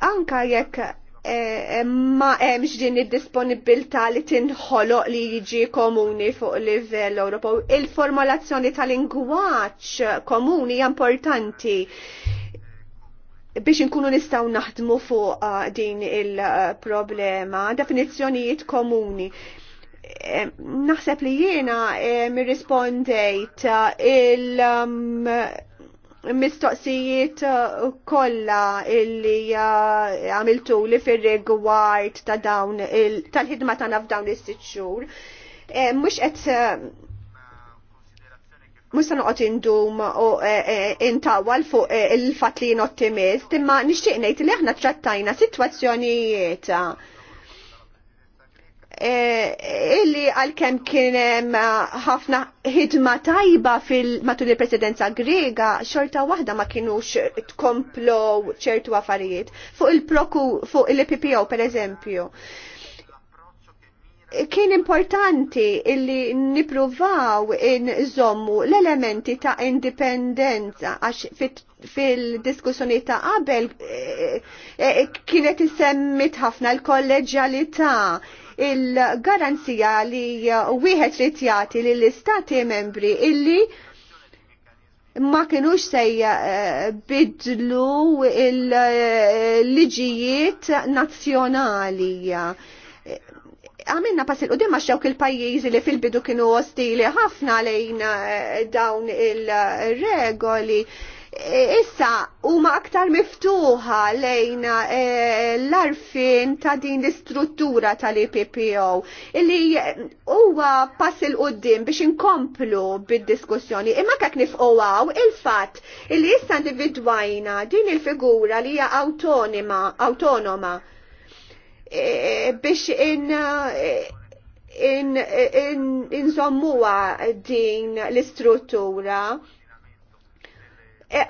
Anka jekk eh, ma hemmx din id-disponibilità li tinħoloq li jiġi komuni fuq livell Ewropew. Il-formulazzjoni tal-lingwaġġ komuni hija importanti biex inkunu nistaw naħdmu fuq uh, din il-problema, definizzjonijiet komuni. Naħseb li jiena mirrispondejt uh, il- um, mistoqsijiet uh, kolla illi għamiltu li fil-rigward ta' dawn tal-ħidma ta' f'dawn is-sitt xhur. Mhux qed musta noqot indum u e, e, intawal fuq e, il-fat li ottimist, imma nixtieq ngħid li aħna trattajna sitwazzjonijiet illi għal-kem kienem ħafna ħidma tajba fil-matul il-presidenza grega, xorta wahda ma kienux tkomplow ċertu affarijiet fuq il-PPO, per eżempju kien importanti illi nipruvaw zommu l-elementi ta' indipendenza għax fil-diskussjoni ta' qabel eh, eh, kienet isemmit ħafna l-kolleġjalità il-garanzija li eh, wieħed trid jagħti lill istati membri illi ma kienux sej bidlu il-liġijiet nazzjonali għamilna pasil u dimma għax il-pajjiżi li fil-bidu kienu ostili ħafna lejn eh, dawn il-regoli. E, issa huma aktar miftuħa lejn eh, l-arfin ta' din l-istruttura tal ippo illi eh, huwa pass il qoddim biex inkomplu bid-diskussjoni. Imma kak nifqowaw il-fatt illi issa individwajna din il-figura li hija autonoma, autonoma biex in inżommuwa din l-istruttura e,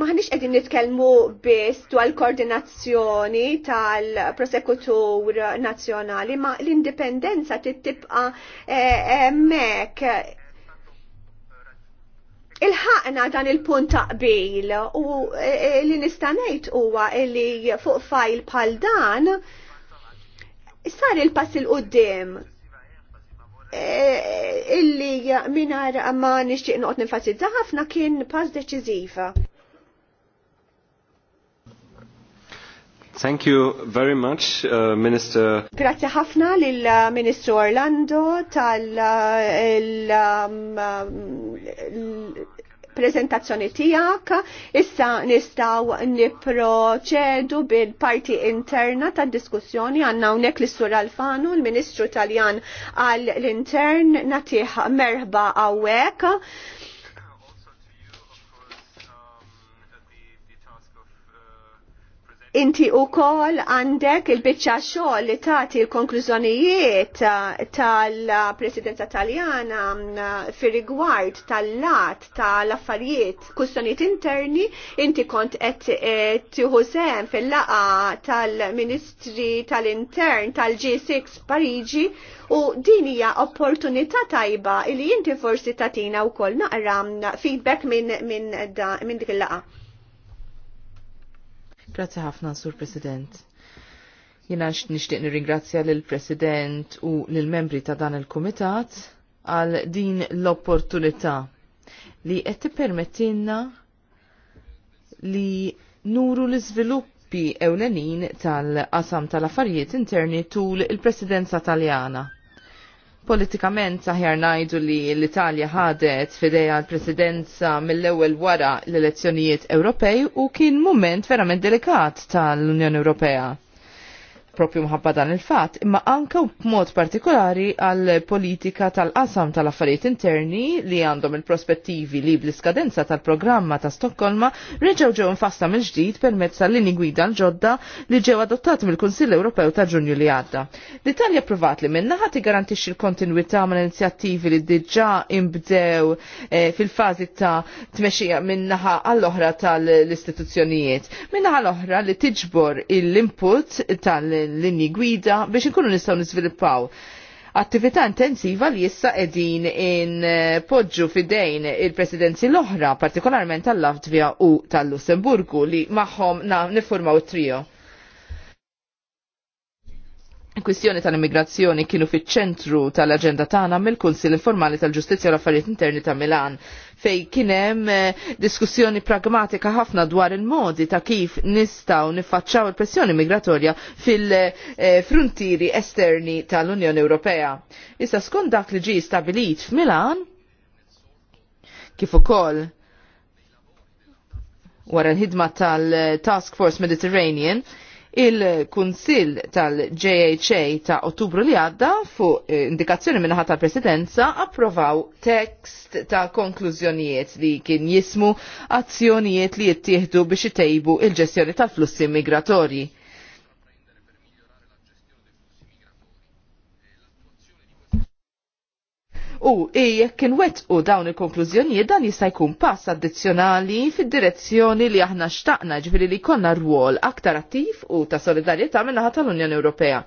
ma ħanix qegħdin nitkellmu biss dwar koordinazzjoni tal-prosekutur nazzjonali, ma l-indipendenza tibqa hemmhekk. E, Il-ħaqna dan il-punt taqbil u e, li ngħid huwa li fuq fajl bħal dan sar il-pass il-qoddim e, illi minar ma nixtieq noqgħod nifassizza ħafna kien pass deċiżiva. Thank you very much, uh, Minister. Grazie ħafna lil uh, Ministru Orlando tal uh, um, um, prezentazzjoni tijak, issa nistaw niproċedu bil-parti interna ta' diskussjoni għanna unek l sur Alfano, l-Ministru Taljan għall-intern, natiħ merħba għawek. Inti u kol għandek il-bicċa xoll li tati l-konklużjonijiet eh, tal-presidenza taljana eh, fir-rigward tal-lat tal-affarijiet kustonijiet interni, inti kont qed eh, tieħu fil-laqa tal-Ministri tal-Intern tal-G6 Parigi. u din hija opportunità tajba li inti forsi tatina wkoll naqra feedback minn min, min dik il-laqa. Grazzi ħafna, Sur President. Jena nishtiq nirringrazzja l-President u l-membri ta' dan il-Komitat għal din l-opportunità li qed permettinna li nuru l-iżviluppi ewlenin tal-qasam tal-affarijiet interni tul il-Presidenza Taljana. Politikament aħjar najdu li l-Italja ħadet fideja l-presidenza mill-ewwel wara l-elezzjonijiet Ewropej u kien moment verament delikat tal-Unjoni Ewropea propju mħabba dan il-fat, imma anka b'mod partikolari għal politika tal-qasam tal-affarijiet interni li għandhom il-prospettivi li bl-iskadenza tal-programma ta' Stokkolma reġgħu ġew infasta mill-ġdid permezz tal-lini gwida l-ġodda li ġew adottati mill-Kunsill Ewropew ta' Ġunju li għadda. L-Italja provat li minnaħa tigarantixxi l-kontinwità mal inizjattivi li diġà imbdew eh, fil-fażi ta' tmexxija minnaħa għall-oħra tal-istituzzjonijiet. Minnaħa l-oħra li tiġbor l-input tal- linji gwida biex inkunu nistgħu niżviluppaw attività intensiva li jissa edin in poġġu fidejn il-presidenzi l-oħra, partikolarment tal-Latvija u tal-Lussemburgu li maħħom na niformaw trio. Kwistjoni tal-immigrazzjoni kienu fiċ-ċentru tal-agenda tagħna mill-Kunsil Informali tal-Ġustizzja u l-Affarijiet Interni ta' Milan fej kienem eh, diskussjoni pragmatika ħafna dwar il-modi ta' kif nistaw nifacċaw il-pressjoni migratorja fil-frontieri eh, esterni tal-Unjoni Ewropea. Issa skont dak li ġi stabilit f'Milan, kif ukoll wara l-ħidma tal-Task Force Mediterranean, Il-Kunsill tal-JHA ta' Ottubru li għadda fuq eh, indikazzjoni minnaħat tal-Presidenza approvaw tekst ta' konklużjonijiet li kien jismu azzjonijiet li jittieħdu biex itejbu il-ġestjoni tal-flussi migratorji U jekk kien u dawn il-konklużjonijiet dan jista' jkun pass addizzjonali fid-direzzjoni li aħna xtaqna ġifieri li konna rwol aktar attiv u ta' solidarjetà minnaħa tal-Unjoni Ewropea.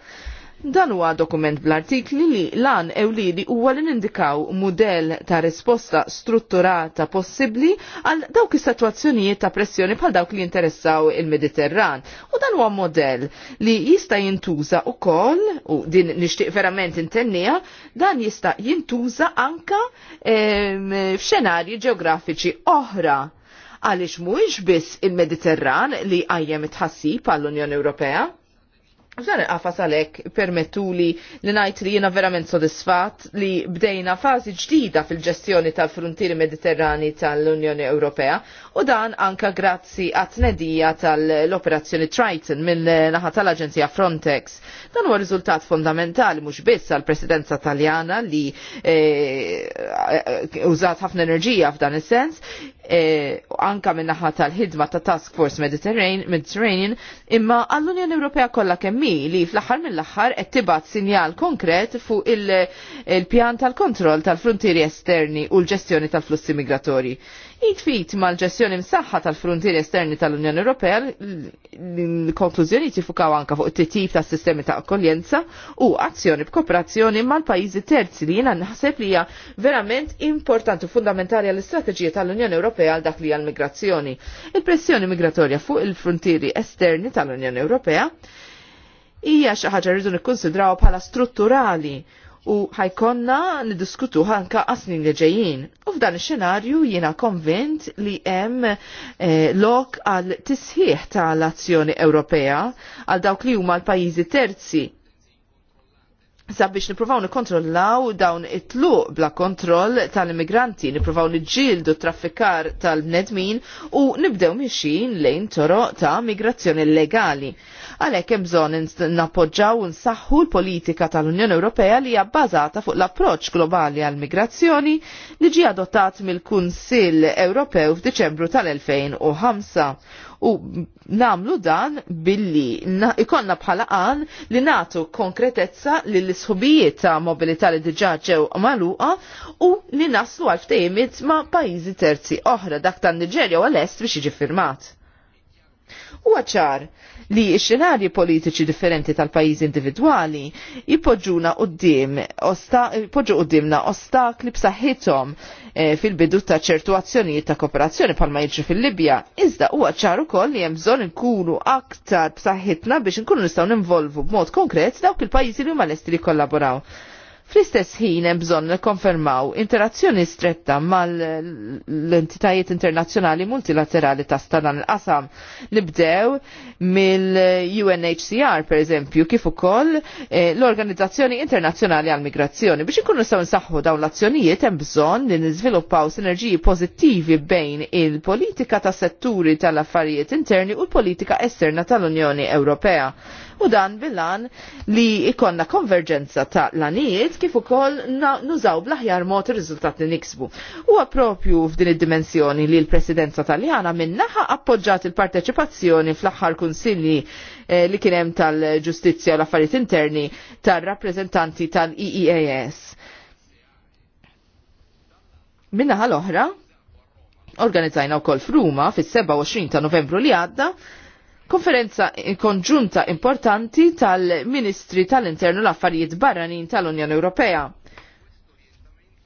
Dan huwa dokument bl-artikli li lan ewlidi huwa li nindikaw mudell ta' risposta strutturata possibbli għal dawk is-sitwazzjonijiet ta' pressjoni bħal dawk li jinteressaw il-Mediterran. U dan huwa modell li jista' jintuża ukoll u din nixtieq verament intennija, dan jista' jintuża anka f'xenarji ġeografiċi oħra għaliex mhuwiex biss il-Mediterran li għajjem tħassib għall-Unjoni Ewropea? F'dan għafas għalek permettu li li najt li jena verament sodisfat li bdejna fazi ġdida fil-ġestjoni tal-frontieri mediterrani tal-Unjoni Ewropea u dan anka grazzi għat-tnedija tal-operazzjoni Triton minn naħa tal-Aġenzija Frontex. Dan huwa riżultat fondamentali mhux biss għall-Presidenza Taljana li eh, eh, eh, użat ħafna enerġija f'dan is-sens, u e, anka minnaħa tal-ħidma ta' Task Force Mediterranean, imma għall-Unjoni Ewropea kollha kemmi li fl-aħħar mill-aħħar qed tibgħat sinjal konkret fuq il-pjan il pjan tal kontroll tal-frontieri esterni u l-ġestjoni tal-flussi migratorji jitfit mal-ġestjoni msaħħa tal-frontieri esterni tal-Unjoni Ewropea l-konklużjoni tifukaw anka fuq it-titjib tas sistemi ta' akkoljenza u azzjoni b'kooperazzjoni mal-pajjiżi terzi li jiena naħseb li hija verament importanti u fundamentali għall-istrateġija tal-Unjoni Ewropea għal dak li hija l-migrazzjoni. Il-pressjoni migratorja fuq il-frontieri esterni tal-Unjoni Ewropea hija xi ħaġa rridu nikkunsidraw bħala strutturali u ħajkonna niddiskutu ħanka qasnin li ġejjin. U f'dan ix-xenarju jiena konvint li hemm eh, lok għal tisħiħ tal-azzjoni Ewropea għal dawk li huma l-pajjiżi terzi sabiex niprofaw nikontrollaw dawn it-tluq bla kontroll tal-immigranti, niprofaw niġġieldu traffikar tal-bnedmin u nibdew miexin lejn toro ta' migrazzjoni legali. Għalhekk hemm bżonn nappoġġaw nsaħħu l-politika tal-Unjoni Ewropea li hija bbażata fuq l-approċċ globali għall-migrazzjoni li ġie adottat mill-Kunsill Ewropew f'Diċembru tal-2005 u namlu dan billi na, ikonna bħala għan li natu konkretezza li l isħubijiet ta' mobilità li ġew maluqa u li naslu għal ftejmit ma' pajizi terzi oħra dak ta' Nigeria u għal-est biex iġi firmat. U għacċar li x-xenarji politiċi differenti tal-pajjiż individwali jipoġġuna qudiem poġġu qudiemna ostakli b'saħħithom eh, fil-bidu ta' ċertu azzjonijiet ta' kooperazzjoni bħalma jiġri fil-Libja, iżda huwa ċar ukoll li hemm bżonn inkunu aktar b'saħħitna biex inkunu nistgħu ninvolvu b'mod konkret dawk il-pajjiżi li huma lesti li kollaboraw. Fl-istess ħin hemm bżonn nikkonfermaw interazzjoni stretta mal-entitajiet internazzjonali multilaterali ta' stadan il-qasam li bdew mill-UNHCR pereżempju kif ukoll eh, l-Organizzazzjoni Internazzjonali għall-Migrazzjoni biex ikunu nistgħu nsaħħu dawn l-azzjonijiet hemm bżonn li niżviluppaw sinerġiji pożittivi bejn il-politika ta' setturi tal-affarijiet interni u l-politika esterna tal-Unjoni Ewropea u dan bilan li ikonna konverġenza ta' laniet kif ukoll nużaw bl-aħjar mod ir-riżultat li niksbu. Huwa propju f'din id-dimensjoni li l-Presidenza Taljana minnaħa appoġġat il-parteċipazzjoni fl-aħħar kunsilli eh, li kienem tal-ġustizzja u l-affarijiet interni tal-rappreżentanti tal-EEAS. Minnaħa l-oħra, organizzajna u kol f'Ruma fis-27 ta' novembru li għadda konferenza konġunta importanti tal-Ministri tal-Internu l-Affarijiet Barranin tal-Unjoni Ewropea.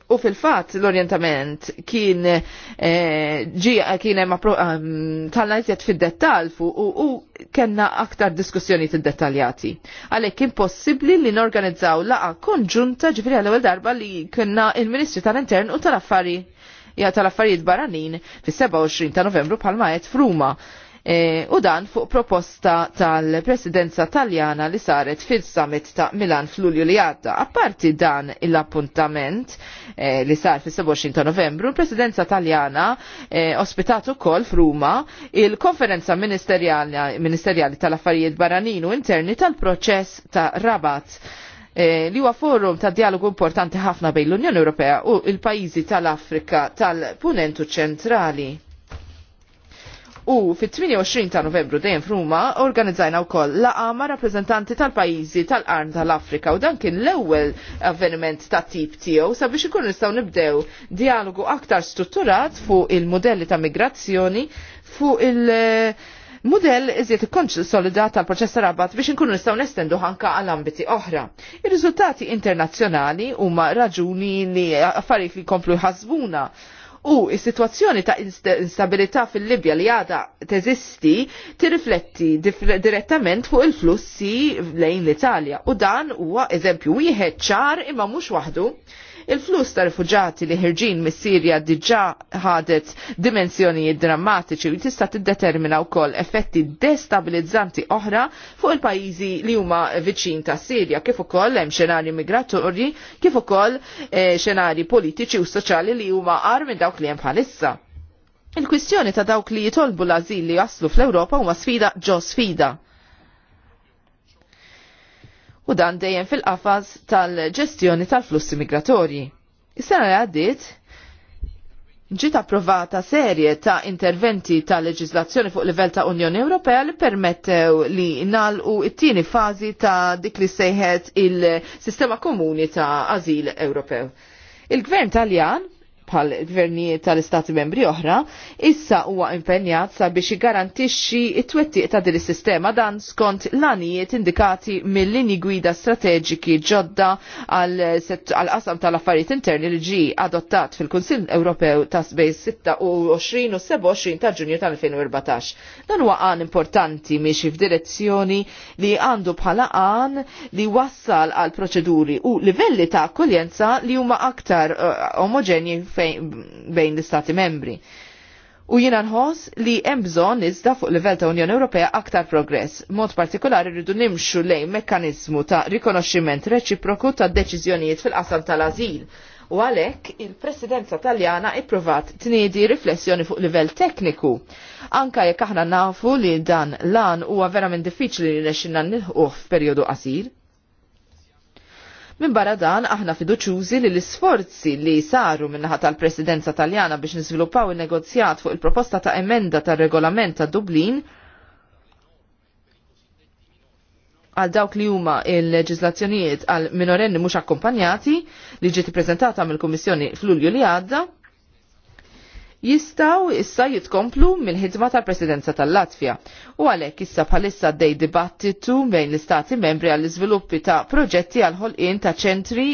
U fil-fat l-orientament kien eh, ġi eh, kien hemm ehm, tal-najzjet fid-dettal fuq u, u kellna aktar diskussjonijiet dettaljati Għalhekk kien li norganizzaw laqa konġunta ġifri għal ewwel darba li kienna il-Ministri tal-Intern u tal affarijiet barranin fis-27 ta' Novembru bħalma qed f'Ruma. E, u dan fuq proposta tal-presidenza taljana li saret fil-summit ta' Milan fl-Ulju li għadda. Apparti dan l-appuntament e, li sar fil-27 ta' novembru, l-presidenza taljana e, ospitat ospitatu kol f'Ruma il-konferenza ministerjali tal-affarijiet baranin u interni tal-proċess ta' Rabat li huwa forum ta' dialogu importanti ħafna bejn l-Unjoni Ewropea u il-pajjiżi tal-Afrika tal-Punentu ċentrali. U fit-28 ta' novembru dejjem f'Ruma organizzajna wkoll laqa ma' rappreżentanti tal-pajjiżi tal arm tal-Afrika u dan kien l-ewwel avveniment ta' tip tiegħu sabiex ikun nistgħu nibdew dialogu aktar strutturat fuq il-modelli ta' migrazzjoni fuq il- eh, Model iżiet ikkonċ solidat tal-proċess ta' rabat biex inkunu nistgħu nestendu ħanka għal ambiti oħra. Ir-riżultati internazzjonali huma raġuni li affarijiet li jkomplu jħasbuna u s-situazzjoni ta' instabilità fil-Libja li għada teżisti tirrifletti direttament fuq il-flussi lejn l-Italja u dan huwa eżempju wieħed ċar imma mhux waħdu Il-flus ta' rifugjati li ħirġin mis sirja diġa ħadet dimensjonijiet drammatiċi u tista' tiddetermina wkoll effetti destabilizzanti oħra fuq il-pajjiżi li huma viċin ta' Sirja kif ukoll hemm xenarji migratorji kif ukoll eh, xenarji politiċi u soċjali li huma qar minn dawk li hemm bħalissa. Il-kwistjoni ta' dawk li jitolbu l-azil li jaslu fl-Ewropa huma sfida ġo sfida u dan dejjem fil-qafas tal-ġestjoni tal-flussi migratorji. Is-sena li għaddiet ġiet approvata serje ta' interventi ta' leġislazzjoni fuq livell ta' Unjoni Ewropea li permettew li nalqu it-tieni fażi ta' dik li sejħet il-sistema komuni ta' azil Ewropew. Il-gvern Taljan bħal gvernijiet tal-istati membri oħra, issa huwa impenjat sabiex jgarantixxi it-twettiq ta' din is-sistema dan skont l-anijiet indikati mill-linji gwida strateġiki ġodda għal qasam tal-affarijiet interni li ġi adottat fil-Kunsill Ewropew ta' sbej 26 u 27 ta' ġunju tal-2014. Dan huwa għan importanti miex f'direzzjoni li għandu bħala għan li wassal għal proċeduri u livelli ta' akkoljenza li huma aktar omogeni eh, omogenji bejn l-istati membri. U jina nħoss li hemm bżonn iżda fuq livell ta' Unjoni Ewropea aktar progress. Mod partikolari rridu nimxu lejn mekkaniżmu ta' rikonoxximent reċiproku ta' deċiżjonijiet fil-qasam tal-azil. U għalhekk il-Presidenza Taljana ipprovat tniedi riflessjoni fuq livell tekniku. Anka jekk aħna nafu li dan lan huwa verament diffiċli li nexxinna nilħuh f'perjodu qasir. Min barra dan aħna fiduċużi li l-isforzi li saru minnaħa tal-Presidenza Taljana biex niżviluppaw il-negozjat fuq il-proposta ta' emenda ta' regolament ta' Dublin għal dawk li huma il-leġislazzjonijiet għal minorenni mhux akkompanjati li ġiet ippreżentata mill-Kummissjoni fl-Ulju li għadda jistaw issa jitkomplu mill-ħidma tal-presidenza tal-Latvja. U għalek issa bħalissa dej dibattitu bejn l-istati membri għall iżviluppi ta' proġetti għal ħolqien ta' ċentri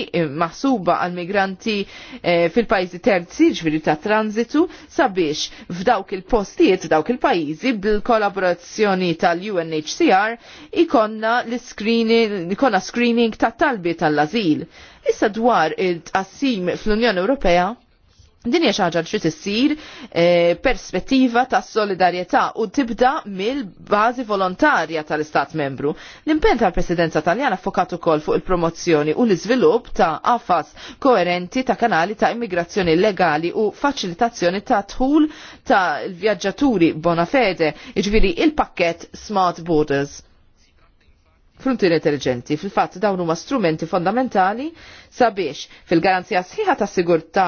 maħsuba għal migranti eh, fil-pajzi terzi ġviri ta' tranzitu sabiex f'dawk il-postijiet f'dawk il pajjiżi bil-kollaborazzjoni tal-UNHCR ikonna l-screening, ikonna screening ta' talbi tal-azil. Issa dwar il tqassim fl-Unjoni Ewropea Din hija xi ħaġa li tissir e, perspettiva ta' solidarjetà u tibda mill-bażi volontarja tal-Istat membru. L-impenn tal-Presidenza Taljana fokat ukoll fuq il-promozzjoni u l-iżvilupp ta' afas koerenti ta' kanali ta' immigrazzjoni legali u faċilitazzjoni ta' tħul ta' vjaġġaturi bona fede, iġviri il-pakket Smart Borders. Frontier intelligenti fil-fatt dawn huma strumenti fondamentali sabiex fil-garanzija sħiħa ta' sigurtà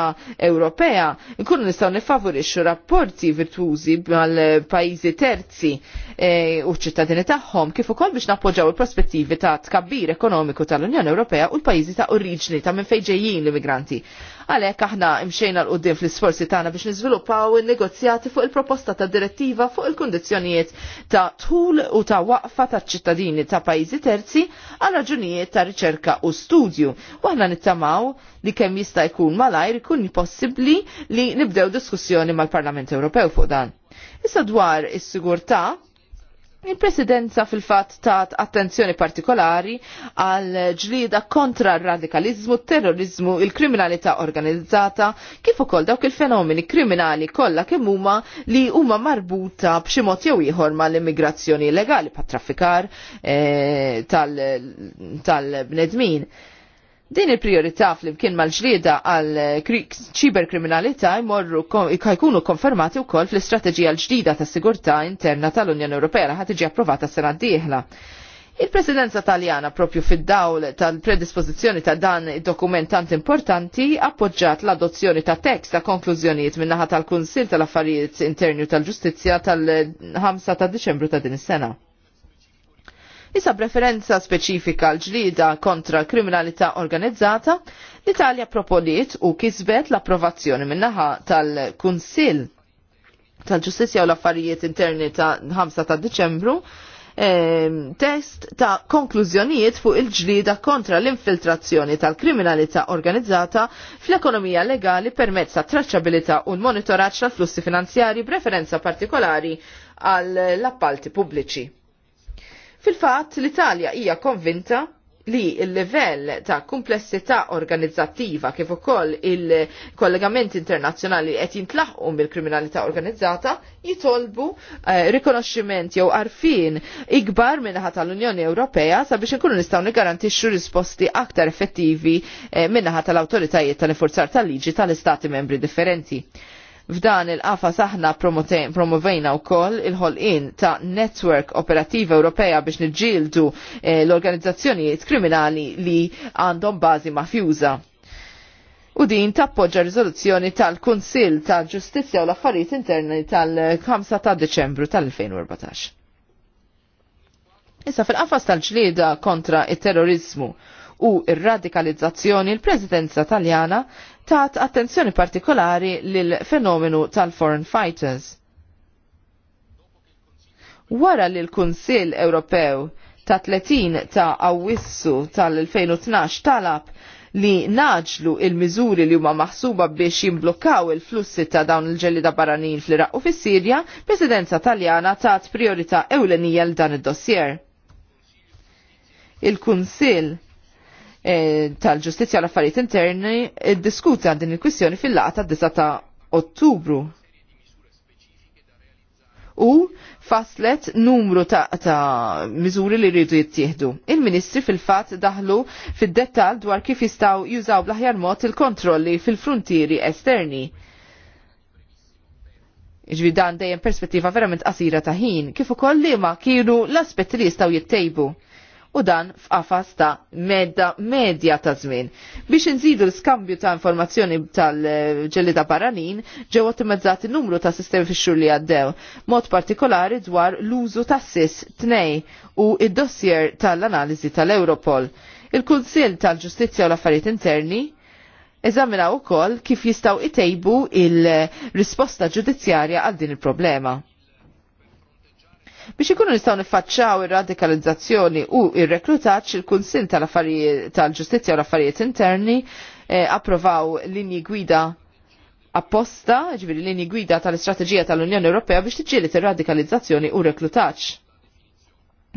Ewropea nkunu nistgħu nifavorixxu rapporti virtużi mal-pajjiżi terzi e, u ċittadini tagħhom kif ukoll biex nappoġġaw il-prospettivi ta' tkabbir ekonomiku tal-Unjoni Ewropea u l-pajjiżi ta' oriġni ta' minn fejn ġejjin l-immigranti. Għalhekk aħna mxejna l-qudiem fl-isforzi tagħna biex niżviluppaw in-negozjati fuq il-proposta ta' direttiva fuq il-kundizzjonijiet ta' tul u ta' waqfa ta' ċittadini ta' pajjiżi terzi għal raġunijiet ta' riċerka u studju. U aħna nittamaw li kemm jista' jkun malajr ikun possibbli li nibdew diskussjoni mal-Parlament Ewropew fuq dan. Issa dwar is-sigurtà, Il-presidenza fil-fat tat attenzjoni partikolari għal ġlida kontra r-radikalizmu, terrorizmu, il-kriminalità organizzata, kif ukoll dawk il-fenomeni kriminali kollha kemm huma li huma marbuta b'xi mod jew ieħor mal-immigrazzjoni illegali pa' traffikar eh, Tal Din il-priorità fl-imkien mal-ġlieda għal ċiberkriminalità jmorru jkunu konfermati wkoll fl-istrateġija l-ġdida ta' sigurtà interna tal-Unjoni Ewropea ħad tiġi approvata sena d-dieħla. Il-presidenza taljana propju fid-dawl tal-predispożizzjoni ta' dan id-dokument tant importanti appoġġat l-adozzjoni ta' tekst ta' konklużjonijiet minnaħa tal-Kunsil tal-Affarijiet Interni tal-Ġustizzja tal-5 ta' Diċembru ta' din is-sena. Issa preferenza speċifika l-ġlida kontra kriminalità organizzata, l-Italja proponiet u kisbet l-approvazzjoni minnaħa tal-Kunsil tal-Ġustizja u l-Affarijiet Interni ta' 5 ta' Deċembru ehm, test ta' konklużjonijiet fuq il-ġlida kontra l-infiltrazzjoni tal-kriminalità organizzata fl-ekonomija legali permezz ta' traċċabilità u l-monitoraġġ tal-flussi finanzjari b'referenza partikolari għall appalti pubbliċi. Fil-fatt l-Italja hija konvinta li il-level ta' komplessità organizzattiva kif ukoll il-kollegament internazzjonali qed jintlaħqu mill-kriminalità organizzata jitolbu eh, rikonoxximent jew arfin ikbar minnaħa tal-Unjoni Ewropea sabiex inkunu nistgħu nigarantixxu risposti aktar effettivi eh, naħa tal-awtoritajiet tal iforzar tal-liġi tal-istati membri differenti. F'dan il-qafas aħna promovejna wkoll il-ħolqien ta' Network Operativa Ewropea biex niġġieldu eh, l-organizzazzjonijiet kriminali li għandhom bażi mafjuza. U din tappoġġa rizoluzzjoni tal-Kunsill tal-Ġustizzja u l-Affarijiet Interni tal-5 ta' Deċembru tal-2014. Issa fil-qafas tal-ġlieda kontra it-terrorizmu u ir-radikalizzazzjoni l-Presidenza Taljana tat attenzjoni partikolari lil fenomenu tal-foreign fighters. Wara li l-Kunsill Ewropew ta' 30 ta' Awwissu tal-2012 talab li naġlu il-miżuri li huma maħsuba biex jimblokkaw il-flussi ta' dawn il-ġellida barranin fl-Iraq u fis-Sirja, Presidenza Taljana tat priorità ewlenija l dan id-dossier. Il-Kunsill E, tal-ġustizja l-affarijiet interni e, diskuta din il-kwistjoni fil lata 9 ta' Ottubru. U faslet numru ta', ta miżuri li rridu jittieħdu. Il-ministri fil-fat daħlu fid-dettal dwar kif jistaw jużaw bl-aħjar mod il-kontrolli fil-frontieri esterni. Iġvi dan dejjem perspettiva verament qasira ta' ħin, kif ukoll liema kienu l-aspetti li jistgħu jittejbu u dan f'qafas ta' medda medja ta' żmien. Biex inżidu l-skambju ta' informazzjoni tal-ġellida barranin, ġew ottimizzati numru ta' sistemi fix-xhur li għaddew, mod partikolari dwar l-użu ta' SIS 2 u id-dossier tal-analiżi tal-Europol. Il-Kunsill tal-Ġustizzja u l-Affarijiet Interni eżaminaw ukoll kif jistgħu itejbu il-risposta ġudizzjarja għal din il-problema. Biex ikunu nistgħu nifacċaw ir-radikalizzazzjoni u ir reklutaċ il-Kunsill tal-Affarijiet tal-Ġustizzja u l-Affarijiet Interni eh, approvaw linji gwida apposta, ġviri linji gwida tal-istrateġija tal-Unjoni Ewropea biex tiġġieled ir-radikalizzazzjoni u reklutaċ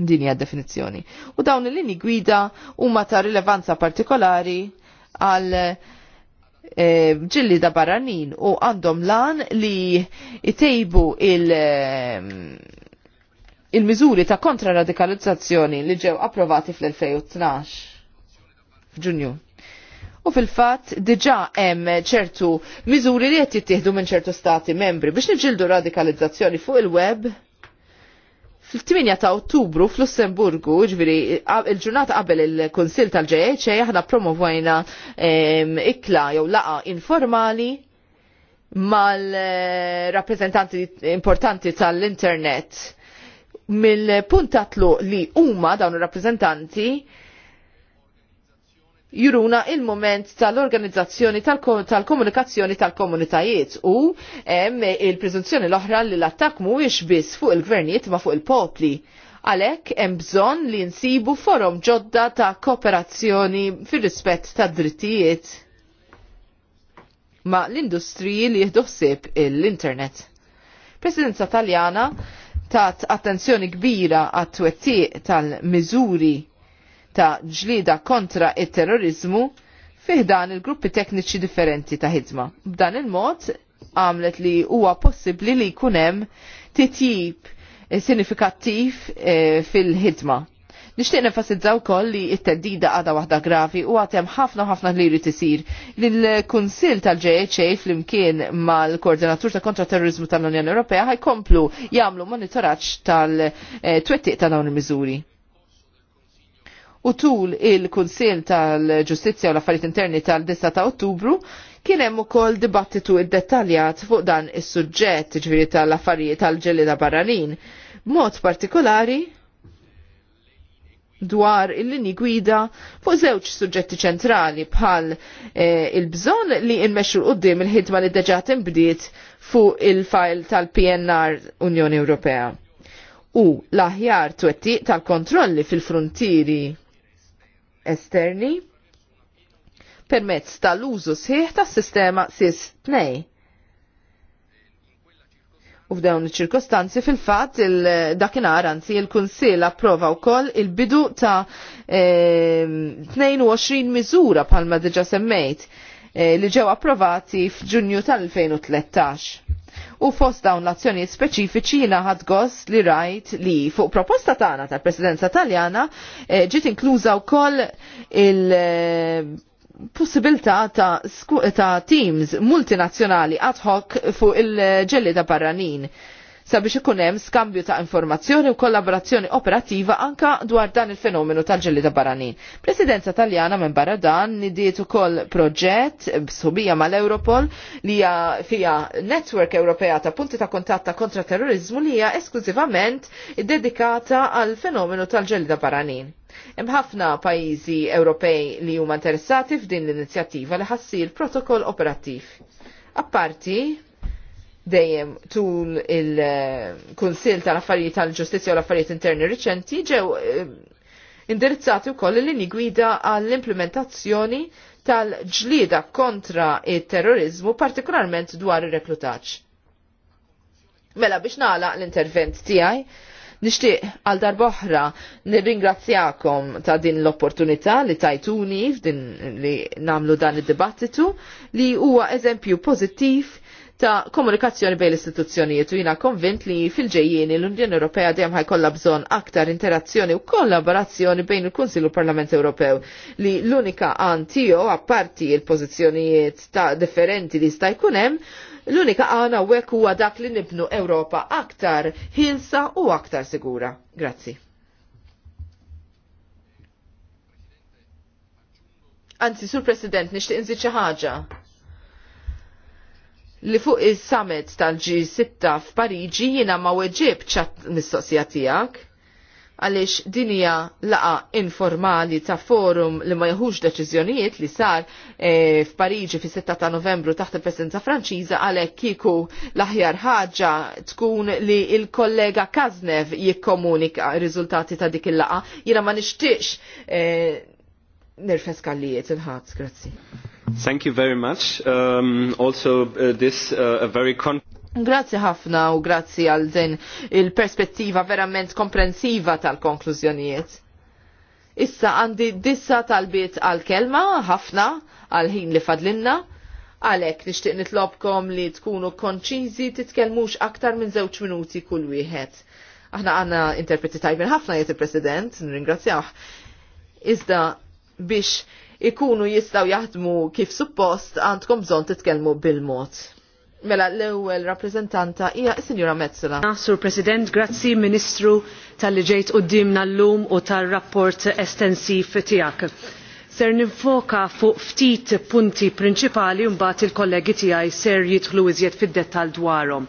din hija definizzjoni. U dawn il-linji gwida huma ta' rilevanza partikolari għal eh, ġilli da barranin u għandhom lan li jtejbu il- il-miżuri ta' kontraradikalizzazzjoni li ġew approvati fl-2012 f'Ġunju. U fil-fatt diġà hemm ċertu miżuri li qed jittieħdu minn ċertu stati membri biex niġildu radikalizzazzjoni fuq il-web Fil-8 ta' ottubru fl-Lussemburgu, ġviri, il-ġurnata qabel il-Konsil tal-ġeħeċe, aħna promovajna ikla jew laqa informali mal-rappresentanti eh, importanti tal-internet mill-puntatlu li huma dawn ir-rappreżentanti juruna il-moment tal-organizzazzjoni tal-komunikazzjoni tal-komunitajiet u hemm il-preżunzjoni l-oħra li l-attak mhuwiex biss fuq il-gvernijiet ma fuq il-popli. Għalhekk hemm bżonn li nsibu forum ġodda ta' kooperazzjoni fir-rispett tad drittijiet ma' l-industriji li jieħdu ħsieb l-internet. Presidenza Taljana tat attenzjoni kbira għat twettiq tal-miżuri ta' ġlida kontra it terrorizmu fiħdan il-gruppi tekniċi differenti ta' ħidma. B'dan il-mod għamlet li huwa possibbli li hemm titjib sinifikattiv eh, fil-ħidma Nixtieq nenfasizzaw koll li t-teddida għadha waħda gravi u għatem hemm ħafna ħafna li jrid isir. lill kunsil tal-JHA flimkien mal-Koordinatur ta' Kontraterrorizmu tal-Unjoni Ewropea ħajkomplu jagħmlu monitoraġġ tal-twettiq ta' dawn il-miżuri. U tul il-Kunsill tal-Ġustizzja u l-Affarijiet Interni tal-10 ta' Ottubru kien hemm ukoll dibattitu iddettaljat fuq dan is-suġġett ġifieri tal-affarijiet tal-ġelida barranin. B'mod partikolari dwar il-lini gwida fuq żewġ suġġetti ċentrali bħal eh, il-bżon li nmexxu qudiem il-ħidma li deġa tinbdiet fuq il-fajl tal-PNR Unjoni Ewropea. U l-aħjar twettiq tal-kontrolli fil-frontieri esterni permezz tal-użu sħiħ tas-sistema SIS-2 U f'dawn iċ-ċirkostanzi fil-fatt il-dakinhar anzi il-Kunsill approva wkoll il-bidu ta' 22 ehm, miżura bħalma diġa semmejt eh, li ġew approvati f'Ġunju tal-2013. U fost dawn l-azzjoni speċifiċi naħat gost li rajt li fuq proposta tagħna tal-Presidenza Taljana eh, ġiet inkluża wkoll il- possibilità ta', ta teams multinazzjonali ad hoc fuq il-ġelli da barranin sabiex ikun hemm skambju ta' informazzjoni u kollaborazzjoni operattiva anka dwar dan il-fenomenu tal-ġelli ta' barranin. Presidenza Taljana minn barra dan nidiet ukoll proġett b'subija mal-Europol li hija fija netwerk Ewropea ta' punti ta' kontatt ta' kontra terrorizmu li hija esklużivament dedikata għal fenomenu tal-ġelli ta' barranin Hemm ħafna pajjiżi Ewropej li huma interessati f'din l-inizjattiva li ħassir protokoll operattiv. Apparti, dejjem tul il-Kunsil tal-Affarijiet tal-Ġustizzja u l-Affarijiet Interni riċenti ġew eh, indirizzati wkoll li linji gwida għall-implementazzjoni tal ġlieda kontra il-terrorizmu, partikolarment dwar ir reklutaġġ Mela biex nagħlaq l-intervent tiegħi, Nixtieq għal darboħra nirringrazzjakom ta' din l-opportunità li tajtuni f'din li namlu dan id-dibattitu li huwa eżempju pożittiv ta' komunikazzjoni bejn l-istituzzjonijiet u jina konvint li fil-ġejjieni l-Unjoni Ewropea dejjem ħajkollha bżonn aktar interazzjoni u kollaborazzjoni bejn il-Kunsill u l-Parlament Ewropew li l-unika għan tiegħu apparti l-pożizzjonijiet ta' differenti li jista' jkun hemm L-unika għana għek huwa dak li nibnu Ewropa aktar ħilsa u aktar sigura. Grazzi. Anzi, sur President, nixtieq inżid xi ħaġa li fuq is-summit tal-G6 f'Pariġi jiena ma weġib ċat mistoqsija tiegħek għaliex dinija laqa informali ta' forum li ma jħuġ deċiżjonijiet li sar e, f'Pariġi fis-6 ta' Novembru taħt il presenza Franċiża għalhekk kieku l-aħjar ħaġa tkun li il-kollega Kaznev jikkomunika r-riżultati ta' dik il-laqa. Jiena ma nixtieqx e, nirfes kallijiet il ħadz grazzi. Thank you very much. Um, also, uh, this uh, a very Grazzi ħafna u grazzi għal din il-perspettiva verament komprensiva tal-konklużjonijiet. Issa għandi dissa talbiet għal-kelma, ħafna, għal-ħin li fadlinna, għalek nishtiq nitlobkom li tkunu konċizi titkelmux aktar minn zewċ minuti kull wieħed. Aħna għanna interpreti tajbin ħafna jiet il-President, nringrazzjaħ. Iżda biex ikunu jistaw jaħdmu kif suppost għandkom bżon titkelmu bil-mod. Mela, l-ewel rappresentanta hija Sinjura Metzela. Ah, Sur President, grazzi Ministru tal liġejt ġejt qoddimna l-lum u tal-rapport estensiv tiegħek. Ser nifoka fuq ftit punti prinċipali u mbagħad il-kollegi tiegħi ser jidħlu iżjed fid-dettall dwarhom.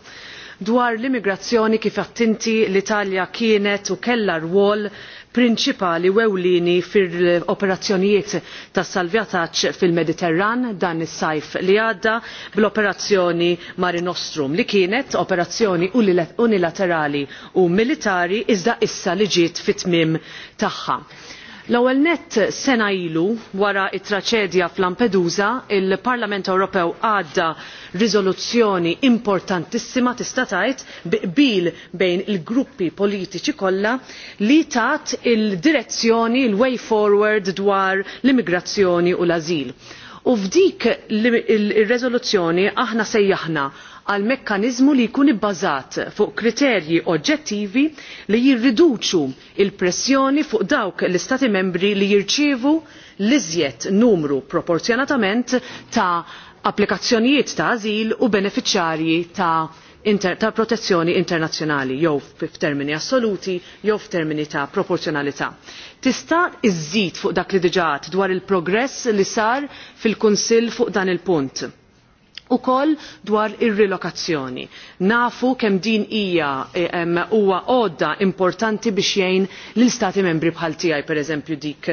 Dwar l-immigrazzjoni kif attinti l-Italja kienet u kellha rwol prinċipali u fil-operazzjonijiet ta' salvjataġġ fil-Mediterran dan is-sajf li għadda bl-operazzjoni Mare Nostrum li kienet operazzjoni unilaterali u militari iżda issa li ġiet fit-tmiem tagħha L-ewwel nett sena ilu wara t traċedja f'Lampedusa, il-Parlament Ewropew għadda riżoluzzjoni importantissima tista' tgħid biqbil bejn il-gruppi politiċi kollha li tat il-direzzjoni l-way forward dwar l-immigrazzjoni u l-ażil. U f'dik ir riżoluzzjoni aħna sejjaħna għal mekkaniżmu li jkun ibbażat fuq kriterji oġġettivi li jirriduċu l pressjoni fuq dawk l-istati membri li jirċievu l-iżjed numru proporzjonatament ta' applikazzjonijiet ta' azil u benefiċjarji ta' Inter, ta' protezzjoni internazzjonali jew f'termini assoluti jew f'termini ta' proporzjonalità. Tista' iżżid fuq dak li diġà dwar il-progress li sar fil-Kunsill fuq dan il-punt koll dwar ir-relokazzjoni. Nafu kemm din ija eh, huwa għodda importanti biex jgħin l-istati membri bħal tiegħi pereżempju dik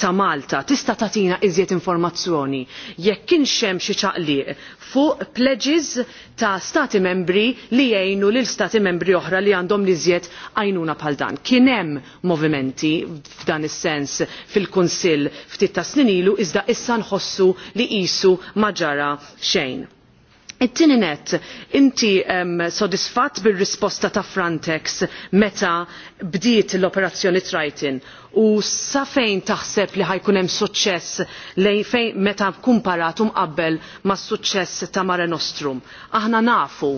ta' Malta tista' tagħtina iżjed informazzjoni jekk kienx hemm xi ċaqliq fuq pledges ta' stati membri li jgħinu lil stati membri oħra li għandhom li għajnuna bħal dan. Kien hemm movimenti f'dan is-sens fil-Kunsill ftit ta' snin ilu iżda issa nħossu li qisu ma ġara xejn. it tieni net, inti um, sodisfatt bil-risposta ta' Frontex meta bdiet l-operazzjoni Triton u sa fejn taħseb li ħajkun hemm suċċess fejn meta kumparat u mqabbel mas-suċċess ta' Mare Nostrum. Aħna nafu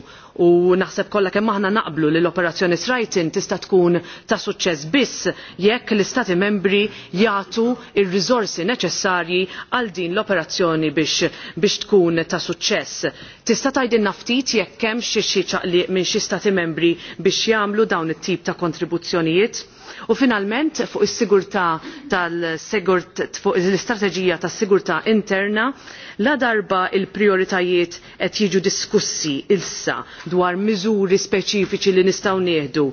u naħseb kollha kemm aħna naqblu li l-operazzjoni Srajtin tista' tkun ta' suċċess biss jekk l-istati membri jagħtu ir-riżorsi neċessarji għal din l-operazzjoni biex, biex tkun ta' suċċess. Tista' tgħidilna ftit jekk hemm xi xi ċaqliq minn xi stati membri biex jagħmlu dawn it-tip ta' kontribuzzjonijiet? U finalment fuq is-sigurtà tal-sigurt fuq l-istrateġija tas-sigurtà interna la darba il-prioritajiet qed jiġu diskussi issa dwar miżuri speċifiċi li nistgħu nieħdu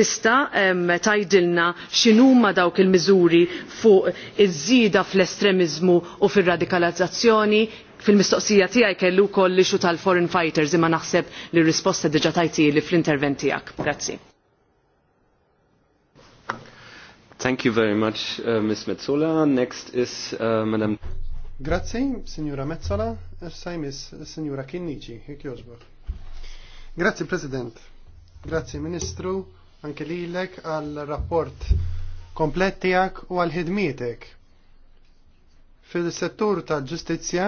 tista tgħidilna x'inhuma dawk il-miżuri fuq iż-żieda fl-estremiżmu u fir-radikalizzazzjoni fil-mistoqsija tiegħi kellu wkoll l-issue tal-foreign fighters imma naħseb li r-risposta diġà tajtieli fl-intervent tiegħek. Grazzi. Thank you very much, uh, Ms. Metzola. Next is uh, Madam. Grazie, signora Metzola. Issa Ms. signora Kinnici, jek Grazie, President. Grazie, Ministru, anke lilek għal rapport komplettijak u għal ħidmietek Fil-settur tal-ġustizja,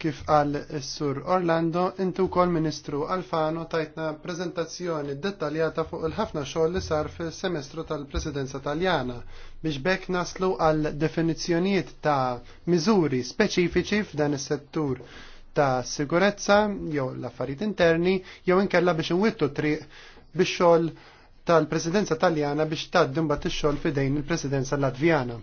kif qal is-sur Orlando, intu kol Ministru Alfano tajtna prezentazzjoni dettaljata fuq il-ħafna xogħol li sar fil-semestru tal-Presidenza Taljana biex bekk naslu għal definizzjonijiet ta' miżuri speċifiċi f'dan is-settur ta' sigurezza jew l-affarijiet interni jew inkella biex inwittu triq biex xogħol tal-Presidenza Taljana biex tgħaddim bat ix-xogħol fidejn il-Presidenza Latvjana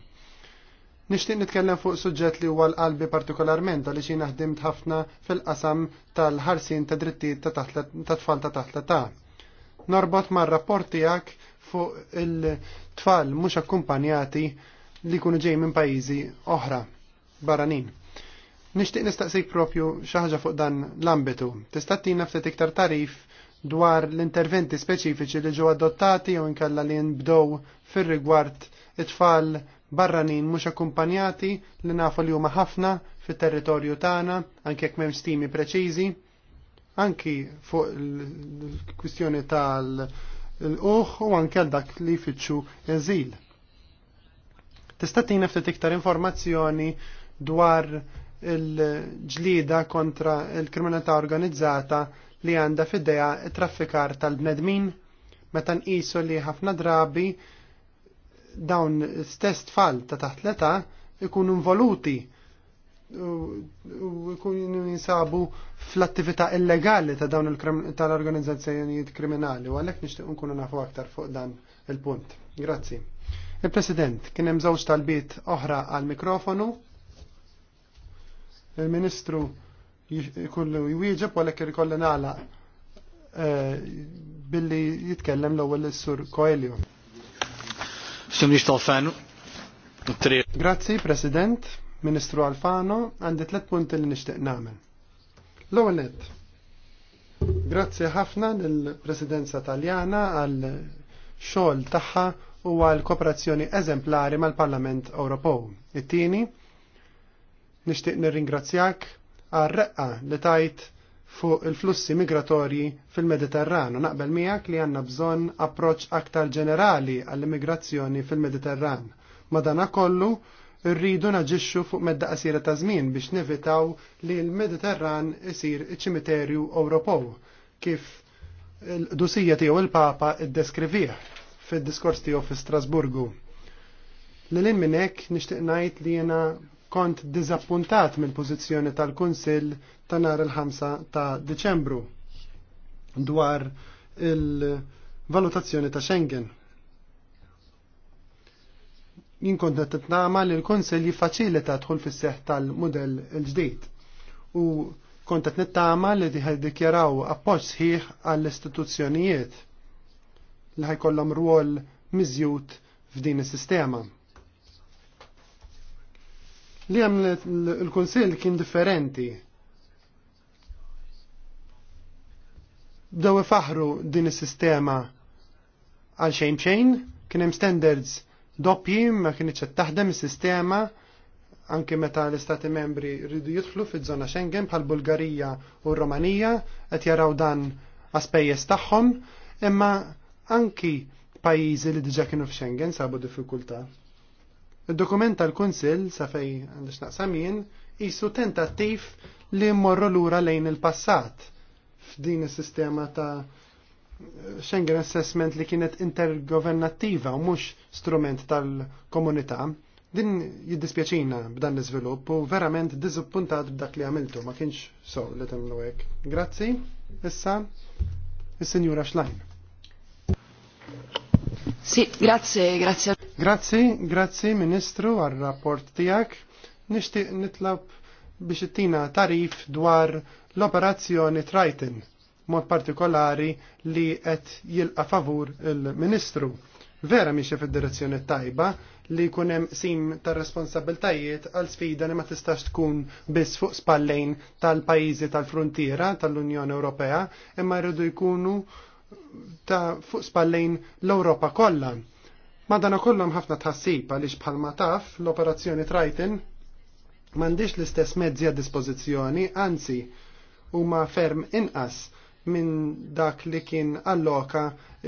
Nixtieq nitkellem fuq suġġett li huwa l-qalbi partikolarment għaliex jien ħdimt ħafna fil-qasam tal-ħarsin ta' drittijiet ta' tfal ta' taħt ta' Norbot mar-rapport tiegħek fuq il-tfal mhux akkumpanjati li jkunu ġej minn pajjiżi oħra baranin. Nixtieq nistaqsik propju xi ħaġa fuq dan l-ambitu. Tista' tina ftit iktar tarif dwar l-interventi speċifiċi li ġew adottati jew inkella li nbdow fir-rigward it-tfal barranin mhux akkumpanjati li nafu li huma ħafna fit-territorju tagħna anke jekk m'hemm stimi preċiżi, anki fuq il-kwistjoni tal-uħ u anke għal dak li jfittxu eżil. Tista' tina ftit iktar informazzjoni dwar il-ġlida kontra il-kriminalità organizzata li għandha fidea it-traffikar tal-bnedmin meta nqisu li ħafna drabi dawn stess tfal ta' taħt l-età ikunu involuti u ikunu jinsabu fl-attività illegali ta' dawn tal-organizzazzjonijiet kriminali u għalhekk nixtieq nkunu nafu aktar fuq dan il-punt. Grazzi. Il-President kien hemm żewġ talbiet oħra għal mikrofonu. Il-Ministru jkollu jwieġeb għalhekk irkolli nagħlaq eh, billi jitkellem l-ewwel is-Sur Coelho. Grazzi, President. Ministru Alfano, għandi tlet punti li nixtieq nagħmel. L-ewwel Grazzi ħafna lill-Presidenza Taljana għal xogħol tagħha u għal kooperazzjoni eżemplari mal-Parlament Ewropew. It-tieni nixtieq nirringrazzjak għal reqqa li tajt fuq il-flussi migratorji fil mediterranu naqbel miegħek li għandna bżonn approċċ aktar ġenerali għall-immigrazzjoni fil-Mediterran. Madana kollu rridu naġixxu fuq medda qasira ta' żmien biex nevitaw li l-Mediterran isir iċ-ċimiterju Ewropew kif l-dusija tiegħu il-Papa iddeskrivih fid-diskors tiegħu fi Strasburgu. Lilin minnek nixtieq ngħid li jiena kont diżappuntat mill-pożizzjoni tal-Kunsill ta' nhar il-5 ta' Deċembru dwar il-valutazzjoni ta' Schengen. Jien kont qed li l-Kunsill jiffaċilita dħul fis seħ tal-mudell il-ġdid u kont qed nittama li dikjaraw appoġġ sħiħ għall-istituzzjonijiet li ħajkollhom rwol miżjud f'din is-sistema li għam il-Konsil kien differenti. Dawe faħru din is-sistema għal xejn xejn, kien hemm standards doppji ma kienx qed taħdem is-sistema anke meta l-Istati membri rridu jidħlu fiż-żona Schengen bħal Bulgarija u Romanija qed jaraw dan għaspejjeż tagħhom, imma anki pajjiżi li diġà kienu f'Schengen sabu diffikultà il dokument tal-Kunsill sa fej għandix naqsam jien isu tentattiv li mmorru lura lejn il-passat f'din is-sistema ta' Schengen Assessment li kienet intergovernattiva u mhux strument tal-komunità. Din jiddispjaċina b'dan l-iżvilupp u verament diżappuntat b'dak li għamiltu, ma kienx so li temlu hekk. Grazzi, issa, is-Sinjura Schlein. Sì, grazie, grazie. Grazie, grazie Ministru għal rapport tijak. Nishti nitlab biex ittina tarif dwar l-operazzjoni Triton, mod partikolari li qed jilqa favur il-Ministru. Vera miexe fid-direzzjoni tajba li kunem sim ta' responsabiltajiet għal sfida li ma tistax tkun biss fuq spallejn tal-pajizi tal-frontiera tal-Unjoni Ewropea, imma rridu jkunu ta' fuq spallejn l-Ewropa kollha. Madana kollhom ħafna tħassib għaliex bħalma taf l-operazzjoni Triton m'għandix l-istess mezzi għad dispożizzjoni, anzi huma ferm inqas minn dak li kien alloka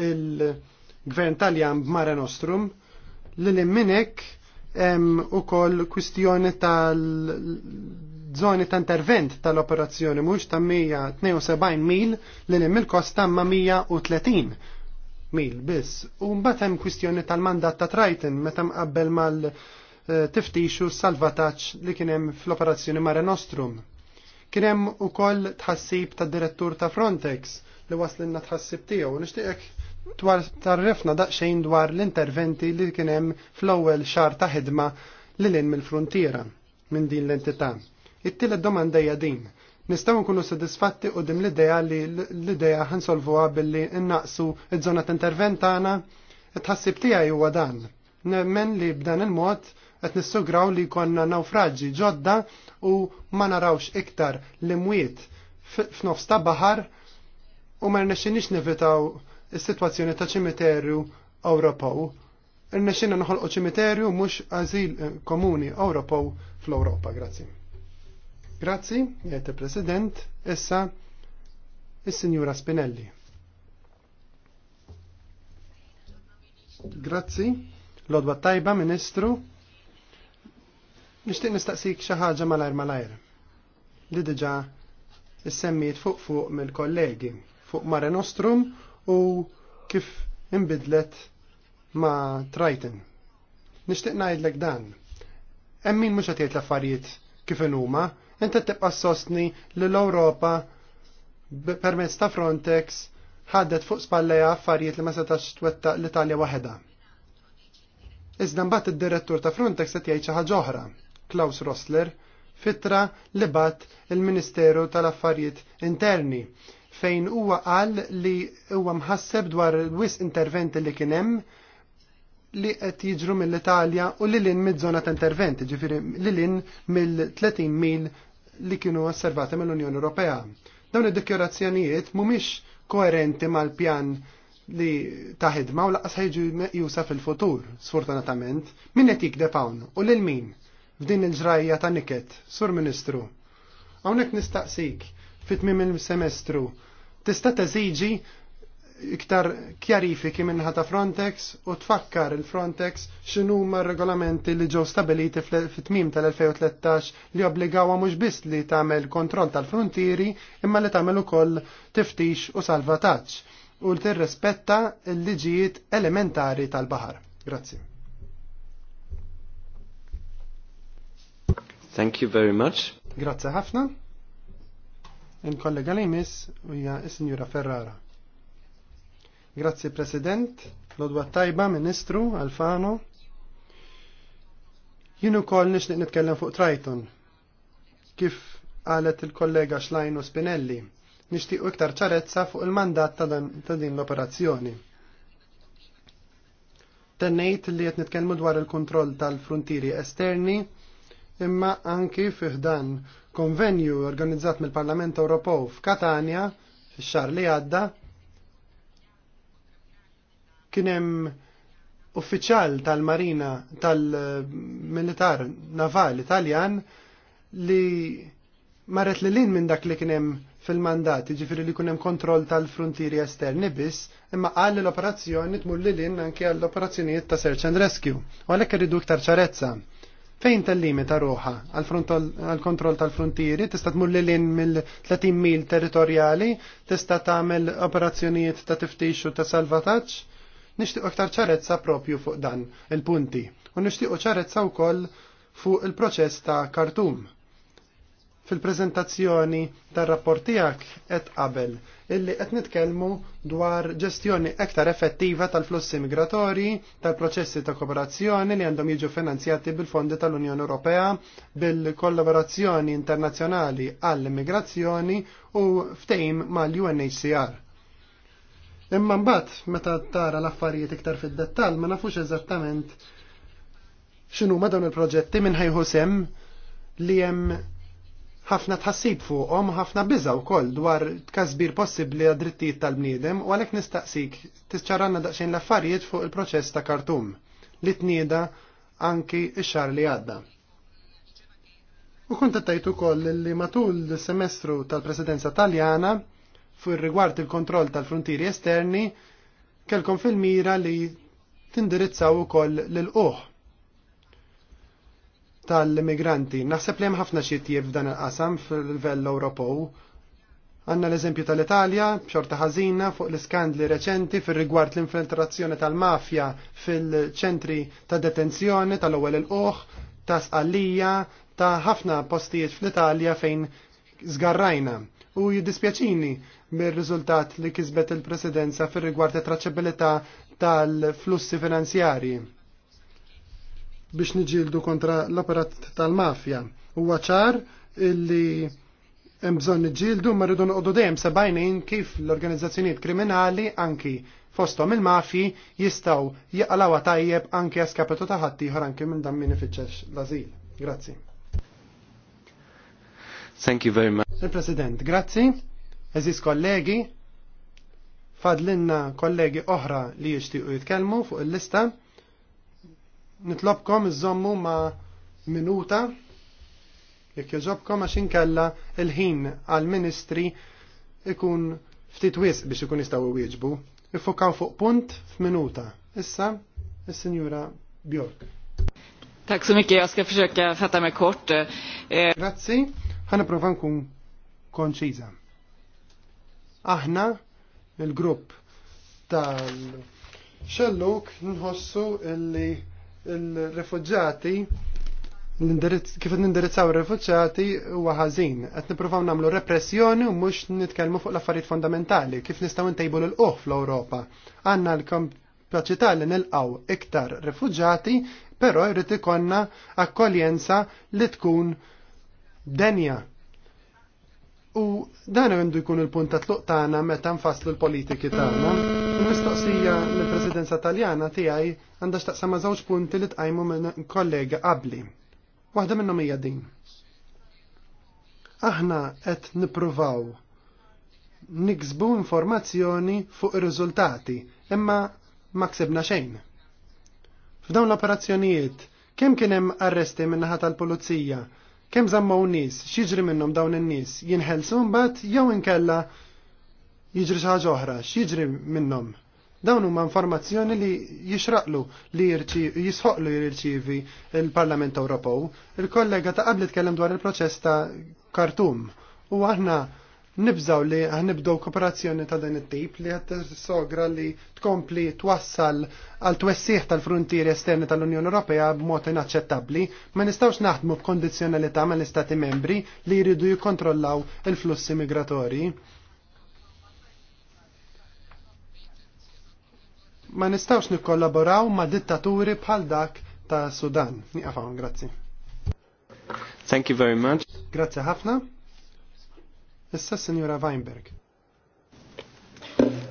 il-Gvern Taljan b'Mare Nostrum li minnek hemm ukoll kwistjoni tal Zoni ta' intervent tal-operazzjoni mhux ta' 172 mil li hemm il-kosta ma' 130 mil biss. U mbagħad hemm kwistjoni tal-mandat ta' Triton meta mqabbel mal-tiftixu salvataġġ li kien hemm fl-operazzjoni Mare Nostrum. Kien hemm ukoll tħassib tad direttur ta' Frontex li waslinna tħassib tiegħu. Nixtieqek dwar tarrifna daqsxejn dwar l-interventi li kien hemm fl-ewwel xar ta' ħidma lil mill-frontiera minn din l-entità. It-tielet domanda hija din. Nistgħu nkunu sodisfatti u dim l-idea li l-idea ħansolvuha billi innaqsu ż-żona ta' intervent tagħna it-ħassib tiegħi huwa dan. Nemmen li b'dan il-mod qed nissugraw li konna nawfraġġi ġodda u ma narawx iktar l-imwiet f'nofs ta' baħar u ma rnexxinix nevitaw is-sitwazzjoni ta' ċimiterju Ewropew. Irnexxina noħolqu ċimiterju mhux għażil eh, komuni Ewropew fl-Ewropa, grazzi. Grazzi, jgħet il-President, issa il-Sinjura Spinelli. Grazzi, l-odwa tajba, Ministru. Nishtiq nistaqsik xaħġa malajr malajr. Li diġa semmiet fuq fuq mill-kollegi fuq Mare Nostrum u kif imbidlet ma Triton. Nishtiq najdlek dan. Emmin mux għatiet l-affarijiet kif inuma, inti tibqa' sostni li l-Ewropa permezz ta' Frontex ħaddet fuq spallejha affarijiet li ma setax twettaq l-Italja waħedha. Iżda mbagħad id-direttur ta' Frontex qed jgħid xi ħaġa oħra, Klaus Rossler, fitra li bat il-Ministeru tal-Affarijiet Interni fejn huwa qal li huwa mħasseb dwar il-wis interventi li kien hemm li qed jiġru mill-Italja u li lin miż-żona ta' interventi, ġifieri li lin mill-30 mil li kienu osservati mill-Unjoni Ewropea. Dawn id-dikjarazzjonijiet mhumiex koerenti mal-pjan li ta' ħidma u laqas ħejġu jusa fil-futur, sfortunatament, min qed jikdeb hawn u lil min f'din il-ġrajja ta' niket, Sur Ministru. Hawnhekk nistaqsik fit-tmiem il-semestru tista' teżiġi iktar kjarifiki minnħa ta' Frontex u tfakkar il-Frontex x'inhuma regolamenti li ġew stabiliti fit-tmim tal-2013 li obbligawha mhux biss li tagħmel kontroll tal-frontieri imma li tagħmel ukoll tiftix u salvataġġ u li tirrispetta l-liġijiet elementari tal-baħar. Grazzi. Thank you very much. Grazzi ħafna. Il-kollega li jmiss hija s-Sinjura Ferrara. Grazzi President, Lodwa Tajba, Ministru, Alfano. Jien ukoll nixtieq nitkellem fuq Triton. Kif qalet il-kollega Schlein Spinelli, nixtiequ iktar ċarezza fuq il-mandat ta' din l-operazzjoni. Tennejt li qed nitkellmu dwar il-kontroll tal-frontieri esterni imma anki fiħdan konvenju organizzat mill-Parlament Ewropew f'Katania fix-xahar li għadda kien hemm uffiċjal tal-Marina tal-Militar Naval Italjan li marret li lin minn dak li kien hemm fil-mandat, ġifiri li kunem kontroll tal-frontieri esterni biss, imma qal l-operazzjoni tmur li lin anke għall-operazzjonijiet ta' search and rescue, u għalhekk irridu iktar ċarezza. Fejn tal ta' ruħa għal-kontroll tal-frontieri, tista' tmur li lin mill-30 mil territorjali, tista' tagħmel operazzjonijiet ta' tiftixu ta' salvataġġ, Nixtiequ aktar ċarezza propju fuq dan il-punti u nixtiequ ċarezza wkoll fuq il-proċess ta' Kartum. fil prezentazzjoni tar-rapport tiegħek qed qabel illi qed nitkellmu dwar ġestjoni ektar effettiva tal-flussi migratorji, tal-proċessi ta' kooperazzjoni li għandhom jiġu finanzjati bil-fondi tal-Unjoni Ewropea, bil-kollaborazzjoni internazzjonali għall-immigrazzjoni u ftehim mal-UNHCR. Imma mbagħad meta tara l-affarijiet iktar fid-dettall ma nafux eżattament x'inhu ma dawn il-proġetti minn ħajħu sem li hemm ħafna tħassib fuqhom ħafna biża wkoll dwar tkasbir possibbli għad drittijiet tal-bniedem u għalhekk nistaqsik tiċċaranna daqsxejn l-affarijiet fuq il-proċess ta' Kartum li tnieda anki x-xar li għadda. U kontattajtu koll li matul semestru tal-presidenza taljana fuq rigward il-kontroll tal-frontieri esterni kelkom fil-mira li tindirizzaw ukoll lil uħ tal-immigranti. Naħseb li hemm ħafna xi f'dan il-qasam fil-livell Ewropew. Għanna l-eżempju tal-Italja, b'xorta ħażina fuq l-iskandli reċenti fir-rigward l-infiltrazzjoni tal-mafja fil-ċentri ta' detenzjoni tal-ewwel il-qoħ, ta' sqallija, ta' ħafna postijiet fl-Italja fejn zgarrajna. U jiddispjaċini mir-riżultat li kisbet il-presidenza fir rigward traċabilità tal-flussi finanzjarji biex niġildu kontra l-operat tal-mafja. Huwa ċar illi hemm bżonn niġġieldu ma rridu noqogħdu dejjem sebajnin kif l-organizzazzjonijiet kriminali anki fosthom il-mafi jistgħu jaqalawha tajjeb anki għaskapetu ta' ħaddieħor anki minn dan min ifiċċex l-ażil. Grazzi. Thank you very much. Il-President, grazzi. Eżis kollegi, fadlinna kollegi oħra li jixtiequ jitkellmu fuq il-lista. Nitlobkom iżommu ma' minuta jekk jogħġobkom għax inkella il-ħin għal-ministri ikun ftit wisq biex ikun jistgħu jwieġbu. Ifukaw fuq punt f'minuta. Issa il sinjura Bjork. Tack så mycket, jag ska försöka fatta mig kort. han eh, är provan nkun konċiża. Aħna, il-grupp tal-xelluk, nħossu illi il-refugġati kif nindirizzaw ir refugġati huwa ħażin. Qed niprofaw namlu repressjoni u mhux nitkellmu fuq l-affarijiet fondamentali, kif nistgħu ntejbu l uħ fl-Ewropa. Għanna l-komplaċità li nilqgħu iktar refugġati, però jrid ikollna akkoljenza li tkun denja U dan għandu jkun il-punt ta' tluq tagħna meta nfasslu l-politiki tagħna. mistoqsija l-Presidenza Taljana tiegħi għandha x'taqsam ma' żewġ punti li tqajmu minn kollega qabli. Waħda minnhom hija din. Aħna qed nippruvaw niksbu informazzjoni fuq ir-riżultati, imma ma ksebna xejn. F'dawn l-operazzjonijiet, kemm kien hemm arresti min-naħa tal-pulizija? Kemm zamma un nies xieġri minnhom dawn in-nies, jinħelsu mbagħad jew inkella jiġri xi ħaġa oħra, x'jiġri minnhom. Dawn huma informazzjoni li jixraqlu li jisħoqlu jirċievi il-Parlament Ewropew. Il-kollega ta' qabli tkellem dwar il-proċess ta' Kartum u aħna nibżaw li għanibdow kooperazzjoni ta' dan it-tip li għat sogra li tkompli twassal għal twessieħ tal-frontieri esterni tal-Unjoni Ewropea b'mod inaċċettabbli, ma nistgħux naħdmu b'kondizzjonalità mal-Istati membri li jridu jikkontrollaw il-flussi migratorji. Ma nistgħux nikkollaboraw ma' dittaturi bħal dak ta' Sudan. Niqafaw, grazzi. Thank you very much. Grazzi ħafna. Issa Signora Weinberg.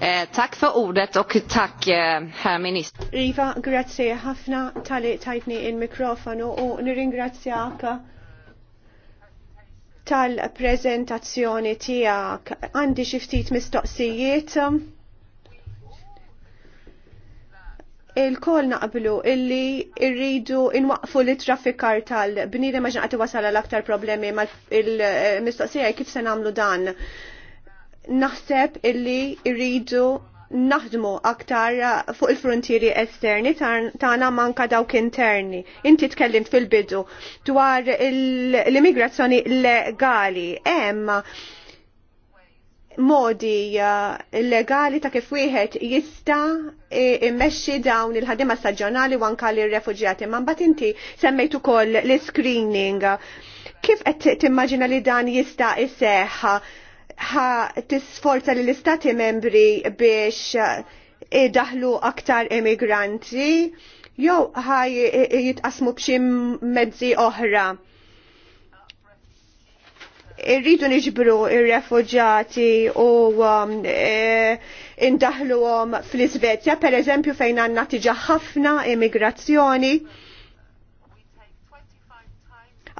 Eh, tack för ordet och tack eh, herr minister. Riva, grazie Hafna tali tajtni il-mikrofonu ringrazia nirringrazzjak tal-prezentazzjoni tijak. Għandi xiftit mistoqsijiet. il-kol naqblu illi irridu inwaqfu li traffikar tal-bniri maġnaqti wasal l-aktar problemi mal-mistoqsija kif se namlu dan. Naħseb illi irridu naħdmu aktar fuq il-frontieri esterni tagħna manka dawk interni. Inti tkellimt fil-bidu dwar l-immigrazzjoni legali. Hemm modi legali ta' kif wieħed jista' immexxi dawn il-ħadima staġjonali u anke lir-refuġjati. Ma mbagħad inti semmejt ukoll l-screening. Kif qed timmaġina li dan jista' iseħħ ħa tisforza li l-istati membri biex eh, idaħlu aktar emigranti jew ħaj eh, jitqasmu b'xi mezzi oħra irridu niġbru ir-refuġati u um, għom eh, fl izvezja per eżempju fejn għandna tiġa ħafna immigrazzjoni.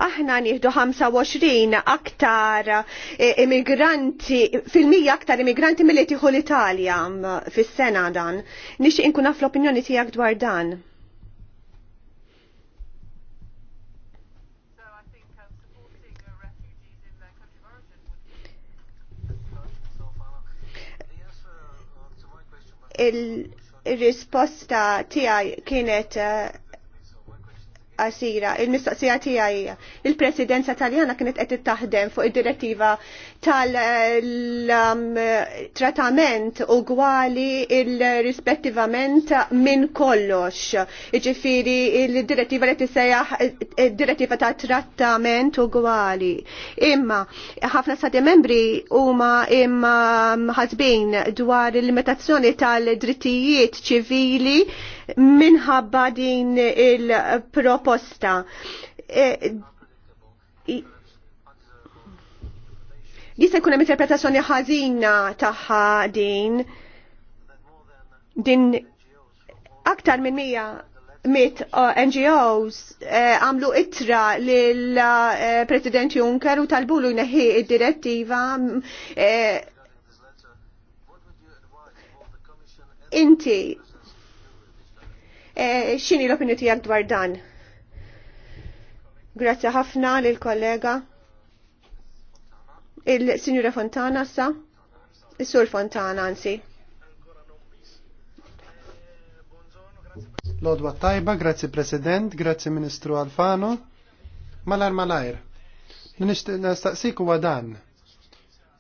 Aħna nieħdu 25 aktar eh, immigranti, fil-mija aktar immigranti mill-li tieħu l-Italja mm, fis-sena dan. Nixtieq inkun naf l-opinjoni tiegħek dwar dan. il-risposta tiegħi kienet eh, qasira. Il-mistoqsija tiegħi il-Presidenza Taljana kienet qed taħdem fuq id-direttiva tal-trattament ugwali il-rispettivament minn kollox. Iġifieri il-direttiva li tissejjaħ id-direttiva ta' trattament ugwali. Imma ħafna stati membri huma imma ħasbin dwar il-limitazzjoni tal-drittijiet ċivili minħabba din il-proposta. E, jista' jkun hemm interpretazzjoni ħażina tagħha din din aktar minn mija mit NGOs e, għamlu itra lill-President e, Juncker u talbulu jneħi id-direttiva inti Eh, xini l-opinju tijak dwar dan? Grazie ħafna lil kollega il-Sinjura Fontana sa? il sur Fontana anzi. Lodwa tajba, grazie President, grazie Ministru Alfano. Malar malajr. Nistaqsik huwa dan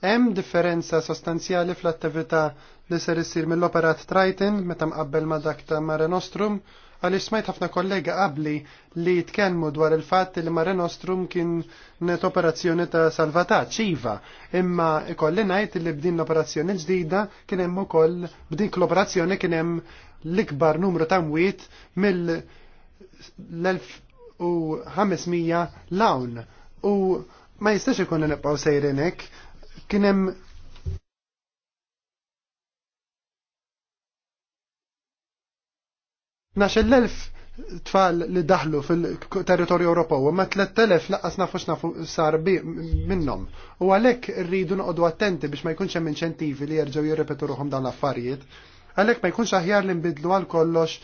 Hemm differenza sostanzjali fl-attività li ser issir mill-operat Triton meta mqabbel ma' dak ta' Mare Nostrum għaliex smajt ħafna kollega qabli li tkellmu dwar il-fatt li Mare Nostrum kienet operazzjoni ta' salvataġġ iva, imma ikolli ngħid li b'din l-operazzjoni ġdida kien hemm ukoll b'dik l-operazzjoni kien hemm l-ikbar numru ta' mwiet mill-1500 lawn u ma jistax ikun nibqgħu sejrinek Kien hemm elf tfal li daħlu fil-territorju Ewropew, t 3000 laqqas nafux nafu sar minnhom. U għalhekk rridu noqogħdu attenti biex ma jkunx hemm inċentivi li jerġgħu jirrepetu ruħhom dawn l-affarijiet. Għalhekk ma jkunx aħjar li nbidlu għal kollox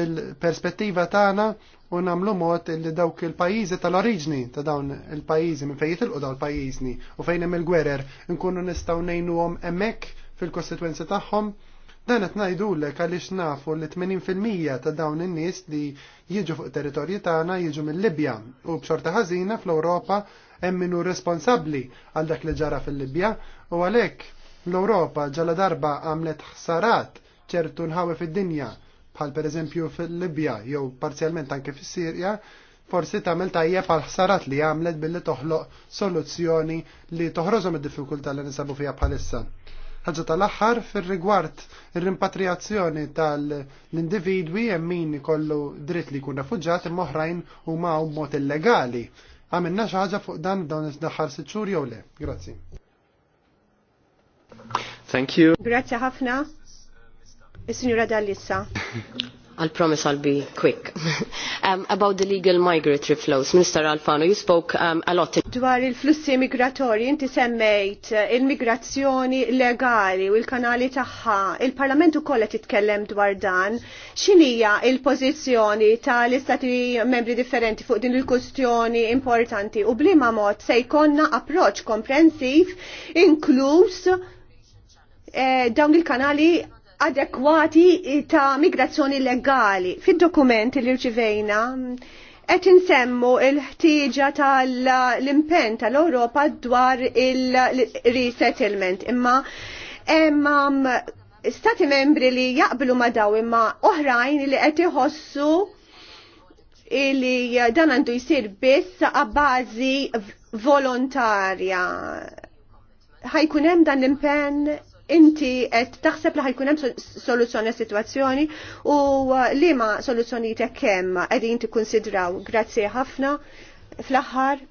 il-perspettiva tagħna u namlu mod li dawk il-pajizi tal-oriġni ta' dawn il-pajizi minn fejn jitilqu dawn il-pajizni u fejn hemm il-gwerer nkunu nistgħu ngħinuhom hemmhekk fil-kostitwenzi tagħhom Dan qed ngħidulek għaliex nafu li 80% ta' dawn in-nies li jiġu fuq territorji tagħna jiġu mill-Libja u b'xorta ħażina fl-Ewropa hemm minnu responsabbli għal dak li ġara fil-Libja u għalhekk l-Ewropa ġala darba għamlet ħsarat ċertu nħawi fid-dinja bħal pereżempju fil-Libja jew parzialment anke fis-Sirja, forsi tagħmel tajjeb għal ħsarat li għamlet billi toħloq soluzzjoni li toħrożhom id-diffikultà li nisabu fiha bħalissa. Ħaġa tal-aħħar fir-rigward ir-rimpatrijazzjoni tal-individwi hemm min ikollu dritt li jkun refuġġat imma oħrajn huma mod illegali. Għamilna xi ħaġa fuq dan dawn is-daħħar sitt xhur jew le. Grazzi. Thank you. Grazie ħafna. Signora sinjura Dallissa. I'll promise I'll be quick. [LAUGHS] um, about the legal migratory flows, Minister Alfano, you spoke um, a lot. Dwar il-flussi migratorji, inti semmejt uh, il-migrazzjoni legali u il-kanali tagħha. Il-Parlamentu kolla titkellem dwar dan. X'inhija il-pożizzjoni tal-istati membri differenti fuq din il-kustjoni importanti u bliema mod se jkollna approċċ komprensiv inkluż eh, dawn il-kanali adekwati ta' migrazzjoni legali. Fid-dokument li rċivejna qed insemmu l-ħtieġa tal-impen tal-Ewropa dwar il-resettlement imma hemm um, stati membri li jaqblu ma daw imma oħrajn li qed iħossu li dan għandu jsir biss għabbażi volontarja ħajkun hemm dan l-impenn inti qed taħseb li ħajkun hemm soluzzjoni situazzjoni u uh, liema soluzzjonijiet hekk hemm qegħdin tikkunsidraw. Grazzi ħafna fl-aħħar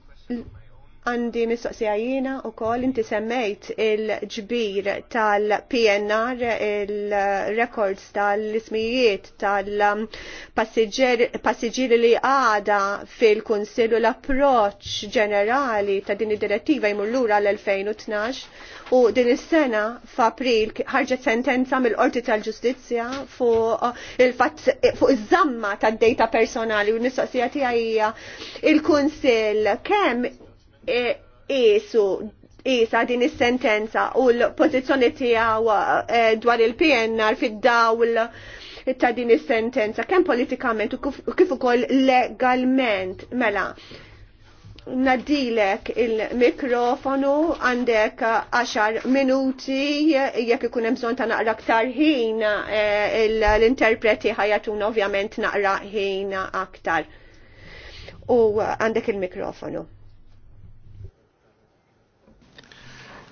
Għandi mistoqsija jiena u kol inti semmejt il-ġbir tal-PNR, il-records tal-ismijiet tal-passiġġieri li għada fil-Kunsill u l-approċ ġenerali ta' din id-direttiva jmur lura l-2012 u din is-sena f'April ħarġet sentenza mill-Qorti tal-Ġustizzja fuq il iż-żamma tad-data personali u l-mistoqsija tiegħi il-Kunsill kemm isu isa din is-sentenza u l-pożizzjoni tiegħu eh, dwar il-PNR fid-dawl ta' din is-sentenza kemm politikament u kif ukoll legalment mela nadilek il-mikrofonu għandek 10 minuti jekk ikun hemm bżonn ta' naqra aktar ħin eh, l-interpreti ħajatuna ovvjament naqra ħin aktar. U għandek il-mikrofonu.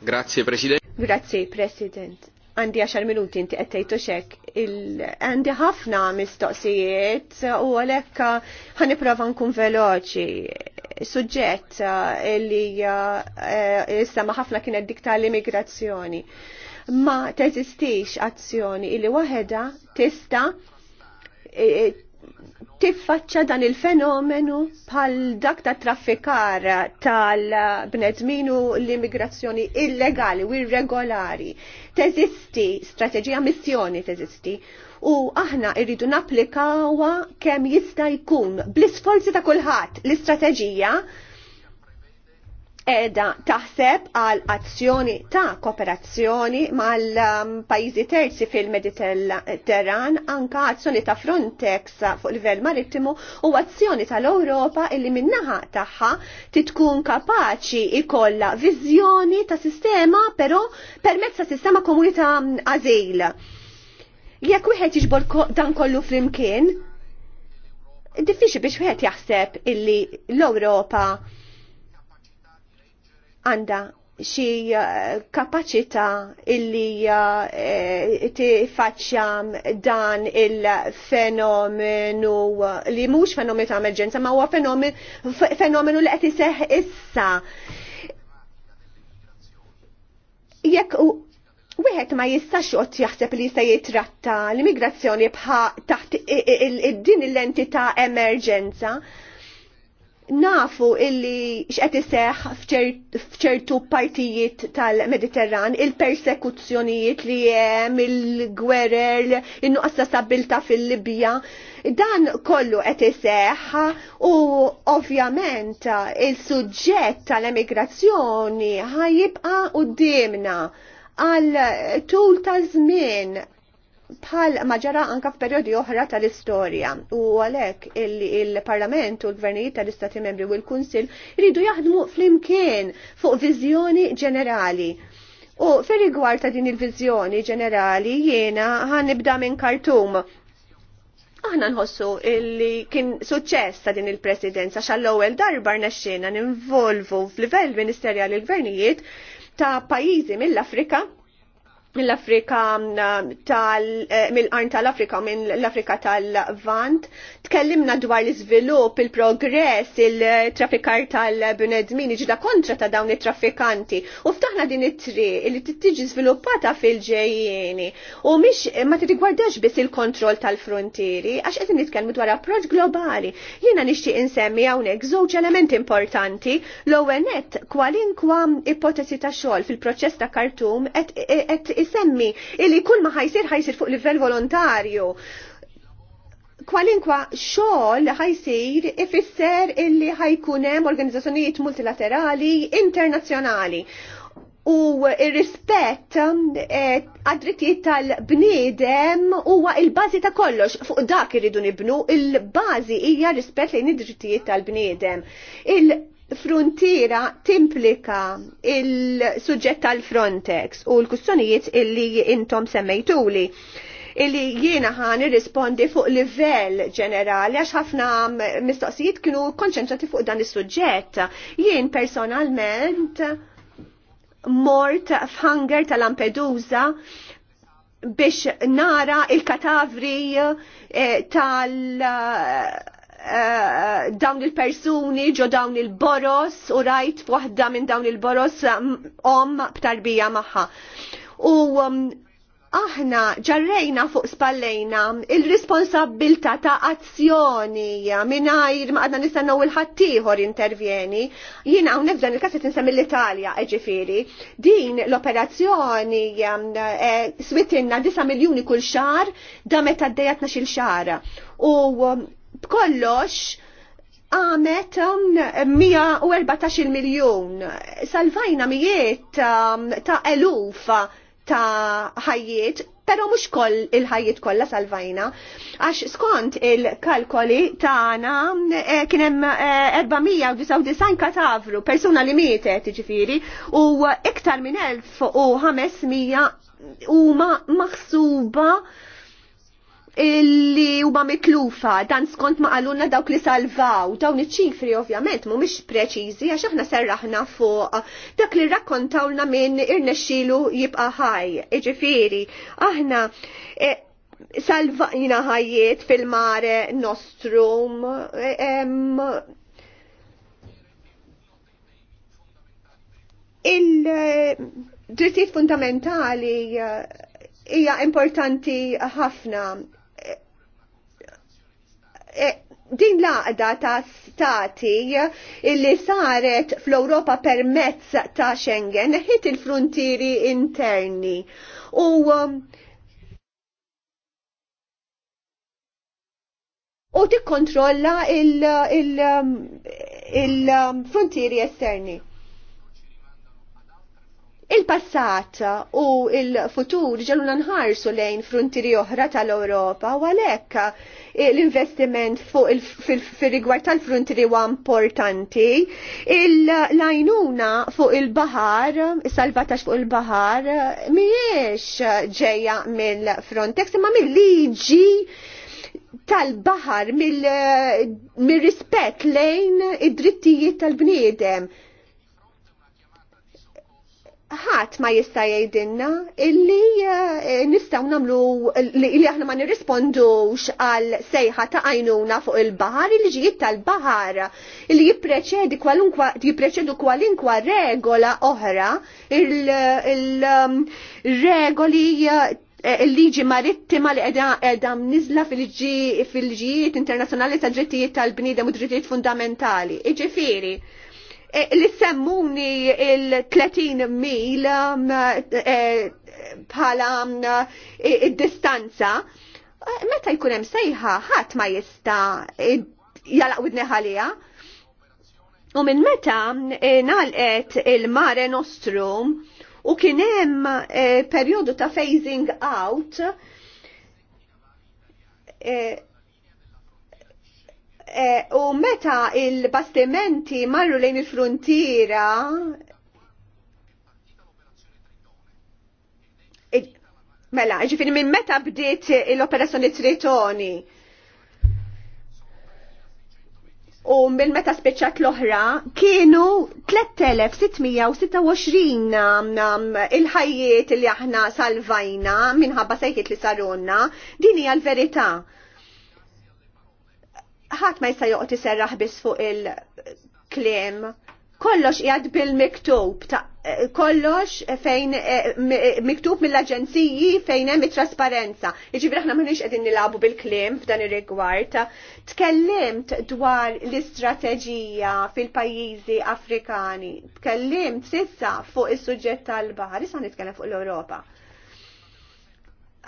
Grazie President. Grazie President. Għandi 10 minuti inti għettejtu xek. Għandi ħafna mistoqsijiet u għalek uh, ħaniprofa nkun veloċi. Suġġett uh, li jistama uh, eh, ħafna kienet dik tal-immigrazzjoni. Ma teżistix azzjoni illi waħeda tista' eh, eh, tiffaċċa dan il-fenomenu pal dak ta' traffikar tal-bnedmin u l-immigrazzjoni illegali u irregolari. Teżisti, strateġija missjoni teżisti. U aħna irridu napplikawa kemm jista' jkun bl-isforzi ta' kulħadd l-istrateġija edha taħseb għal azzjoni ta' kooperazzjoni mal-pajjiżi um, terzi fil-Mediterran anka azzjoni ta' Frontex fuq livell marittimu u azzjoni tal-Ewropa illi minnaħa tagħha titkun kapaċi ikolla viżjoni ta' sistema però permezz ta' sistema komunita għażil. Jekk wieħed jiġbor dan kollu flimkien, diffiċi biex wieħed jaħseb illi l-Ewropa għanda xi eh, kapacità illi eh, tifaċċja dan il-fenomenu eh, li mhux fenomenu ta' emerġenza ma huwa fenomenu li qed iseħħ issa. Jekk wieħed ma jistax qod jaħseb li jista' jitratta l-immigrazzjoni bħa taħt din l-entità emerġenza, nafu illi xqed iseħ fċertu partijiet tal-Mediterran, il-persekuzzjonijiet li hemm il-gwerer, in-nuqqas ta' stabilta fil-Libja, dan kollu qed iseħ u ovvjament il-suġġett tal-emigrazzjoni ħajibqa' qudiemna għal tul ta' żmien bħal maġara anka f'perjodi oħra tal-istorja u għalhekk il-Parlament u l-Gvernijiet tal-Istati Membri u l-Kunsil jridu jaħdmu flimkien fuq viżjoni ġenerali. U fer rigward ta' din il-viżjoni ġenerali jiena ħanibda minn Kartum Aħna nħossu illi kien suċċess ta' din il-presidenza xall-ewwel darba rnexxina ninvolvu f'livell ministerjali l-gvernijiet ta' pajjiżi mill-Afrika mill-Afrika mm, tal eh, mill-qarn tal-Afrika minn l-Afrika tal-Vant Tkellimna dwar l-iżvilupp, il-progress, il-traffikar tal-bnedmin, iġda kontra ta' dawn it-traffikanti. U ftaħna din it-tri li tiġi żviluppata fil-ġejjeni. U mhix ma t biss il-kontroll tal-frontieri, għax qed nitkellmu dwar approċ globali. Jiena nixtieq insemmi hawnhekk żewġ elementi importanti. L-ewwel nett kwalinkwa ipotesi ta' xogħol fil-proċess ta' Kartum qed isemmi li kull ma ħajsir ħajsir fuq livell volontarju kwalinkwa xogħol ħajsir ifisser illi ħajkun hemm organizzazzjonijiet multilaterali internazzjonali u il rispett eh, għad-drittijiet tal-bniedem huwa il-bażi ta' kollox. Fuq dak irridu nibnu, il-bażi hija rispett lejn id-drittijiet tal-bniedem. Il-frontiera timplika il-suġġett tal-Frontex u l-kustonijiet illi intom semmejtuli illi jiena ħan irrispondi fuq livell ġenerali għax ħafna mistoqsijiet kienu konċentrati fuq dan is-suġġett. Jien personalment mort f'Hanger ta' Lampedusa biex nara il-katavri eh, tal- eh, dawn il-persuni ġo dawn il-boros u rajt waħda minn dawn il-boros mm, om btarbija maħħa. U mm, aħna ġarrejna fuq spallejna il-responsabilta ta' azzjoni minnajr ma' għadna nistennaw il-ħattijħor intervjeni. Jina għu nefżan il kasset nisam l-Italja, eġifiri Din l-operazzjoni um, e, eh, switinna 9 miljoni kull xar damet meta d-dejatna xil xar. U um, b'kollox għamet 114 um, miljon. Salvajna mijiet ta' eluf ta' ħajjiet, pero mux koll il-ħajjiet kollha salvajna. Għax skont il-kalkoli tagħna e, kien hemm 499 eh, katavru, persuna li mietet tiġifiri, u iktar minn 1500 huma maħsuba ma illi huma mitlufa dan skont ma qalulna dawk li salvaw dawn iċ-ċifri ovvjament mhumiex preċiżi għax aħna serraħna fuq dak li rrakkontawlna minn irnexxielu jibqa' ħaj. Iġifieri aħna e, salvajna ħajjiet fil-mare nostrum e, il-drittijiet fundamentali e, hija importanti ħafna E, din laqda ta' stati illi saret fl-Europa permezz ta' Schengen ħit il-frontieri interni. U um, u tikkontrolla il-frontieri il, il, um, il, um, esterni. Il-passat u il-futur ġaluna nħarsu lejn frontiri oħra tal-Europa u għalhekk eh, l-investiment fil-rigward tal frontiri huwa importanti. Il-lajnuna fuq il-bahar, salvataġġ fuq il-bahar, mhijiex ġejja mill-Frontex imma mill-liġi tal-bahar mill-rispett lejn id-drittijiet tal-bniedem ħadd ma jista' jgħidilna illi eh, nistgħu nagħmlu li aħna ma nirrispondux għal sejħa ta' għajnuna fuq il-baħar il-ġijiet tal-baħar li jippreċedi kwalunkwa jippreċedu kwalinkwa regola oħra il-regoli um, eh, il-liġi marittima li edha nizla fil-ġijiet internazzjonali ta' drittijiet tal-bniedem u drittijiet fundamentali. Iġifieri, Eh, li semmuni il-30 mil mm, eh, bħala il mm, eh, distanza meta jkun hemm sejħa ħadd ma jista' jalaq widneħalija. U minn meta nalqet il-Mare Nostrum u kien hemm perjodu ta' phasing out, Eh, u meta il-bastimenti marru lejn il-frontiera Mela, ġifini minn meta bdiet l-operazzjoni Tritoni? U minn meta speċat l-oħra kienu 3626 il-ħajiet li aħna salvajna minħabba sejkiet li sarunna, din hija l-verità ħadd ma jista' joqgħod iserraħ biss fuq il-kliem. Kollox jgħad bil-miktub, eh, kollox fejn eh, eh, miktub mill-aġenziji fejn hemm it-trasparenza. Jiġifieri aħna m'għandniex qegħdin nilagħbu bil-kliem f'dan ir-rigward. Tkellimt dwar l-istrateġija fil-pajjiżi Afrikani. Tkellimt sissa fuq is-suġġett tal-baħar, issa nitkellem fuq l-Ewropa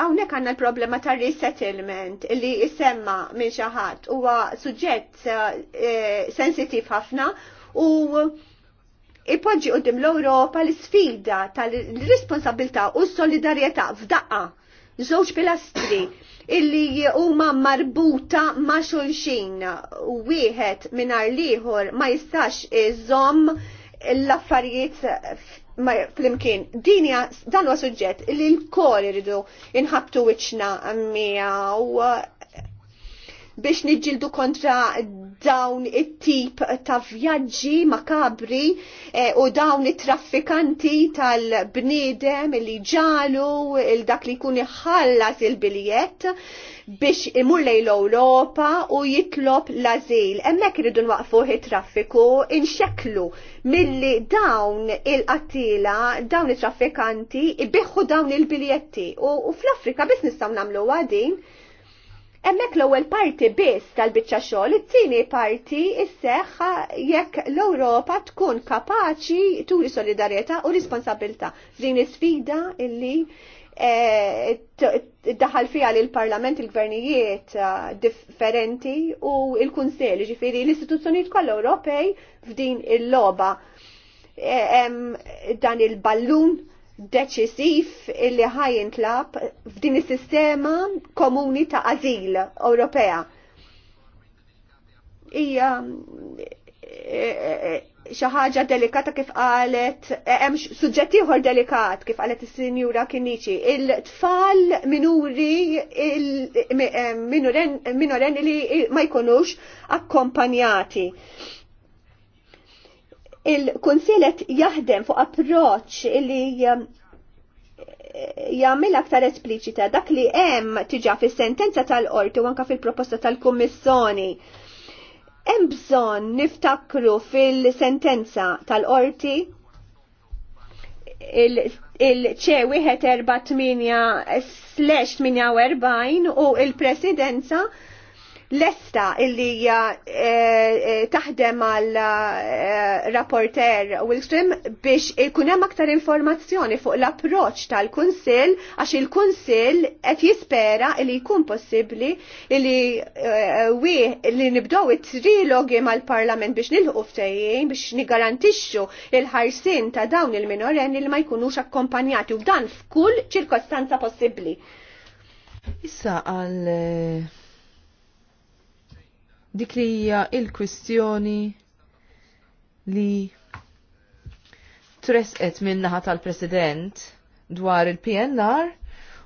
Hawnhekk għandna l-problema ta' resettlement li jisemma minn xi ħadd huwa suġġett e, sensitiv ħafna u ipoġġi dim l-Ewropa l-isfida tal-responsabilità u s-solidarjetà f'daqqa żewġ pilastri illi huma marbuta ma' xulxin u wieħed mingħajr l ma jistax iżomm l-affarijiet flimkien. Dinja, dan huwa suġġett li l-kol irridu inħabtu wiċċna miegħu biex nidġildu kontra dawn it-tip ta' vjaġġi makabri eh, u dawn it-traffikanti tal-bniedem li ġalu il-dak li jkun iħallas il-biljett biex imur lejn l-Ewropa u jitlob l-azil. Hemmhekk iridu nwaqfu it-traffiku inxeklu milli dawn il-qattila, dawn it-traffikanti ibiħu dawn il-biljetti u, u fl-Afrika biss nistgħu nagħmlu għadin Emmek l-ewwel parti biss tal-biċċa xogħol, it-tieni parti isseħħ jekk l-Ewropa tkun kapaċi turi solidarjetà u responsabilità. Din is-sfida illi eh, daħal fija li l-parlament il-gvernijiet eh, differenti u il-kunsel, ġifiri l-istituzzjonijiet kollha Ewropej f'din il-loba. Eh, dan il-ballun deċisif illi ħajin tlab f'din is-sistema komuni ta' azil Ewropea. Ija eh, eh, xi ħaġa delikata kif qalet eh, hemm suġġett ieħor delikat kif qalet is-Sinjura Kinniċi. Il-tfal minuri il minoren li ma jkunux akkompanjati il-Kunsilet jaħdem fuq approċ li um, jagħmel aktar espliċita dak li hemm tiġa fis-sentenza tal-qorti u anke fil-proposta tal-Kummissjoni. Hemm bżonn niftakru fil-sentenza tal-qorti il-ċe 148/48 u il-presidenza il lesta illi eh, eh, taħdem għal eh, rapporter Wilstrim biex ikun hemm aktar informazzjoni fuq l-approċ tal-Kunsill għax il-Kunsill qed jispera illi jkun possibbli illi wi li nibdew it-trilogi mal-Parlament biex nilħu ftehim biex nigarantixxu il-ħarsin ta' dawn il-minoren li ma jkunux akkompanjati u dan f'kull ċirkostanza possibbli. Issa għal dik li hija il-kwistjoni li tresqet minnaħa tal-President dwar il-PNR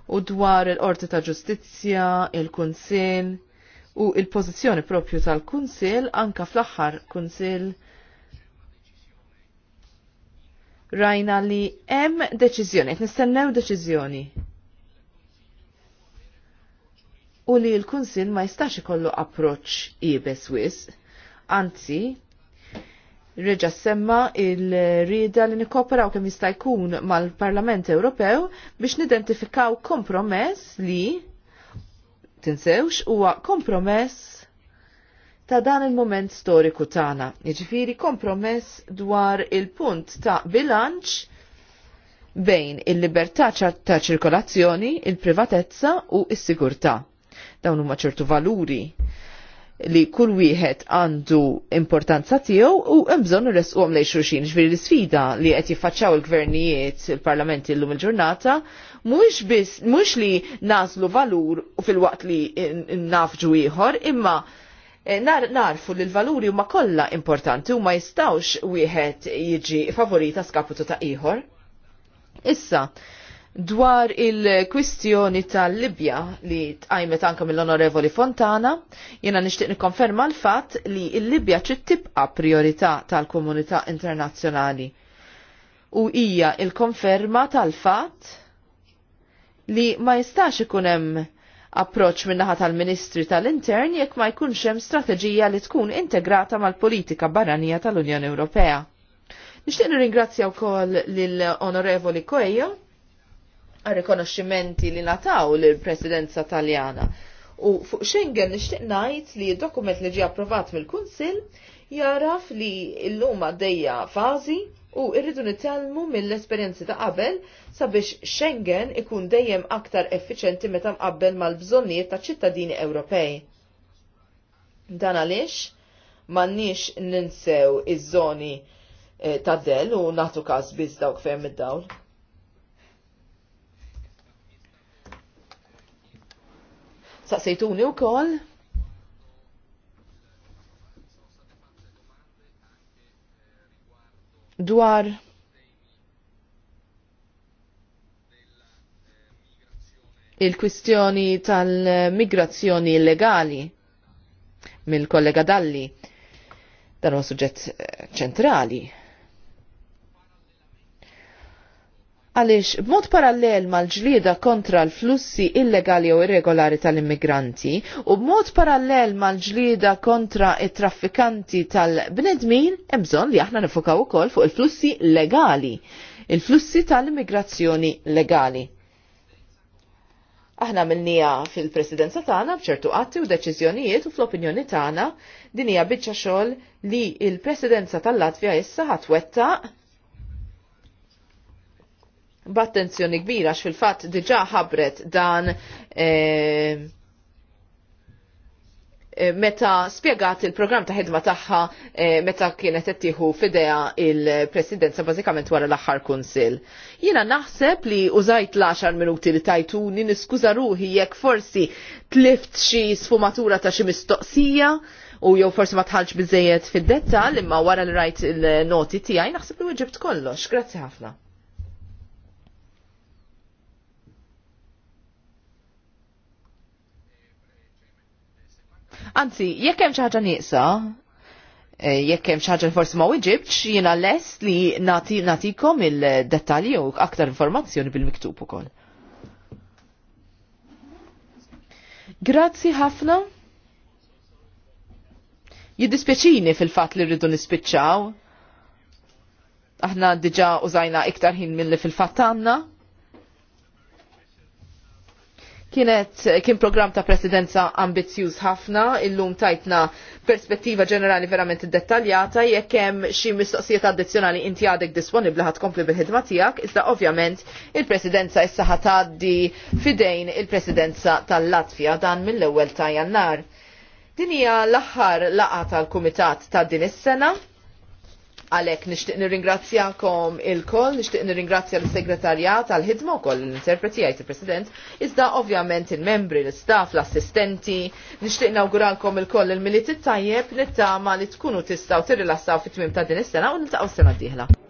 u dwar il-Qorti ta' Ġustizzja, il-Kunsil u il-pożizzjoni propju tal-Kunsil anka fl-aħħar Kunsil rajna li hemm deċiżjoni, qed nistennew deċiżjoni u li l-Kunsil ma jistax ikollu approċ ibes wis. Anzi, reġa semma il-rida li nikoperaw kemm jista' jkun mal-Parlament Ewropew biex nidentifikaw kompromess li tinsewx huwa kompromess ta' dan il-moment storiku tagħna. Jiġifieri kompromess dwar il-punt ta' bilanċ bejn il-libertà ta' ċirkolazzjoni, il-privatezza u s-sigurtà dawn huma ċertu valuri li kull wieħed għandu importanza tiegħu u hemm bżonn irresquhom lejn xulxin. Ġifieri l-isfida li qed jiffaċċjaw il-gvernijiet il-parlamenti llum il-ġurnata mhux biss mhux li nażlu valur u fil-waqt li nafġu ieħor, imma eh, narfu li l-valuri huma kollha importanti u ma jistgħux wieħed jiġi favorita skaputu ta' ieħor. Issa, dwar il-kwistjoni tal-Libja li tqajmet anka mill-Onorevoli Fontana, jena nixtieq nikkonferma l-fatt li l-Libja trid tibqa' priorità tal-komunità internazzjonali. U hija il-konferma tal-fatt li ma jistax ikun hemm approċ minnaħa tal-Ministri tal-Intern jekk ma jkunx hemm strateġija li tkun integrata mal-politika barranija tal-Unjoni Ewropea. Nixtieq nirringrazzja wkoll lill-Onorevoli Coelho għal li nataw l-presidenza taljana. U fuq Schengen nixtieq ngħid li dokument li ġie approvat mill-Kunsill jaraf li llum dejja fażi u irridu nitalmu mill-esperjenzi ta' qabel sabiex Schengen ikun dejjem aktar effiċenti meta mqabbel mal-bżonnijiet ta' ċittadini Ewropej. Dan għaliex m'għandniex ninsew iż-żoni eh, ta' del u nagħtu każ biss dawk fejn id-dawl. Saqsejtuni wkoll dwar il-kwistjoni tal-migrazzjoni illegali mill-kollega Dalli. Dan huwa suġġett ċentrali għaliex b'mod parallel mal-ġlieda kontra l-flussi illegali u irregolari tal-immigranti u b'mod parallel mal-ġlieda kontra it-traffikanti tal-bnedmin, hemm bżonn li aħna nifokaw ukoll fuq il-flussi legali, il-flussi tal-immigrazzjoni legali. Aħna minnija fil-presidenza tagħna bċertu qatti u deċiżjonijiet u fl-opinjoni tagħna din hija biċċa xogħol li il-presidenza tal latvija issa ħatwettaq b'attenzjoni kbira x fil-fatt diġa ħabret dan e, e meta spiegat il programm ta' ħidma tagħha e, meta kienet qed tieħu fidea il-presidenza bażikament wara l-aħħar kunsill. Jiena naħseb li użajt l-10 minuti li tajtuni niskuża ruħi jekk forsi tlift xi sfumatura ta' xi mistoqsija u jew forsi ma tħallx biżejjed fid-dettall imma wara li rajt il-noti tiegħi naħseb li weġibt kollox. Grazzi ħafna. Anzi, jekk hemm xi ħaġa nieqsa, eh, jekk hemm xi ħaġa forsi ma wiġibx, jiena lest li nagħtikom il-dettalji u aktar informazzjoni bil-miktub ukoll. Grazzi ħafna. Jiddispjaċini fil-fatt li rridu nispiċċaw. Aħna diġà użajna iktar ħin mill-li fil-fatt għandna kienet kien program ta' presidenza ambizjuż ħafna, illum tajtna perspettiva ġenerali verament dettaljata, jekk hemm xi mistoqsijiet addizzjonali inti għadek disponibbli ħad kompli bil-ħidma tiegħek, iżda ovvjament il-presidenza issa ħatgħaddi fidejn il-presidenza tal-Latvja dan mill-ewwel ta' Jannar. Din hija l-aħħar laqgħa tal-Kumitat ta' din is-sena Għalek nishtiq nirringrazzjakom il-koll, nishtiq nirringrazzja l-segretarjat għal-ħidma koll l-interpreti għajt il-president, iżda ovvjament il-membri, l-staff, l-assistenti, nishtiq nawguralkom il-koll il-militit tajjeb nittama li tkunu tistaw t-rilassaw fit-tmim ta' din is-sena u niltaqgħu s-sena d-dieħla.